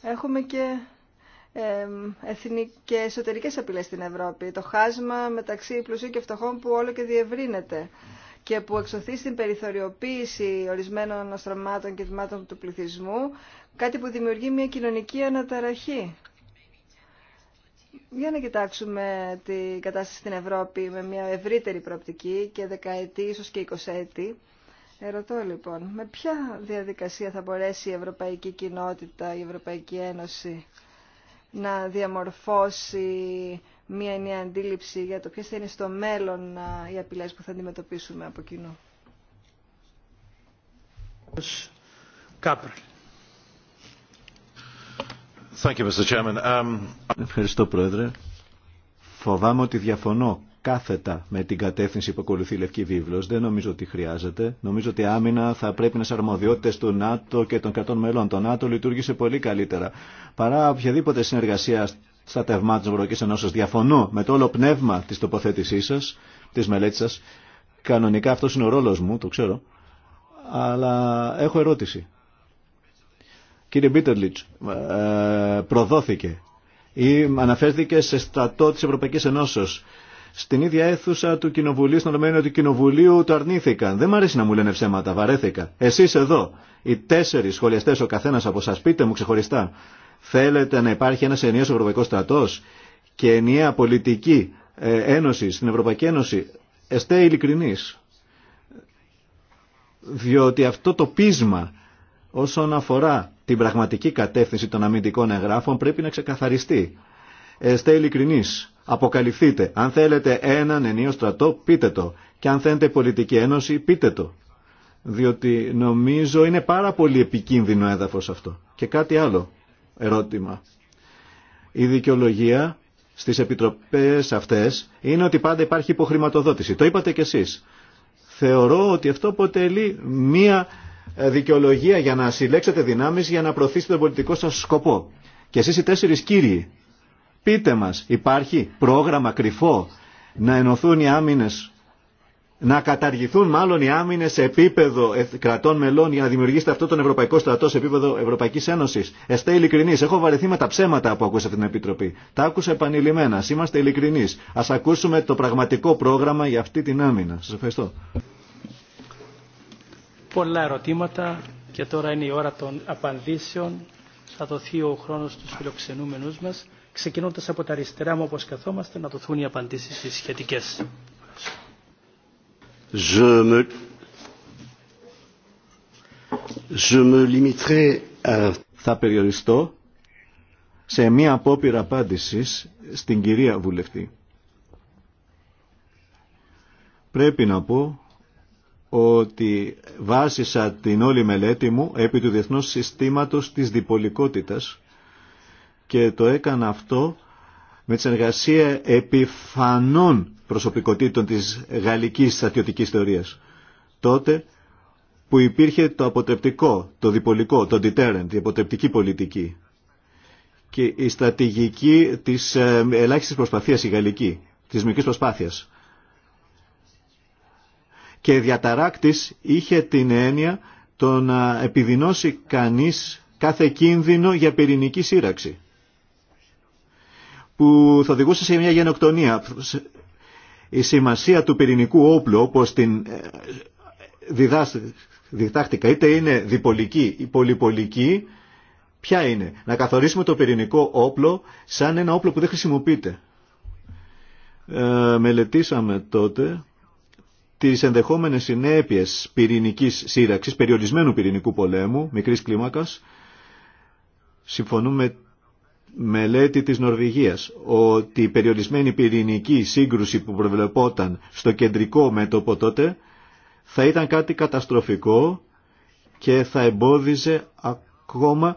Έχουμε και και εσωτερικές απειλές στην Ευρώπη. Το χάσμα μεταξύ πλουσίου και φτωχών που όλο και διευρύνεται και που εξωθεί στην περιθωριοποίηση ορισμένων στρωμάτων και δημάτων του πληθυσμού, κάτι που δημιουργεί μια κοινωνική αναταραχή. Για να κοιτάξουμε την κατάσταση στην Ευρώπη με μια ευρύτερη προοπτική και δεκαετή, ίσως και εικοσέτη. Ερωτώ λοιπόν, με ποια διαδικασία θα μπορέσει η Ευρωπαϊκή Κοινότητα, η Ευρωπαϊκή Ένωση να διαμορφώσει μία νέα αντίληψη για το ποιες θα είναι στο μέλλον οι απειλές που θα αντιμετωπίσουμε από κοινού. Um, Ευχαριστώ, Πρόεδρε. Φοβάμαι ότι διαφωνώ κάθετα με την κατεύθυνση που ακολουθεί η Λευκή Βίβλος. Δεν νομίζω ότι χρειάζεται. Νομίζω ότι άμυνα θα πρέπει να σε αρμοδιότητες του ΝΑΤΟ και των κρατών μελών. Το ΝΑΤΟ λειτουργήσε πολύ καλύτερα παρά οποιαδήποτε συνεργασία στα τευμά της Ευρωπαϊκής Ενώσης. Διαφωνώ με το όλο πνεύμα της τοποθέτησής σας, της μελέτης σας. Κανονικά αυτό είναι ο ρόλος μου, το ξέρω. Αλλά έχω ερώτηση. Κύριε Μπίτερλιτς, ε, προδόθηκε ή αναφέρθηκε σε στρατό της Ευρωπαϊκής Ενώσεως στην ίδια αίθουσα του Κοινοβουλίου, στον Ολομένιο του Κοινοβουλίου, το αρνήθηκαν. Δεν μου αρέσει να μου λένε ψέματα, βαρέθηκα. Εσεί εδώ, οι τέσσερι σχολιαστέ, ο καθένα από εσά, πείτε μου ξεχωριστά, θέλετε να υπάρχει ένα ενιαίο Ευρωπαϊκό στρατό και ενιαία πολιτική ε, ένωση στην Ευρωπαϊκή Ένωση. Εστέ ειλικρινεί. Διότι αυτό το πείσμα όσον αφορά την πραγματική κατεύθυνση των αμυντικών εγγράφων πρέπει να ξεκαθαριστεί. Εστέ ειλικρινείς αποκαλυφθείτε. Αν θέλετε έναν ενίο στρατό, πείτε το. Και αν θέλετε πολιτική ένωση, πείτε το. Διότι νομίζω είναι πάρα πολύ επικίνδυνο έδαφος αυτό. Και κάτι άλλο ερώτημα. Η δικαιολογία στις επιτροπές αυτές είναι ότι πάντα υπάρχει υποχρηματοδότηση. Το είπατε κι εσείς. Θεωρώ ότι αυτό αποτελεί μία ε, δικαιολογία για να συλλέξετε δυνάμεις για να προωθήσετε τον πολιτικό σας σκοπό. Και εσείς οι τέσσερις κύριοι Πείτε μας, υπάρχει πρόγραμμα κρυφό να ενωθούν οι άμυνες, να καταργηθούν μάλλον οι άμυνες σε επίπεδο κρατών μελών για να δημιουργήσετε αυτό τον Ευρωπαϊκό Στρατό σε επίπεδο Ευρωπαϊκής Ένωσης. Εστέ ειλικρινείς, έχω βαρεθεί με τα ψέματα που ακούσα αυτή την Επιτροπή. Τα άκουσα επανειλημμένα, είμαστε ειλικρινείς. Ας ακούσουμε το πραγματικό πρόγραμμα για αυτή την άμυνα. Σας ευχαριστώ. Πολλά ερωτήματα και τώρα είναι η ώρα των απαντήσεων. Θα δοθεί ο χρόνος στους φιλοξενούμενους μας ξεκινώντας από τα αριστερά μου όπως καθόμαστε να δοθούν οι απαντήσεις οι σχετικές. Je me... Je me limiterai Θα περιοριστώ σε μία απόπειρα απάντηση στην κυρία Βουλευτή. Πρέπει να πω ότι βάσισα την όλη μελέτη μου επί του Διεθνούς Συστήματος της Διπολικότητας και το έκανα αυτό με τη συνεργασία επιφανών προσωπικότητων της γαλλικής στρατιωτικής θεωρίας. Τότε που υπήρχε το αποτρεπτικό, το διπολικό, το deterrent, η αποτρεπτική πολιτική και η στρατηγική της ε, ελάχιστης προσπαθίας η γαλλική, της μικρής προσπάθειας. Και διαταράκτης είχε την έννοια το να επιδεινώσει κανείς κάθε κίνδυνο για πυρηνική σύραξη που θα οδηγούσε σε μια γενοκτονία. Η σημασία του πυρηνικού όπλου όπως την ε, διδάχτηκα είτε είναι διπολική ή πολυπολική ποια είναι. Να καθορίσουμε το πυρηνικό όπλο σαν ένα όπλο που δεν χρησιμοποιείται. Ε, μελετήσαμε τότε τις ενδεχόμενες συνέπειες πυρηνικής σύραξης, περιορισμένου πυρηνικού πολέμου, μικρής κλίμακας. Συμφωνούμε μελέτη της Νορβηγίας ότι η περιορισμένη πυρηνική σύγκρουση που προβλεπόταν στο κεντρικό μέτωπο τότε θα ήταν κάτι καταστροφικό και θα εμπόδιζε ακόμα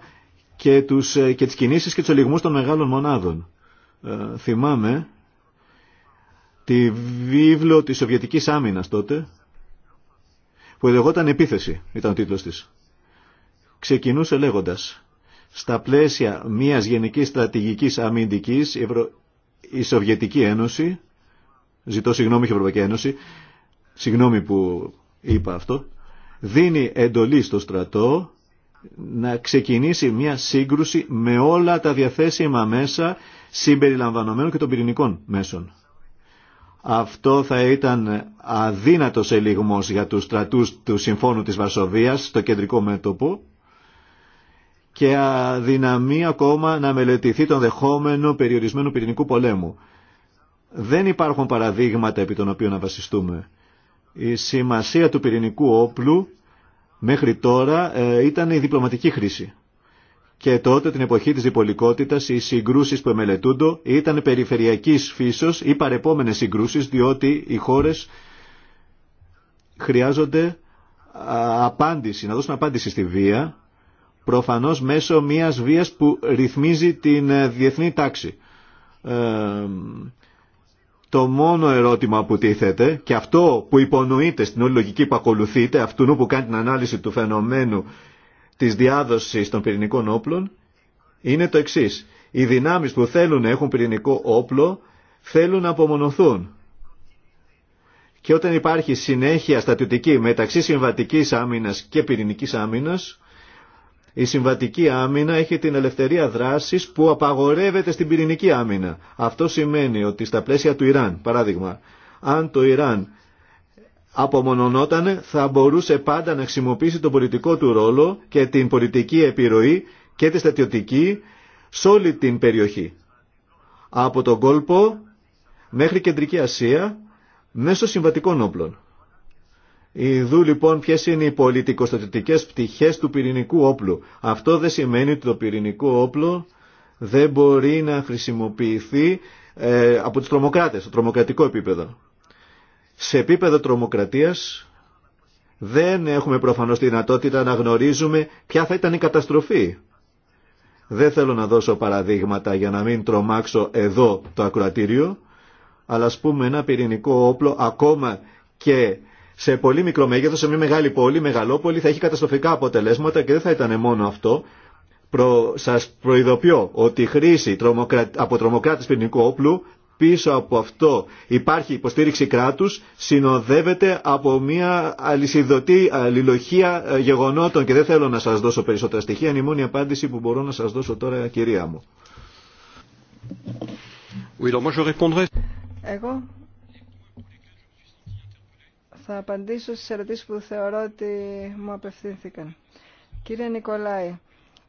και, τους, ε, και τις κινήσεις και τους ολιγμούς των μεγάλων μονάδων. Ε, θυμάμαι τη βίβλο της Σοβιετικής Άμυνας τότε που λεγόταν «Επίθεση» ήταν ο τίτλος της. Ξεκινούσε λέγοντας στα πλαίσια μιας γενικής στρατηγικής αμυντικής, η, Σοβιετική Ένωση, ζητώ συγγνώμη και η Ευρωπαϊκή Ένωση, συγγνώμη που είπα αυτό, δίνει εντολή στο στρατό να ξεκινήσει μια σύγκρουση με όλα τα διαθέσιμα μέσα συμπεριλαμβανομένων και των πυρηνικών μέσων. Αυτό θα ήταν αδύνατος ελιγμός για τους στρατούς του Συμφώνου της Βαρσοβίας στο κεντρικό μέτωπο και αδυναμία ακόμα να μελετηθεί τον δεχόμενο περιορισμένου πυρηνικού πολέμου. Δεν υπάρχουν παραδείγματα επί των οποίων να βασιστούμε. Η σημασία του πυρηνικού όπλου μέχρι τώρα ε, ήταν η διπλωματική χρήση. Και τότε την εποχή της διπολικότητας οι συγκρούσεις που εμελετούντο ήταν περιφερειακής φύσεως ή παρεπόμενες συγκρούσεις διότι οι χώρες χρειάζονται απάντηση, να δώσουν απάντηση στη βία προφανώς μέσω μιας βίας που ρυθμίζει την ε, διεθνή τάξη. Ε, το μόνο ερώτημα που τίθεται και αυτό που υπονοείται στην όλη λογική που ακολουθείτε, αυτού που κάνει την ανάλυση του φαινομένου της διάδοσης των πυρηνικών όπλων, είναι το εξής. Οι δυνάμεις που θέλουν να έχουν πυρηνικό όπλο θέλουν να απομονωθούν. Και όταν υπάρχει συνέχεια στατιωτική μεταξύ συμβατικής άμυνας και πυρηνικής άμυνας, η συμβατική άμυνα έχει την ελευθερία δράση που απαγορεύεται στην πυρηνική άμυνα. Αυτό σημαίνει ότι στα πλαίσια του Ιράν, παράδειγμα, αν το Ιράν απομονωνόταν θα μπορούσε πάντα να χρησιμοποιήσει τον πολιτικό του ρόλο και την πολιτική επιρροή και τη στατιωτική σε όλη την περιοχή. Από τον κόλπο μέχρι Κεντρική Ασία μέσω συμβατικών όπλων. Ιδού λοιπόν ποιε είναι οι πολιτικοστατητικέ πτυχέ του πυρηνικού όπλου. Αυτό δεν σημαίνει ότι το πυρηνικό όπλο δεν μπορεί να χρησιμοποιηθεί ε, από του τρομοκράτε, στο τρομοκρατικό επίπεδο. Σε επίπεδο τρομοκρατίας δεν έχουμε προφανώς τη δυνατότητα να γνωρίζουμε ποια θα ήταν η καταστροφή. Δεν θέλω να δώσω παραδείγματα για να μην τρομάξω εδώ το ακροατήριο, αλλά ας πούμε ένα πυρηνικό όπλο ακόμα και σε πολύ μικρό μέγεθο, σε μια μεγάλη πόλη, μεγαλόπολη, θα έχει καταστροφικά αποτελέσματα και δεν θα ήταν μόνο αυτό. Προ, σας προειδοποιώ ότι η χρήση από τρομοκράτη ποινικού όπλου πίσω από αυτό υπάρχει υποστήριξη κράτους συνοδεύεται από μια αλυσιδωτή αλληλοχία ε, γεγονότων και δεν θέλω να σας δώσω περισσότερα στοιχεία είναι η μόνη απάντηση που μπορώ να σας δώσω τώρα κυρία μου. Εγώ θα απαντήσω στις ερωτήσεις που θεωρώ ότι μου απευθύνθηκαν. Κύριε Νικολάη,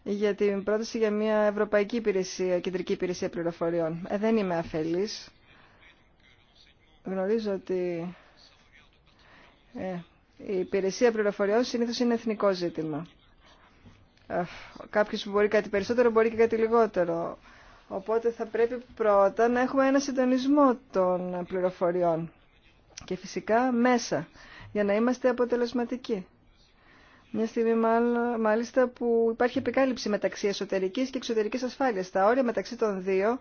για την πρόταση για μια ευρωπαϊκή υπηρεσία, κεντρική υπηρεσία πληροφοριών. Ε, δεν είμαι αφελής. Γνωρίζω ότι ε, η υπηρεσία πληροφοριών συνήθως είναι εθνικό ζήτημα. Ε, κάποιος που μπορεί κάτι περισσότερο μπορεί και κάτι λιγότερο. Οπότε θα πρέπει πρώτα να έχουμε ένα συντονισμό των πληροφοριών και φυσικά μέσα για να είμαστε αποτελεσματικοί. Μια στιγμή μάλιστα που υπάρχει επικάλυψη μεταξύ εσωτερικής και εξωτερικής ασφάλειας. Τα όρια μεταξύ των δύο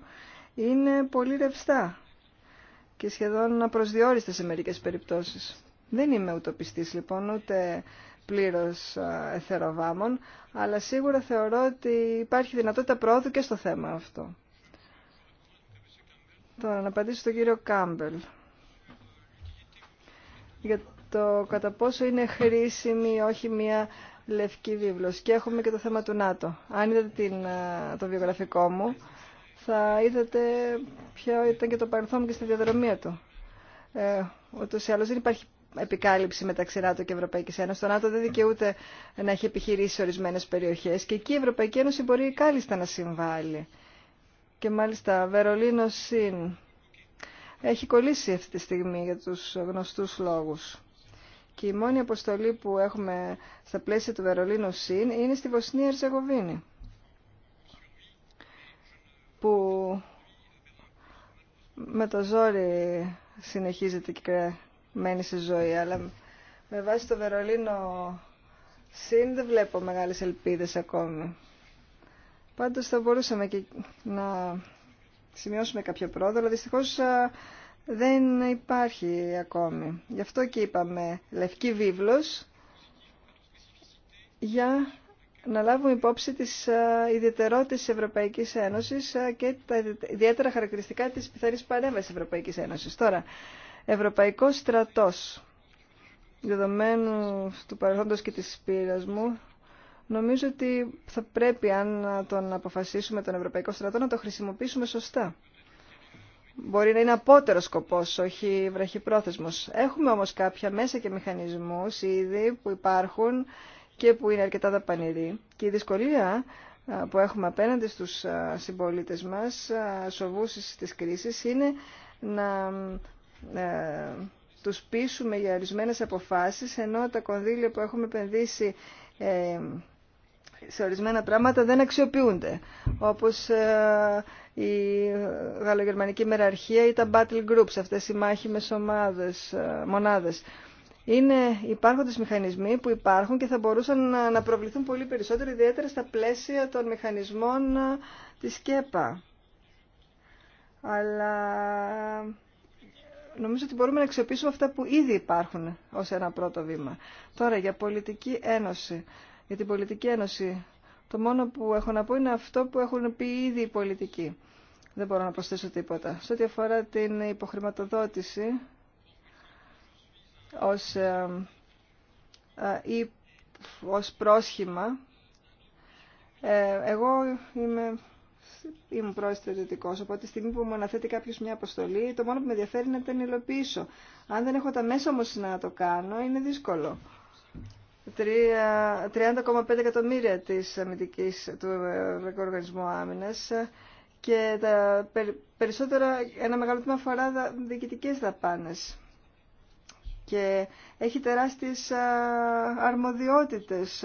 είναι πολύ ρευστά και σχεδόν απροσδιορίστα σε μερικές περιπτώσεις. Δεν είμαι ουτοπιστής λοιπόν, ούτε πλήρως εθεροβάμων, αλλά σίγουρα θεωρώ ότι υπάρχει δυνατότητα πρόοδου και στο θέμα αυτό. Τώρα να απαντήσω στον κύριο Κάμπελ για το κατά πόσο είναι χρήσιμη ή όχι μια λευκή βίβλος. Και έχουμε και το θέμα του ΝΑΤΟ. Αν είδατε την, το βιογραφικό μου, θα είδατε ποιο ήταν και το παρελθόν μου και στη διαδρομή του. Ε, ούτως ή άλλω δεν υπάρχει επικάλυψη μεταξύ ΝΑΤΟ και Ευρωπαϊκή Ένωση. Το ΝΑΤΟ δεν δικαιούται να έχει επιχειρήσει σε ορισμένε περιοχέ και εκεί η Ευρωπαϊκή Ένωση μπορεί κάλλιστα να συμβάλλει. Και μάλιστα Βερολίνο συν έχει κολλήσει αυτή τη στιγμή για τους γνωστούς λόγους. Και η μόνη αποστολή που έχουμε στα πλαίσια του Βερολίνου ΣΥΝ είναι στη Βοσνία Ερζεγοβίνη. Που με το ζόρι συνεχίζεται και μένει σε ζωή. Αλλά με βάση το Βερολίνο ΣΥΝ δεν βλέπω μεγάλες ελπίδες ακόμη. Πάντως θα μπορούσαμε και να σημειώσουμε κάποιο πρόοδο, αλλά δυστυχώς δεν υπάρχει ακόμη. Γι' αυτό και είπαμε λευκή βίβλος για να λάβουμε υπόψη της ιδιαιτερότητες της Ευρωπαϊκής Ένωσης και τα ιδιαίτερα χαρακτηριστικά της πιθανής παρέμβασης της Ευρωπαϊκής Ένωσης. Τώρα, Ευρωπαϊκός στρατός. Δεδομένου του παρελθόντος και της πείρας μου, Νομίζω ότι θα πρέπει, αν τον αποφασίσουμε τον Ευρωπαϊκό Στρατό, να το χρησιμοποιήσουμε σωστά. Μπορεί να είναι απότερο σκοπός, όχι βραχυπρόθεσμος. Έχουμε όμως κάποια μέσα και μηχανισμούς ήδη που υπάρχουν και που είναι αρκετά δαπανηροί. Και η δυσκολία που έχουμε απέναντι στους συμπολίτε μας, σοβού της κρίση, είναι να τους πείσουμε για ορισμένε αποφάσει ενώ τα κονδύλια που έχουμε επενδύσει ε, σε ορισμένα πράγματα δεν αξιοποιούνται, όπως ε, η γαλλογερμανική μεραρχία ή τα battle groups, αυτές οι μάχημες ομάδες, ε, μονάδες. Είναι υπάρχοντες μηχανισμοί που υπάρχουν και θα μπορούσαν να προβληθούν πολύ περισσότερο, ιδιαίτερα στα πλαίσια των μηχανισμών ε, της ΚΕΠΑ. Αλλά νομίζω ότι μπορούμε να αξιοποιήσουμε αυτά που ήδη υπάρχουν ως ένα πρώτο βήμα. Τώρα για πολιτική ένωση για την πολιτική ένωση. Το μόνο που έχω να πω είναι αυτό που έχουν πει ήδη οι πολιτικοί. Δεν μπορώ να προσθέσω τίποτα. Σε ό,τι αφορά την υποχρηματοδότηση ως, ε, ε, ή ως πρόσχημα, ε, εγώ είμαι είμαι στρατιωτικό. Οπότε τη στιγμή που μου αναθέτει κάποιο μια αποστολή, το μόνο που με ενδιαφέρει είναι να την υλοποιήσω. Αν δεν έχω τα μέσα όμω να το κάνω, είναι δύσκολο. 30,5 εκατομμύρια της αμυντικής του Ευρωπαϊκού Οργανισμού Άμυνας και τα περισσότερα, ένα μεγάλο τμήμα αφορά διοικητικές δαπάνες και έχει τεράστιες αρμοδιότητες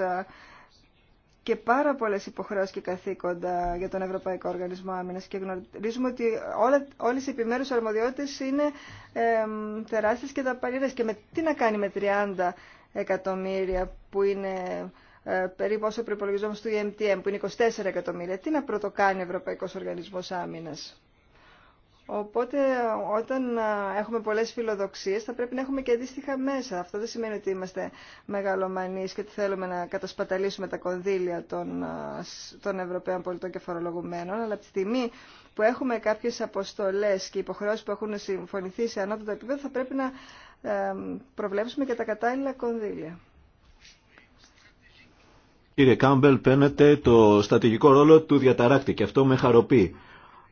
και πάρα πολλές υποχρεώσεις και καθήκοντα για τον Ευρωπαϊκό Οργανισμό Άμυνας και γνωρίζουμε ότι όλα, όλες οι επιμέρους αρμοδιότητες είναι ε, τεράστιες και ταπανήρες και με, τι να κάνει με 30 εκατομμύρια που είναι ε, περίπου όσο προπολογιζόμαστε του EMTM, που είναι 24 εκατομμύρια. Τι να πρωτοκάνει ο Ευρωπαϊκός Οργανισμός Άμυνας. Οπότε όταν ε, έχουμε πολλές φιλοδοξίες θα πρέπει να έχουμε και αντίστοιχα μέσα. Αυτό δεν σημαίνει ότι είμαστε μεγαλομανείς και ότι θέλουμε να κατασπαταλήσουμε τα κονδύλια των, ε, των Ευρωπαίων πολιτών και φορολογουμένων, αλλά από τη στιγμή που έχουμε κάποιες αποστολές και υποχρεώσεις που έχουν συμφωνηθεί σε ανώτατο επίπεδο θα πρέπει να προβλέψουμε και τα κατάλληλα κονδύλια. Κύριε Κάμπελ, παίρνετε το στατηγικό ρόλο του διαταράκτη και αυτό με χαροποιεί.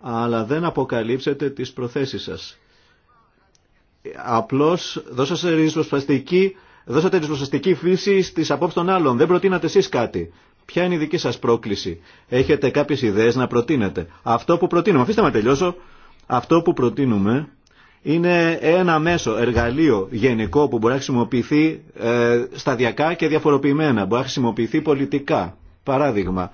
Αλλά δεν αποκαλύψετε τις προθέσεις σας. Απλώς δώσατε ριζοσπαστική, δώσατε φύση στις απόψεις των άλλων. Δεν προτείνατε εσείς κάτι. Ποια είναι η δική σας πρόκληση. Έχετε κάποιες ιδέες να προτείνετε. Αυτό που προτείνουμε, αφήστε με τελειώσω, αυτό που προτείνουμε είναι ένα μέσο, εργαλείο γενικό που μπορεί να χρησιμοποιηθεί ε, σταδιακά και διαφοροποιημένα. Μπορεί να χρησιμοποιηθεί πολιτικά. Παράδειγμα,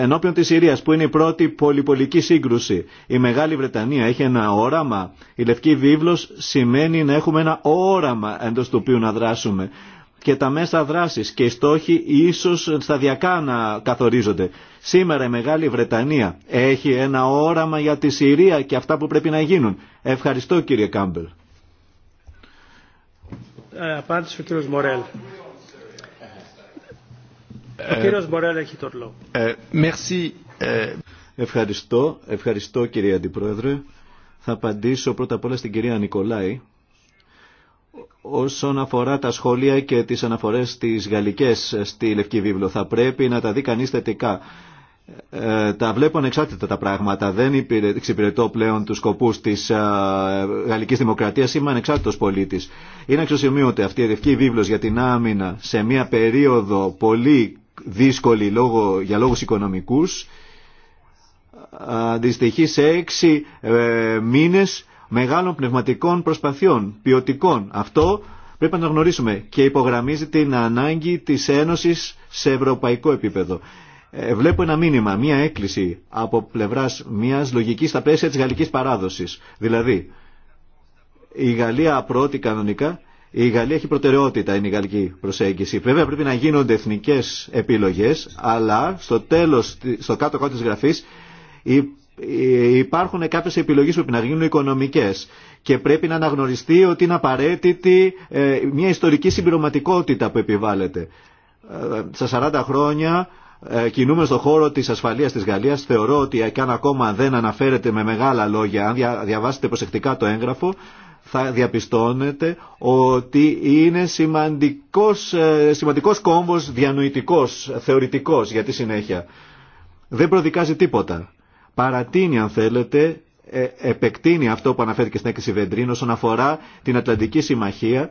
ενώπιον της Συρίας που είναι η πρώτη πολυπολική σύγκρουση, η Μεγάλη Βρετανία έχει ένα όραμα. Η Λευκή Βίβλος σημαίνει να έχουμε ένα όραμα εντός του οποίου να δράσουμε και τα μέσα δράσης και οι στόχοι ίσως σταδιακά να καθορίζονται. Σήμερα η Μεγάλη Βρετανία έχει ένα όραμα για τη Συρία και αυτά που πρέπει να γίνουν. Ευχαριστώ κύριε Κάμπελ. Ε, απάντησε κύριος Μορέλ. Ε, κύριος Μορέλ έχει τον λόγο. Ε, ευχαριστώ, ευχαριστώ κύριε Αντιπρόεδρε. Θα απαντήσω πρώτα απ' όλα στην κυρία Νικολάη όσον αφορά τα σχόλια και τις αναφορές τις γαλλικές στη Λευκή Βίβλο. Θα πρέπει να τα δει κανείς θετικά. Ε, τα βλέπω ανεξάρτητα τα πράγματα. Δεν εξυπηρετώ πλέον τους σκοπούς της ε, γαλλικής δημοκρατίας. Είμαι ανεξάρτητος πολίτης. Είναι αξιοσημείωτη αυτή η Λευκή Βίβλος για την άμυνα σε μια περίοδο πολύ δύσκολη λόγω, για λόγους οικονομικούς. Ε, αντιστοιχεί σε έξι ε, μήνες μεγάλων πνευματικών προσπαθειών, ποιοτικών. Αυτό πρέπει να το γνωρίσουμε και υπογραμμίζει την ανάγκη της Ένωσης σε ευρωπαϊκό επίπεδο. Ε, βλέπω ένα μήνυμα, μία έκκληση από πλευράς μιας λογικής στα πλαίσια της γαλλικής παράδοσης. Δηλαδή, η Γαλλία πρώτη κανονικά, η Γαλλία έχει προτεραιότητα, είναι η γαλλική προσέγγιση. Βέβαια πρέπει να γίνονται εθνικές επιλογές, αλλά στο τέλος, στο κάτω-κάτω της γραφής, η ε, υπάρχουν κάποιες επιλογές που πρέπει να γίνουν οικονομικές και πρέπει να αναγνωριστεί ότι είναι απαραίτητη ε, μια ιστορική συμπληρωματικότητα που επιβάλλεται. Ε, στα 40 χρόνια κινούμε στον χώρο της ασφαλείας της Γαλλίας. Θεωρώ ότι αν ακόμα δεν αναφέρεται με μεγάλα λόγια, αν διαβάσετε προσεκτικά το έγγραφο, θα διαπιστώνετε ότι είναι σημαντικός, σημαντικός κόμβος διανοητικός, θεωρητικός για τη συνέχεια. Δεν προδικάζει τίποτα παρατείνει αν θέλετε, ε, επεκτείνει αυτό που αναφέρθηκε στην έκθεση Βεντρίν όσον αφορά την Ατλαντική Συμμαχία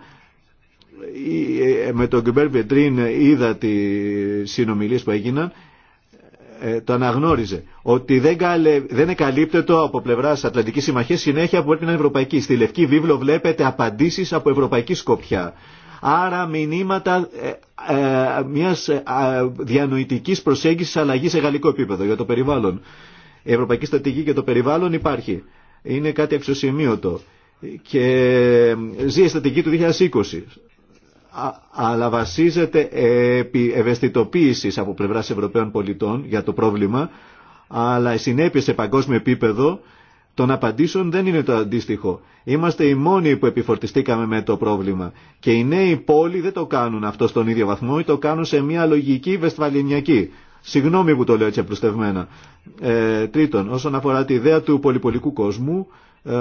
ε, με τον Κιμπέρ Βεντρίν είδα τι συνομιλίες που έγιναν ε, το αναγνώριζε ότι δεν, καλε, δεν εκαλύπτεται από πλευρά Ατλαντική Συμμαχία συνέχεια που έπρεπε να είναι ευρωπαϊκή. Στη Λευκή Βίβλο βλέπετε απαντήσει από ευρωπαϊκή σκοπιά. Άρα μηνύματα ε, ε, μιας ε, διανοητικής προσέγγισης αλλαγής σε γαλλικό επίπεδο για το περιβάλλον. Η Ευρωπαϊκή Στρατηγική για το Περιβάλλον υπάρχει. Είναι κάτι αξιοσημείωτο. Και ε, ζει η στρατηγική του 2020. αλλά βασίζεται επί ευαισθητοποίηση από πλευρά Ευρωπαίων πολιτών για το πρόβλημα, αλλά οι συνέπειε σε παγκόσμιο επίπεδο των απαντήσεων δεν είναι το αντίστοιχο. Είμαστε οι μόνοι που επιφορτιστήκαμε με το πρόβλημα. Και οι νέοι πόλοι δεν το κάνουν αυτό στον ίδιο βαθμό ή το κάνουν σε μια λογική βεσφαλινιακή. Συγγνώμη που το λέω έτσι απλουστευμένα. Ε, τρίτον, όσον αφορά τη ιδέα του πολυπολικού κόσμου, ε,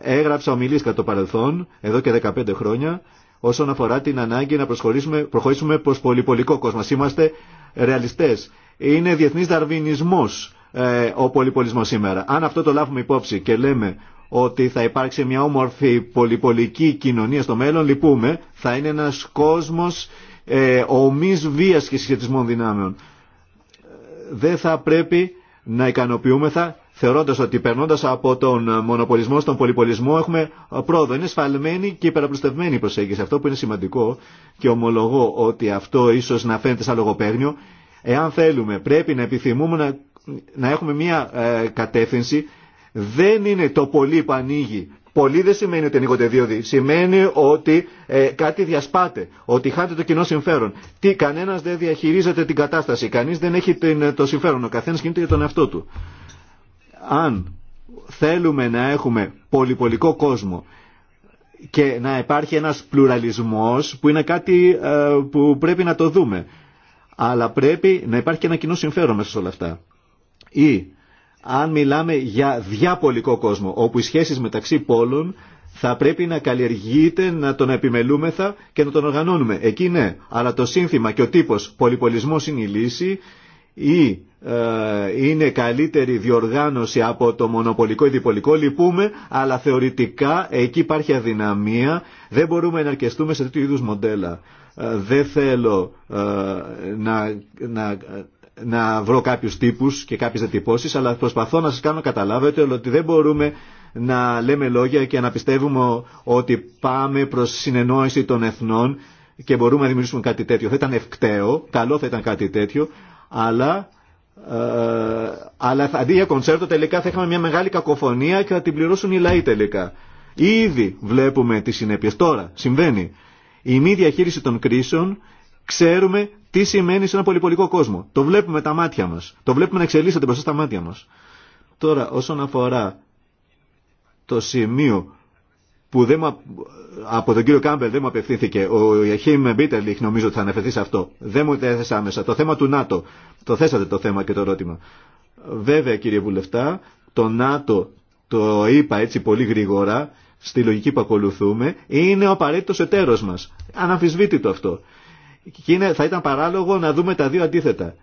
έγραψα ομιλίες κατά το παρελθόν, εδώ και 15 χρόνια, όσον αφορά την ανάγκη να προχωρήσουμε προς πολυπολικό κόσμο. Είμαστε ρεαλιστές. Είναι διεθνής δαρβινισμός ε, ο πολυπολισμός σήμερα. Αν αυτό το λάβουμε υπόψη και λέμε ότι θα υπάρξει μια όμορφη πολυπολική κοινωνία στο μέλλον, λυπούμε, θα είναι ένας κόσμος ε, ομής βίας και σχετισμών δυνάμεων. Δεν θα πρέπει να ικανοποιούμεθα θεωρώντας ότι περνώντας από τον μονοπολισμό στον πολυπολισμό έχουμε πρόοδο. Είναι σφαλμένη και υπεραπλουστευμένη η προσέγγιση. Αυτό που είναι σημαντικό και ομολογώ ότι αυτό ίσως να φαίνεται σαν Εάν θέλουμε, πρέπει να επιθυμούμε να, να έχουμε μία ε, κατεύθυνση. Δεν είναι το πολύ που ανοίγει Πολύ δεν σημαίνει ότι ανοίγονται δύο Σημαίνει ότι ε, κάτι διασπάται, ότι χάνεται το κοινό συμφέρον. Τι, κανένα δεν διαχειρίζεται την κατάσταση, κανεί δεν έχει την, το συμφέρον, ο καθένα κινείται για τον εαυτό του. Αν θέλουμε να έχουμε πολυπολικό κόσμο και να υπάρχει ένας πλουραλισμός που είναι κάτι ε, που πρέπει να το δούμε. Αλλά πρέπει να υπάρχει και ένα κοινό συμφέρον μέσα σε όλα αυτά. Ή αν μιλάμε για διαπολικό κόσμο, όπου οι σχέσεις μεταξύ πόλων θα πρέπει να καλλιεργείται, να τον επιμελούμεθα και να τον οργανώνουμε. Εκεί ναι, αλλά το σύνθημα και ο τύπος πολυπολισμός είναι η λύση ή ε, είναι καλύτερη διοργάνωση από το μονοπολικό ή διπολικό, λυπούμε, αλλά θεωρητικά εκεί υπάρχει αδυναμία, δεν μπορούμε να αρκεστούμε σε τέτοιου είδους μοντέλα. Ε, δεν θέλω ε, να να βρω κάποιους τύπους και κάποιες διατυπώσεις, αλλά προσπαθώ να σας κάνω καταλάβετε ότι δεν μπορούμε να λέμε λόγια και να πιστεύουμε ότι πάμε προς συνεννόηση των εθνών και μπορούμε να δημιουργήσουμε κάτι τέτοιο. Θα ήταν ευκταίο, καλό θα ήταν κάτι τέτοιο, αλλά, ε, αλλά αντί για κονσέρτο τελικά θα είχαμε μια μεγάλη κακοφωνία και θα την πληρώσουν οι λαοί τελικά. Ήδη βλέπουμε τις συνέπειες. Τώρα συμβαίνει. Η μη διαχείριση των κρίσεων ξέρουμε τι σημαίνει σε ένα πολυπολικό κόσμο. Το βλέπουμε τα μάτια μας. Το βλέπουμε να εξελίσσεται μπροστά στα μάτια μας. Τώρα, όσον αφορά το σημείο που δεν μου, από τον κύριο Κάμπελ δεν μου απευθύνθηκε. Ο Ιαχήμ Μπίτερλιχ νομίζω ότι θα αναφερθεί σε αυτό. Δεν μου έθεσε άμεσα. Το θέμα του ΝΑΤΟ. Το θέσατε το θέμα και το ερώτημα. Βέβαια κύριε Βουλευτά, το ΝΑΤΟ, το είπα έτσι πολύ γρήγορα, στη λογική που ακολουθούμε, είναι ο απαραίτητο εταίρος μας. Αναμφισβήτητο αυτό και είναι, θα ήταν παράλογο να δούμε τα δύο αντίθετα.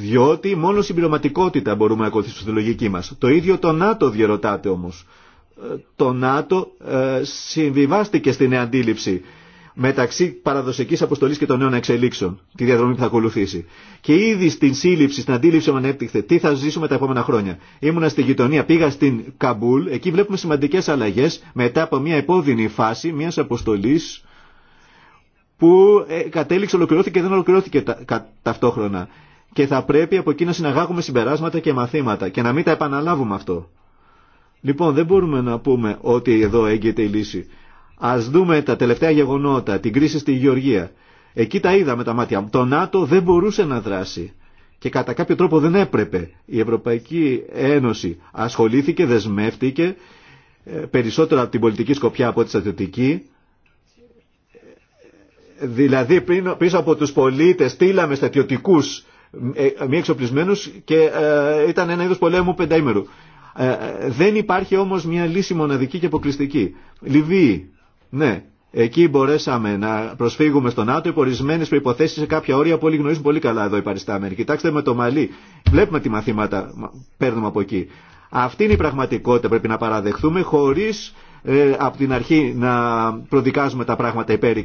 Διότι μόνο συμπληρωματικότητα μπορούμε να ακολουθήσουμε στη λογική μας. Το ίδιο το ΝΑΤΟ διερωτάται όμως. Ε, το ΝΑΤΟ ε, συμβιβάστηκε στην αντίληψη μεταξύ παραδοσιακή αποστολή και των νέων εξελίξεων, τη διαδρομή που θα ακολουθήσει. Και ήδη στην σύλληψη, στην αντίληψη μου ανέπτυχθε τι θα ζήσουμε τα επόμενα χρόνια. Ήμουνα στη γειτονία, πήγα στην Καμπούλ, εκεί βλέπουμε σημαντικέ αλλαγέ μετά από μια επώδυνη φάση μια αποστολή που ε, κατέληξε, ολοκληρώθηκε και δεν ολοκληρώθηκε ταυτόχρονα. Και θα πρέπει από εκεί να συναγάγουμε συμπεράσματα και μαθήματα και να μην τα επαναλάβουμε αυτό. Λοιπόν, δεν μπορούμε να πούμε ότι εδώ έγκυται η λύση. Α δούμε τα τελευταία γεγονότα, την κρίση στη Γεωργία. Εκεί τα είδαμε τα μάτια μου. Το ΝΑΤΟ δεν μπορούσε να δράσει. Και κατά κάποιο τρόπο δεν έπρεπε. Η Ευρωπαϊκή Ένωση ασχολήθηκε, δεσμεύτηκε ε, περισσότερο από την πολιτική σκοπιά από τη στρατιωτική Δηλαδή πριν, πίσω από τους πολίτες στείλαμε στατιωτικούς ε, μη εξοπλισμένους και ε, ήταν ένα είδος πολέμου πενταήμερου. Ε, δεν υπάρχει όμως μια λύση μοναδική και αποκλειστική. Λιβύη, ναι, εκεί μπορέσαμε να προσφύγουμε στον ΝΑΤΟ υπό ορισμένε προποθέσει σε κάποια όρια που όλοι γνωρίζουν πολύ καλά εδώ οι παριστάμενοι. Κοιτάξτε με το Μαλί, βλέπουμε τι μαθήματα παίρνουμε από εκεί. Αυτή είναι η πραγματικότητα πρέπει να παραδεχθούμε χωρί ε, από την αρχή να προδικάζουμε τα πράγματα υπέρ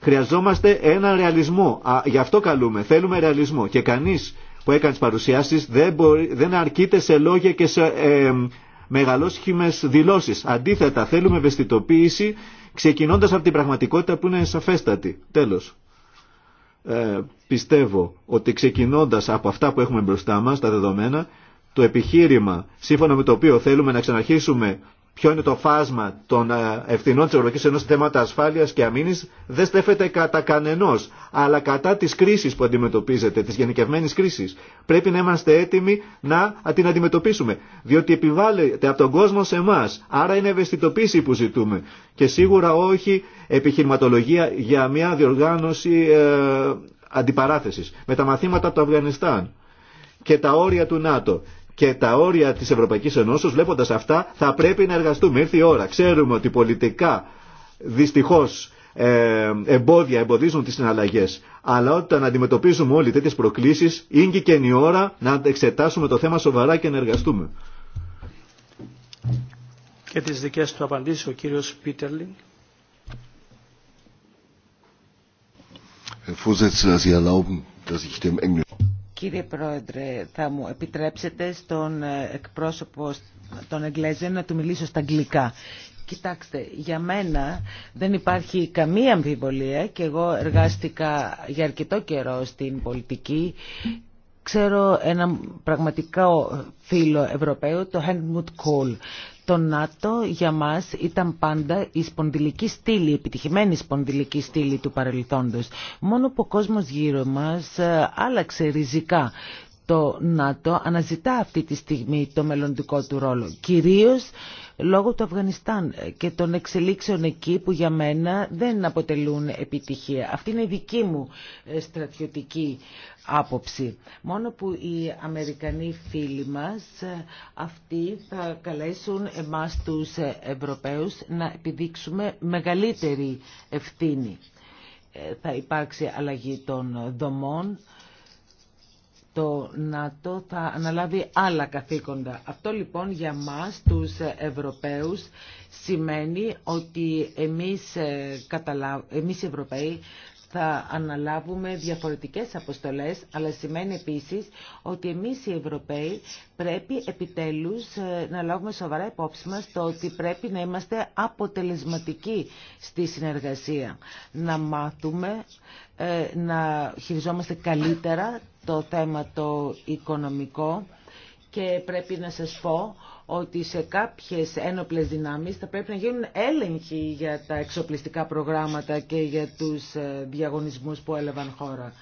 Χρειαζόμαστε έναν ρεαλισμό. Α, γι' αυτό καλούμε. Θέλουμε ρεαλισμό. Και κανεί που έκανε τι παρουσιάσεις δεν, αρκείται σε λόγια και σε ε, μεγαλόσχημες δηλώσεις. Αντίθετα, θέλουμε ευαισθητοποίηση ξεκινώντας από την πραγματικότητα που είναι σαφέστατη. Τέλος. Ε, πιστεύω ότι ξεκινώντας από αυτά που έχουμε μπροστά μας, τα δεδομένα, το επιχείρημα σύμφωνα με το οποίο θέλουμε να ξαναρχίσουμε ποιο είναι το φάσμα των ε, ευθυνών της Ευρωπαϊκής Ένωσης θέματα ασφάλειας και αμήνης δεν στέφεται κατά κανενός, αλλά κατά της κρίσης που αντιμετωπίζεται, της γενικευμένης κρίσης. Πρέπει να είμαστε έτοιμοι να την αντιμετωπίσουμε, διότι επιβάλλεται από τον κόσμο σε εμά. άρα είναι ευαισθητοποίηση που ζητούμε και σίγουρα όχι επιχειρηματολογία για μια διοργάνωση ε, αντιπαράθεσης με τα μαθήματα του το Αφγανιστάν και τα όρια του ΝΑΤΟ και τα όρια της Ευρωπαϊκής Ενώσεως βλέποντας αυτά θα πρέπει να εργαστούμε. Ήρθε η ώρα. Ξέρουμε ότι πολιτικά δυστυχώς ε, εμπόδια εμποδίζουν τις συναλλαγές. Αλλά όταν αντιμετωπίζουμε όλοι τέτοιες προκλήσεις, είναι και η ώρα να εξετάσουμε το θέμα σοβαρά και να εργαστούμε. Και τις δικές του απαντήσεις ο κύριος Πίτερλινγκ. Κύριε Πρόεδρε, θα μου επιτρέψετε στον εκπρόσωπο των Εγγλέζων να του μιλήσω στα αγγλικά. Κοιτάξτε, για μένα δεν υπάρχει καμία αμφιβολία και εγώ εργάστηκα για αρκετό καιρό στην πολιτική. Ξέρω ένα πραγματικό φίλο Ευρωπαίο, το Helmut Kohl. Το ΝΑΤΟ για μας ήταν πάντα η σπονδυλική στήλη, η επιτυχημένη σπονδυλική στήλη του παρελθόντος. Μόνο που ο κόσμος γύρω μας ε, άλλαξε ριζικά το ΝΑΤΟ αναζητά αυτή τη στιγμή το μελλοντικό του ρόλο. Κυρίως λόγω του Αφγανιστάν και των εξελίξεων εκεί που για μένα δεν αποτελούν επιτυχία. Αυτή είναι η δική μου ε, στρατιωτική άποψη. Μόνο που οι Αμερικανοί φίλοι μας, ε, αυτοί θα καλέσουν εμάς τους ε, Ευρωπαίους να επιδείξουμε μεγαλύτερη ευθύνη. Θα υπάρξει αλλαγή των δομών, το ΝΑΤΟ θα αναλάβει άλλα καθήκοντα. Αυτό λοιπόν για μας τους Ευρωπαίους σημαίνει ότι εμείς, ε, εμείς οι Ευρωπαίοι θα αναλάβουμε διαφορετικές αποστολές, αλλά σημαίνει επίσης ότι εμείς οι Ευρωπαίοι πρέπει επιτέλους ε, να λάβουμε σοβαρά υπόψη μας το ότι πρέπει να είμαστε αποτελεσματικοί στη συνεργασία, να μάθουμε ε, να χειριζόμαστε καλύτερα το θέμα το οικονομικό και πρέπει να σας πω ότι σε κάποιες ένοπλες δυνάμεις θα πρέπει να γίνουν έλεγχοι για τα εξοπλιστικά προγράμματα και για τους ε, διαγωνισμούς που έλαβαν χώρα.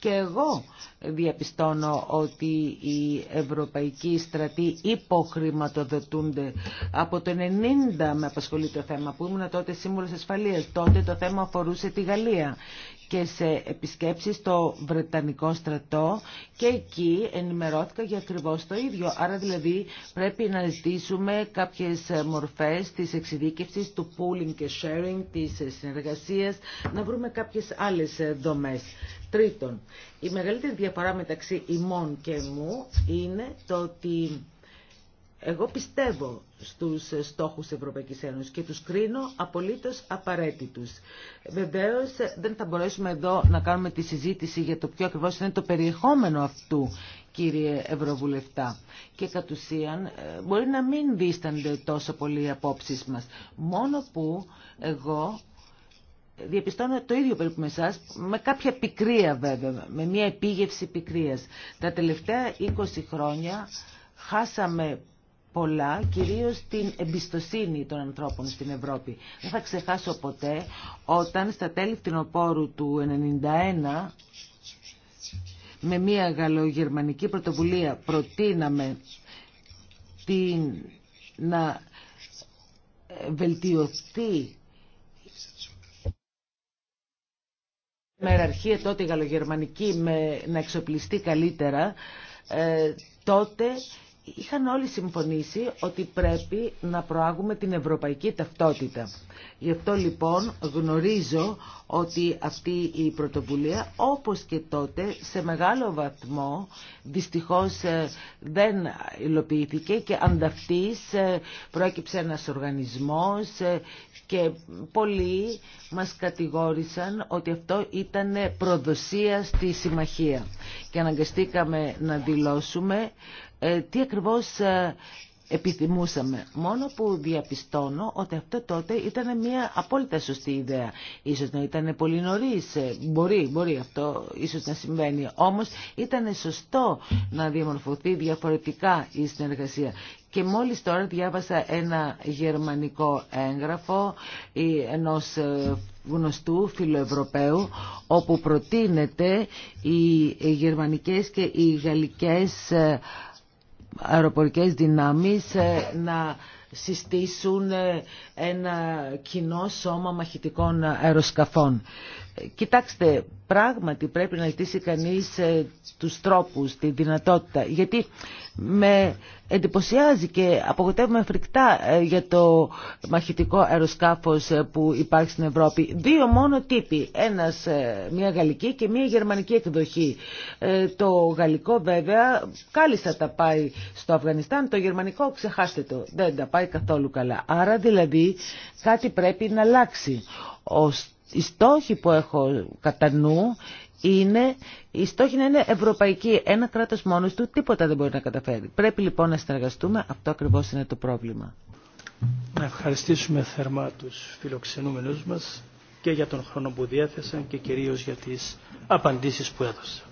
Και εγώ διαπιστώνω ότι οι ευρωπαϊκοί στρατοί υποχρηματοδοτούνται. Από το 90 με απασχολεί το θέμα που ήμουν τότε σύμβουλος ασφαλείας. Τότε το θέμα αφορούσε τη Γαλλία και σε επισκέψεις στο Βρετανικό στρατό και εκεί ενημερώθηκα για ακριβώς το ίδιο. Άρα δηλαδή πρέπει να ζητήσουμε κάποιες μορφές της εξειδίκευσης, του pooling και sharing, της συνεργασίας, να βρούμε κάποιες άλλες δομές. Τρίτον, η μεγαλύτερη διαφορά μεταξύ ημών και μου είναι το ότι εγώ πιστεύω στους στόχους Ευρωπαϊκής Ένωσης και τους κρίνω απολύτως απαραίτητους. Βεβαίως δεν θα μπορέσουμε εδώ να κάνουμε τη συζήτηση για το ποιο ακριβώς είναι το περιεχόμενο αυτού, κύριε Ευρωβουλευτά. Και κατ' ουσίαν ε, μπορεί να μην δίστανται τόσο πολύ οι απόψεις μας. Μόνο που εγώ διαπιστώνω το ίδιο περίπου με εσάς, με κάποια πικρία βέβαια, με μια επίγευση πικρίας. Τα τελευταία 20 χρόνια χάσαμε πολλά, κυρίως την εμπιστοσύνη των ανθρώπων στην Ευρώπη. Δεν θα ξεχάσω ποτέ όταν στα τέλη φθινοπόρου του 1991 με μια γαλλογερμανική πρωτοβουλία προτείναμε την, να βελτιωθεί με αρχή τότε η γαλλογερμανική με, να εξοπλιστεί καλύτερα ε, τότε είχαν όλοι συμφωνήσει ότι πρέπει να προάγουμε την ευρωπαϊκή ταυτότητα. Γι' αυτό λοιπόν γνωρίζω ότι αυτή η πρωτοβουλία όπως και τότε σε μεγάλο βαθμό δυστυχώς ε, δεν υλοποιήθηκε και ανταυτής ε, πρόκειψε ένας οργανισμός ε, και πολλοί μας κατηγόρησαν ότι αυτό ήταν προδοσία στη συμμαχία και αναγκαστήκαμε να δηλώσουμε ε, τι ακριβώς ε, επιθυμούσαμε. Μόνο που διαπιστώνω ότι αυτό τότε ήταν μια απόλυτα σωστή ιδέα. Ίσως να ήταν πολύ νωρί. Ε, μπορεί, μπορεί αυτό ίσως να συμβαίνει. Όμως ήταν σωστό να διαμορφωθεί διαφορετικά η συνεργασία. Και μόλις τώρα διάβασα ένα γερμανικό έγγραφο ενός γνωστού φιλοευρωπαίου όπου προτείνεται οι γερμανικές και οι γαλλικές αεροπορικές δυνάμεις ε, να συστήσουν ε, ένα κοινό σώμα μαχητικών αεροσκαφών. Κοιτάξτε, πράγματι πρέπει να ζητήσει κανείς ε, τους τρόπους, τη δυνατότητα. Γιατί με εντυπωσιάζει και απογοτεύουμε φρικτά ε, για το μαχητικό αεροσκάφος ε, που υπάρχει στην Ευρώπη. Δύο μόνο τύποι, ένας, μια γαλλική και μια γερμανική εκδοχή. Το γαλλικό βέβαια κάλλιστα τα πάει στο Αφγανιστάν, το γερμανικό ξεχάστε το, δεν τα πάει καθόλου καλά. Άρα δηλαδή κάτι πρέπει να αλλάξει οι στόχοι που έχω κατά νου είναι, η στόχη να είναι ευρωπαϊκή. Ένα κράτος μόνος του τίποτα δεν μπορεί να καταφέρει. Πρέπει λοιπόν να συνεργαστούμε. Αυτό ακριβώς είναι το πρόβλημα. Να ευχαριστήσουμε θερμά τους φιλοξενούμενους μας και για τον χρόνο που διέθεσαν και κυρίως για τις απαντήσεις που έδωσαν.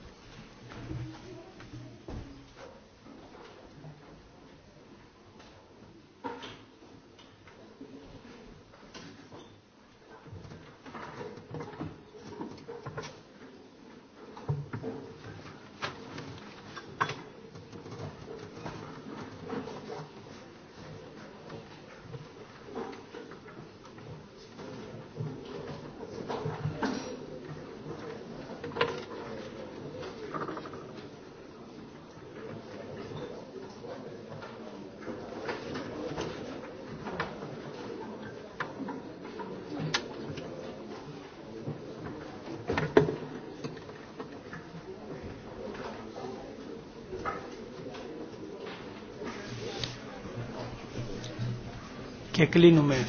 κλείνουμε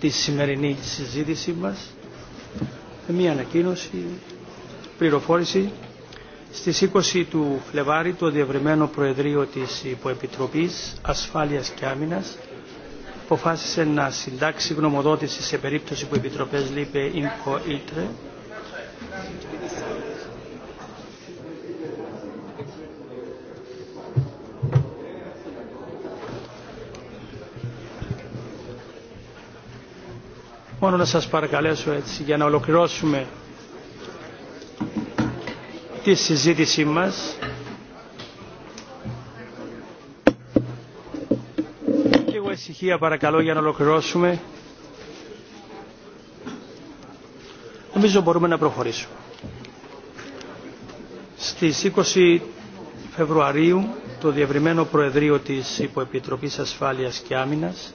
τη σημερινή συζήτησή μας με μια ανακοίνωση, πληροφόρηση. Στις 20 του Φλεβάρη, το διευρυμένο Προεδρείο της Υποεπιτροπής Ασφάλειας και Άμυνας αποφάσισε να συντάξει γνωμοδότηση σε περίπτωση που οι επιτροπές λείπε να σας παρακαλέσω έτσι για να ολοκληρώσουμε τη συζήτησή μας και εγώ ησυχία παρακαλώ για να ολοκληρώσουμε νομίζω μπορούμε να προχωρήσουμε στις 20 Φεβρουαρίου το διευρυμένο Προεδρείο της Υποεπιτροπής Ασφάλειας και Άμυνας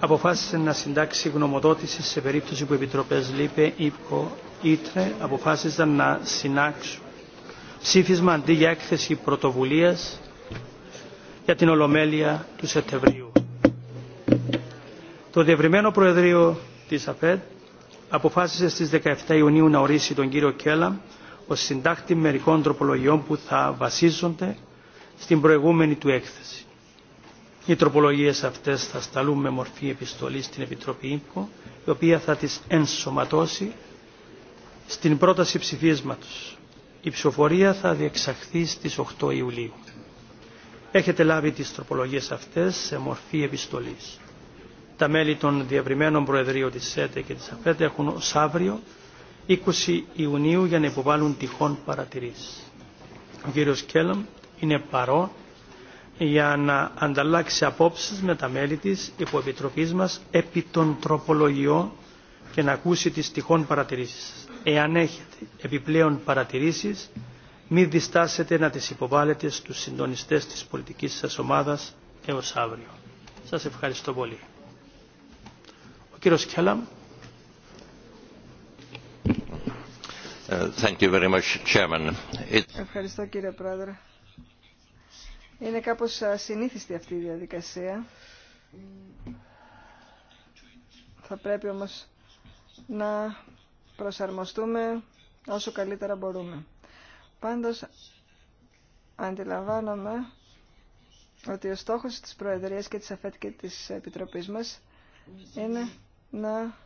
αποφάσισε να συντάξει γνωμοδότηση σε περίπτωση που οι επιτροπές ΛΥΠΕ, ή ΙΤΡΕ αποφάσισαν να συνάξουν ψήφισμα αντί για έκθεση πρωτοβουλία για την Ολομέλεια του Σεπτεμβρίου. Το διευρυμένο Προεδρείο της ΑΦΕΔ αποφάσισε στις 17 Ιουνίου να ορίσει τον κύριο Κέλα ως συντάκτη μερικών τροπολογιών που θα βασίζονται στην προηγούμενη του έκθεση. Οι τροπολογίε αυτέ θα σταλούν με μορφή επιστολή στην Επιτροπή ΙΠΚΟ, η οποία θα τι ενσωματώσει στην πρόταση ψηφίσματο. Η ψηφοφορία θα διεξαχθεί στι 8 Ιουλίου. Έχετε λάβει τι τροπολογίε αυτέ σε μορφή επιστολή. Τα μέλη των διαβριμένων Προεδρείων τη ΣΕΤΕ και τη ΑΦΕΤΕ έχουν ω αύριο 20 Ιουνίου για να υποβάλουν τυχόν παρατηρήσει. Ο κύριο Κέλλαμ είναι παρόν για να ανταλλάξει απόψεις με τα μέλη της υποεπιτροπής μας επί των τροπολογιών και να ακούσει τις τυχόν παρατηρήσεις σας. Εάν έχετε επιπλέον παρατηρήσεις, μη διστάσετε να τις υποβάλλετε στους συντονιστές της πολιτικής σας ομάδας έως αύριο. Σας ευχαριστώ πολύ. Ο κύριος Κιάλαμ. Ε, ευχαριστώ κύριε Πρόεδρε. Είναι κάπως συνήθιστη αυτή η διαδικασία. Θα πρέπει όμως να προσαρμοστούμε όσο καλύτερα μπορούμε. Πάντως, αντιλαμβάνομαι ότι ο στόχος της Προεδρίας και της ΑΦΕΤ και της Επιτροπής μας είναι να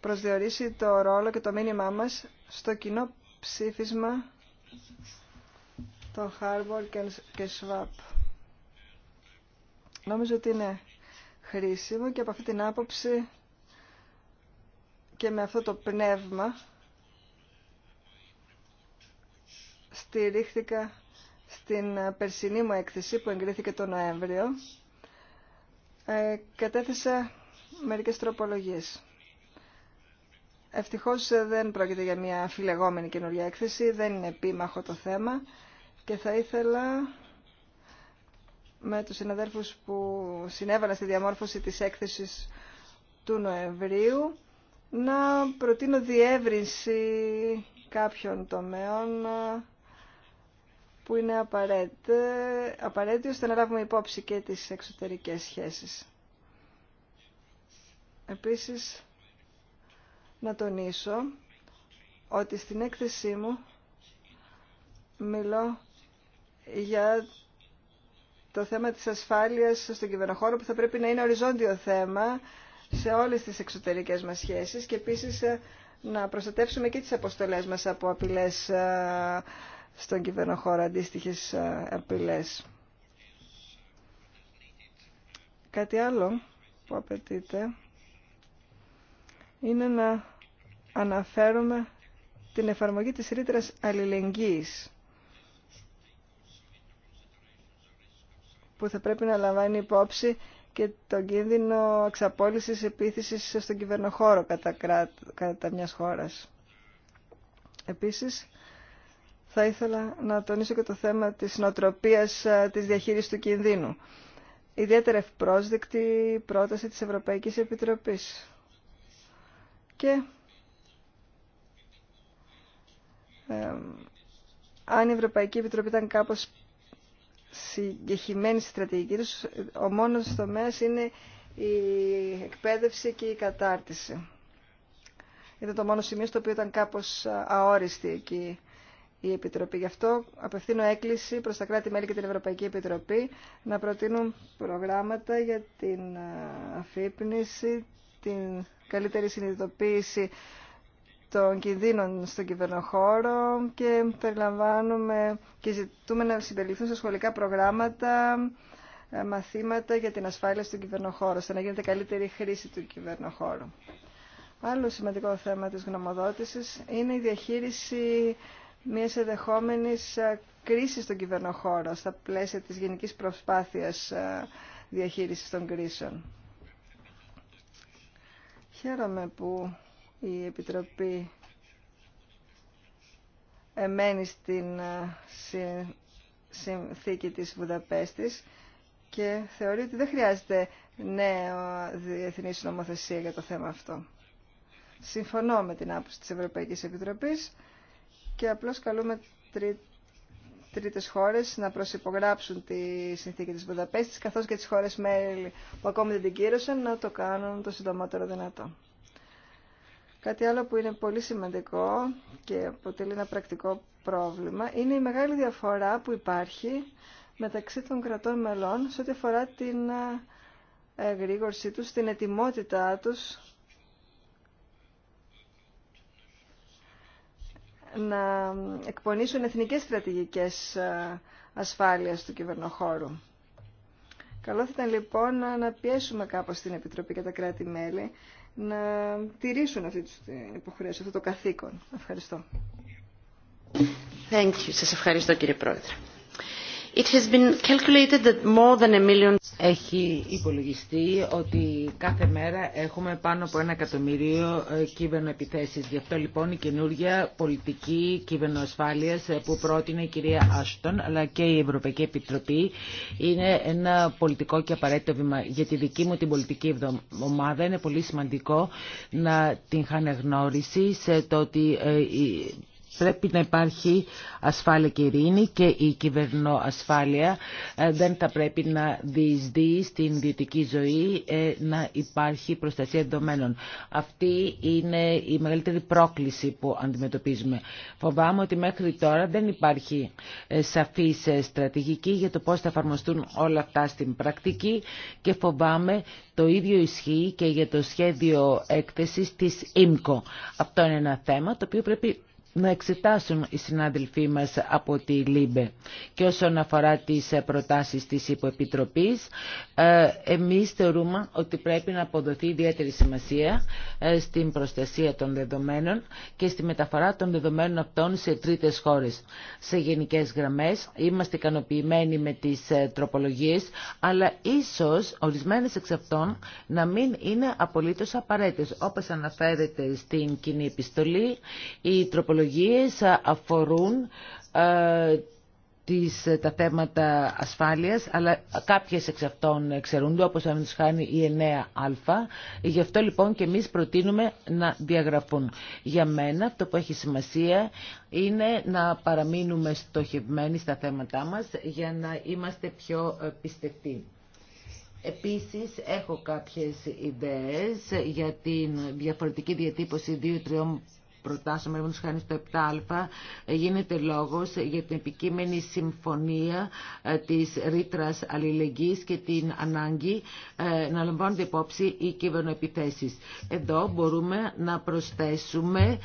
προσδιορίσει το ρόλο και το μήνυμά μας στο κοινό ψήφισμα το Harbor και Σβάπ. Νομίζω ότι είναι χρήσιμο και από αυτή την άποψη και με αυτό το πνεύμα στηρίχθηκα στην περσινή μου έκθεση που εγκρίθηκε τον Νοέμβριο. Ε, κατέθεσα μερικές τροπολογίες. Ευτυχώς δεν πρόκειται για μια φιλεγόμενη καινούργια έκθεση, δεν είναι επίμαχο το θέμα και θα ήθελα με τους συναδέλφους που συνέβαλαν στη διαμόρφωση της έκθεσης του Νοεμβρίου να προτείνω διεύρυνση κάποιων τομέων που είναι απαραίτητοι ώστε να λάβουμε υπόψη και τις εξωτερικές σχέσεις. Επίσης, να τονίσω ότι στην έκθεσή μου μιλώ για το θέμα της ασφάλειας στον κυβερνοχώρο που θα πρέπει να είναι οριζόντιο θέμα σε όλες τις εξωτερικές μας σχέσεις και επίσης ε, να προστατεύσουμε και τις αποστολές μας από απειλές ε, στον κυβερνοχώρο, αντίστοιχες ε, απειλές. Κάτι άλλο που απαιτείται είναι να αναφέρουμε την εφαρμογή της ρήτρας αλληλεγγύης που θα πρέπει να λαμβάνει υπόψη και τον κίνδυνο εξαπόλυσης επίθεσης στον κυβερνοχώρο κατά, κράτ, κατά μιας χώρας. Επίσης, θα ήθελα να τονίσω και το θέμα της νοοτροπίας ε, της διαχείρισης του κινδύνου. Ιδιαίτερα ευπρόσδεκτη πρόταση της Ευρωπαϊκής Επιτροπής. Και ε, αν η Ευρωπαϊκή Επιτροπή ήταν κάπως συγκεχημένη στρατηγική ο μόνος τομέας είναι η εκπαίδευση και η κατάρτιση. Ήταν το μόνο σημείο στο οποίο ήταν κάπως αόριστη εκεί η Επιτροπή. Γι' αυτό απευθύνω έκκληση προς τα κράτη-μέλη και την Ευρωπαϊκή Επιτροπή να προτείνουν προγράμματα για την αφύπνιση, την καλύτερη συνειδητοποίηση των κινδύνων στον κυβερνοχώρο και περιλαμβάνουμε και ζητούμε να συμπεριληφθούν σε σχολικά προγράμματα ε, μαθήματα για την ασφάλεια στον κυβερνοχώρο, ώστε να γίνεται καλύτερη χρήση του κυβερνοχώρου. Άλλο σημαντικό θέμα της γνωμοδότησης είναι η διαχείριση μιας εδεχόμενης ε, κρίσης στον κυβερνοχώρο, στα πλαίσια της γενικής προσπάθειας ε, διαχείρισης των κρίσεων. Χαίρομαι που η Επιτροπή εμένει στην ε, συνθήκη της Βουδαπέστης και θεωρεί ότι δεν χρειάζεται νέο διεθνής νομοθεσία για το θέμα αυτό. Συμφωνώ με την άποψη της Ευρωπαϊκής Επιτροπής και απλώς καλούμε τρι... τρίτες χώρες να προσυπογράψουν τη συνθήκη της Βουδαπέστης καθώς και τις χώρες μέλη που ακόμη δεν την κύρωσαν να το κάνουν το συντομότερο δυνατό. Κάτι άλλο που είναι πολύ σημαντικό και αποτελεί ένα πρακτικό πρόβλημα είναι η μεγάλη διαφορά που υπάρχει μεταξύ των κρατών μελών σε ό,τι αφορά την ε, εγρήγορσή τους, την ετοιμότητά τους να εκπονήσουν εθνικές στρατηγικές ε, ασφάλειας του κυβερνοχώρου. Καλό θα ήταν λοιπόν να πιέσουμε κάπως την Επιτροπή και τα κράτη-μέλη να τηρήσουν αυτή την υποχρέωση, αυτό το καθήκον. Ευχαριστώ. Thank you. Σας ευχαριστώ κύριε Πρόεδρε. It has been calculated that more than a million... Έχει υπολογιστεί ότι κάθε μέρα έχουμε πάνω από ένα εκατομμύριο ε, επιθέσεις. Γι' αυτό λοιπόν η καινούργια πολιτική ασφάλειας ε, που πρότεινε η κυρία Άστον αλλά και η Ευρωπαϊκή Επιτροπή είναι ένα πολιτικό και απαραίτητο βήμα. Για τη δική μου την πολιτική ομάδα είναι πολύ σημαντικό να την χάνε γνώριση σε το ότι ε, πρέπει να υπάρχει ασφάλεια και ειρήνη και η κυβερνοασφάλεια ε, δεν θα πρέπει να διεισδύει στην ιδιωτική ζωή ε, να υπάρχει προστασία δεδομένων. Αυτή είναι η μεγαλύτερη πρόκληση που αντιμετωπίζουμε. Φοβάμαι ότι μέχρι τώρα δεν υπάρχει ε, σαφής στρατηγική για το πώς θα εφαρμοστούν όλα αυτά στην πρακτική και φοβάμαι το ίδιο ισχύει και για το σχέδιο έκθεσης της ΙΜΚΟ. Αυτό είναι ένα θέμα το οποίο πρέπει να εξετάσουν οι συνάδελφοί μας από τη ΛΥΜΠΕ. Και όσον αφορά τις ε, προτάσεις της Υποεπιτροπής, ε, εμείς θεωρούμε ότι πρέπει να αποδοθεί ιδιαίτερη σημασία ε, στην προστασία των δεδομένων και στη μεταφορά των δεδομένων αυτών σε τρίτες χώρες. Σε γενικές γραμμές είμαστε ικανοποιημένοι με τις τροπολογίες, αλλά ίσως ορισμένες εξ αυτών να μην είναι απολύτως απαραίτητες. Όπως αναφέρεται στην κοινή επιστολή, τεχνολογίες αφορούν ε, τις, ε, τα θέματα ασφάλειας, αλλά κάποιες εξ αυτών ξερούνται, όπως αν τους χάνει η 9α. Γι' αυτό λοιπόν και εμείς προτείνουμε να διαγραφούν. Για μένα αυτό που έχει σημασία είναι να παραμείνουμε στοχευμένοι στα θέματά μας για να είμαστε πιο ε, πιστευτοί. Επίσης έχω κάποιες ιδέες για την διαφορετική διατύπωση δύο-τριών Προτάσουμε, μερικούς χάνει στο 7α, ε, γίνεται λόγος για την επικείμενη συμφωνία ε, της ρήτρα αλληλεγγύης και την ανάγκη ε, να λαμβάνονται υπόψη οι κυβερνοεπιθέσεις. Εδώ μπορούμε να προσθέσουμε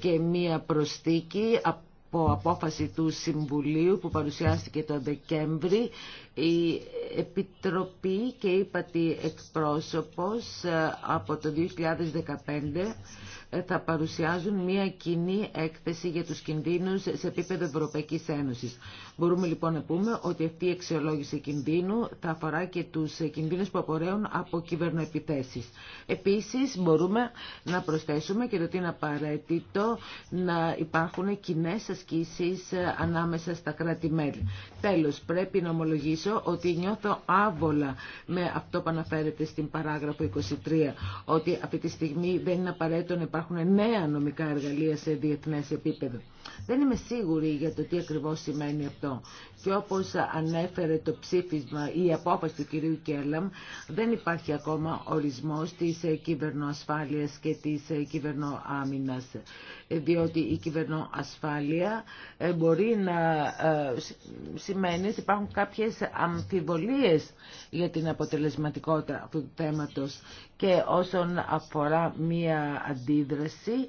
και μία προστίκη από απόφαση του Συμβουλίου που παρουσιάστηκε τον Δεκέμβρη η Επιτροπή και η Πατή Εκπρόσωπος ε, από το 2015 ε, θα παρουσιάζουν μια κοινή έκθεση για τους κινδύνους σε επίπεδο Ευρωπαϊκής Ένωσης. Μπορούμε λοιπόν να πούμε ότι αυτή η αξιολόγηση κινδύνου θα αφορά και τους κινδύνους που απορρέουν από κυβερνοεπιθέσεις. Επίσης μπορούμε να προσθέσουμε και το ότι είναι απαραίτητο να υπάρχουν κοινέ ασκήσεις ε, ανάμεσα στα κράτη-μέλη. Τέλος, πρέπει να ομολογήσουμε ότι νιώθω άβολα με αυτό που αναφέρεται στην παράγραφο 23, ότι αυτή τη στιγμή δεν είναι απαραίτητο να υπάρχουν νέα νομικά εργαλεία σε διεθνές επίπεδο. Δεν είμαι σίγουρη για το τι ακριβώς σημαίνει αυτό. Και όπως ανέφερε το ψήφισμα ή η απόφαση του κυρίου Κέλλαμ, δεν υπάρχει ακόμα ορισμός της κυβερνοασφάλειας και της κυβερνοάμυνας. Ε, διότι η κυβερνοασφάλεια ε, μπορεί να ε, σημαίνει ότι υπάρχουν κάποιες αμφιβολίες για την αποτελεσματικότητα αυτού του θέματος. Και όσον αφορά μία αντίδραση,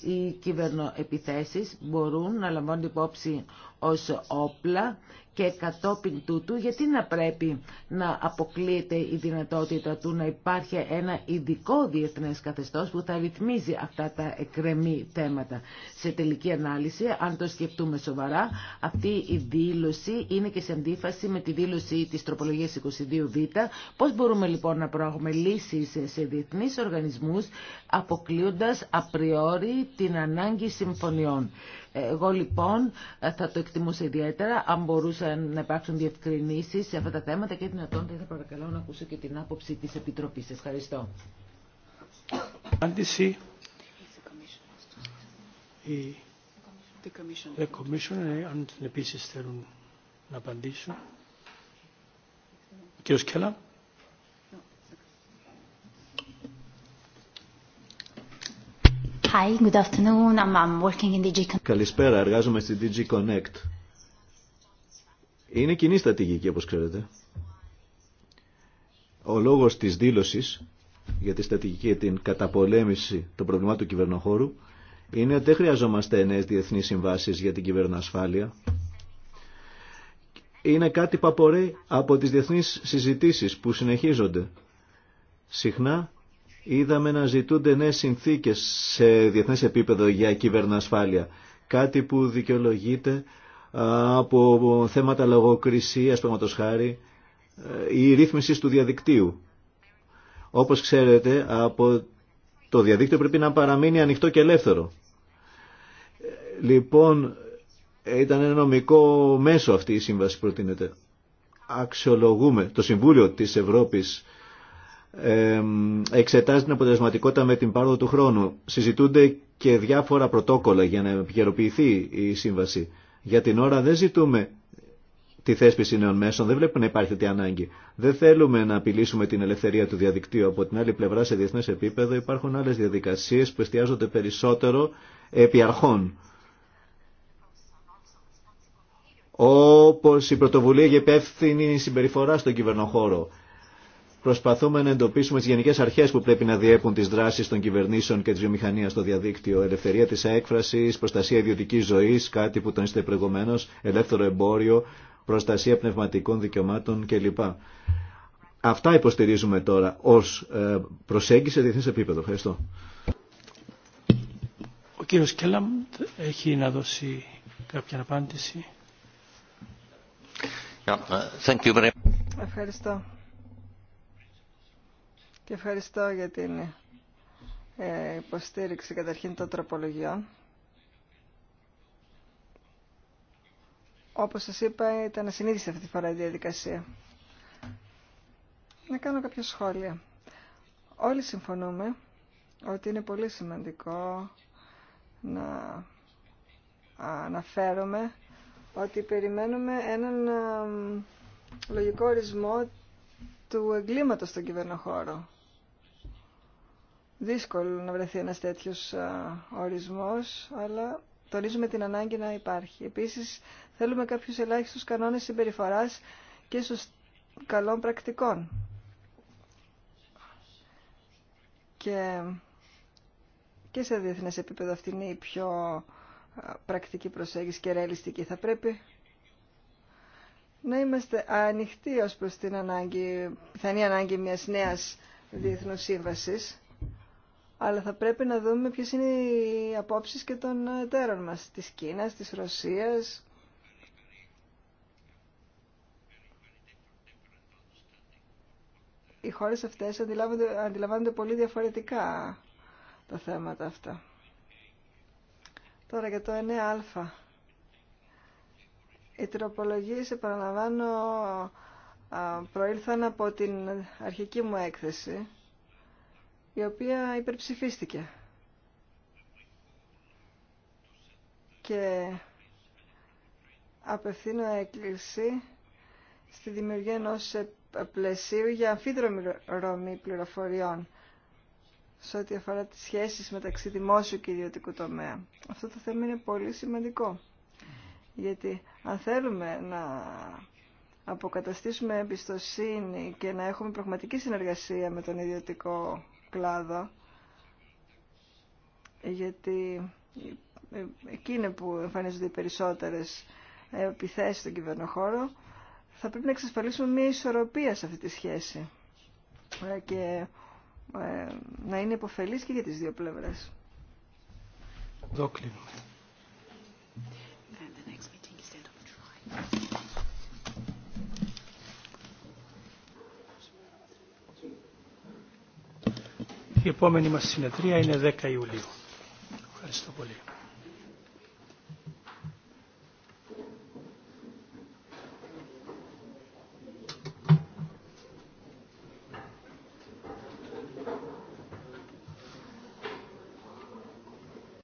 οι κυβερνοεπιθέσεις μπορούν να λαμβάνονται υπόψη ως όπλα και κατόπιν τούτου γιατί να πρέπει να αποκλείεται η δυνατότητα του να υπάρχει ένα ειδικό διεθνές καθεστώς που θα ρυθμίζει αυτά τα εκρεμή θέματα. Σε τελική ανάλυση, αν το σκεφτούμε σοβαρά, αυτή η δήλωση είναι και σε αντίφαση με τη δήλωση της τροπολογίας 22β. Πώς μπορούμε λοιπόν να προάγουμε λύσεις σε διεθνείς οργανισμούς αποκλείοντας απριόρι την ανάγκη συμφωνιών. Εγώ λοιπόν θα το εκτιμούσα ιδιαίτερα αν μπορούσαν να υπάρξουν διευκρινήσει σε αυτά τα θέματα και δυνατόν θα παρακαλώ να ακούσω και την άποψη της Επιτροπής. Ευχαριστώ. Η... The Commissioner, ε, αν θέλουν να απαντήσουν. Κύριος Κέλλα. Καλησπέρα, εργάζομαι στη DG Connect. Είναι κοινή στρατηγική, όπως ξέρετε. Ο λόγος της δήλωσης για τη στρατηγική και την καταπολέμηση των προβλημάτων του κυβερνοχώρου είναι ότι δεν χρειαζόμαστε νέε διεθνεί συμβάσει για την κυβερνοασφάλεια. Είναι κάτι που απορρέει από τις διεθνείς συζητήσεις που συνεχίζονται. Συχνά είδαμε να ζητούνται νέες συνθήκες σε διεθνές επίπεδο για ασφάλεια. Κάτι που δικαιολογείται από θέματα λογοκρισίας, πραγματος χάρη, ε, η ρύθμιση του διαδικτύου. Όπως ξέρετε, από το διαδίκτυο πρέπει να παραμείνει ανοιχτό και ελεύθερο. Λοιπόν, ε, ήταν ένα νομικό μέσο αυτή η σύμβαση που προτείνεται. Αξιολογούμε το Συμβούλιο της Ευρώπης εξετάζει την αποτελεσματικότητα με την πάροδο του χρόνου. Συζητούνται και διάφορα πρωτόκολλα για να επικαιροποιηθεί η σύμβαση. Για την ώρα δεν ζητούμε τη θέσπιση νέων μέσων, δεν βλέπουμε να υπάρχει τέτοια ανάγκη. Δεν θέλουμε να απειλήσουμε την ελευθερία του διαδικτύου. Από την άλλη πλευρά, σε διεθνέ επίπεδο υπάρχουν άλλε διαδικασίε που εστιάζονται περισσότερο επί αρχών. Όπω η πρωτοβουλία για υπεύθυνη συμπεριφορά στον κυβερνοχώρο Προσπαθούμε να εντοπίσουμε τι γενικέ αρχέ που πρέπει να διέπουν τι δράσει των κυβερνήσεων και τη βιομηχανία στο διαδίκτυο. Ελευθερία τη έκφραση, προστασία ιδιωτική ζωή, κάτι που είστε προηγουμένω, ελεύθερο εμπόριο, προστασία πνευματικών δικαιωμάτων κλπ. Αυτά υποστηρίζουμε τώρα ω ε, προσέγγιση σε επίπεδο. Ευχαριστώ. Ο κύριος Κέλαμ έχει να δώσει κάποια απάντηση. Uh, Ευχαριστώ και ευχαριστώ για την ε, υποστήριξη καταρχήν των τροπολογιών. Όπως σας είπα, ήταν ασυνήθιστη αυτή τη φορά η διαδικασία. Να κάνω κάποια σχόλια. Όλοι συμφωνούμε ότι είναι πολύ σημαντικό να αναφέρουμε ότι περιμένουμε έναν ε, λογικό ορισμό του εγκλήματος στον κυβερνοχώρο. Δύσκολο να βρεθεί ένας τέτοιος ορισμός, αλλά τονίζουμε την ανάγκη να υπάρχει. Επίσης, θέλουμε κάποιους ελάχιστους κανόνες συμπεριφοράς και στους καλών πρακτικών. Και, και σε διεθνές επίπεδο αυτή είναι η πιο πρακτική προσέγγιση και ρεαλιστική. Θα πρέπει να είμαστε ανοιχτοί ως προς την ανάγκη, πιθανή ανάγκη μιας νέας διεθνούς σύμβασης αλλά θα πρέπει να δούμε ποιες είναι οι απόψεις και των εταίρων μας, της Κίνας, της Ρωσίας. Οι χώρες αυτές αντιλαμβάνονται, αντιλαμβάνονται πολύ διαφορετικά τα θέματα αυτά. Τώρα για το 9α. Οι τροπολογίες, επαναλαμβάνω, προήλθαν από την αρχική μου έκθεση η οποία υπερψηφίστηκε. Και απευθύνω έκκληση στη δημιουργία ενός πλαισίου για αμφίδρομη ρομή πληροφοριών σε ό,τι αφορά τις σχέσεις μεταξύ δημόσιου και ιδιωτικού τομέα. Αυτό το θέμα είναι πολύ σημαντικό, γιατί αν θέλουμε να αποκαταστήσουμε εμπιστοσύνη και να έχουμε πραγματική συνεργασία με τον ιδιωτικό γιατί εκεί είναι που εμφανίζονται οι περισσότερες επιθέσεις στον κυβερνοχώρο θα πρέπει να εξασφαλίσουμε μια ισορροπία σε αυτή τη σχέση ε, και ε, να είναι υποφελής και για τις δύο πλευρές. Η επόμενη μας συνεδρία είναι 10 Ιουλίου. Ευχαριστώ πολύ.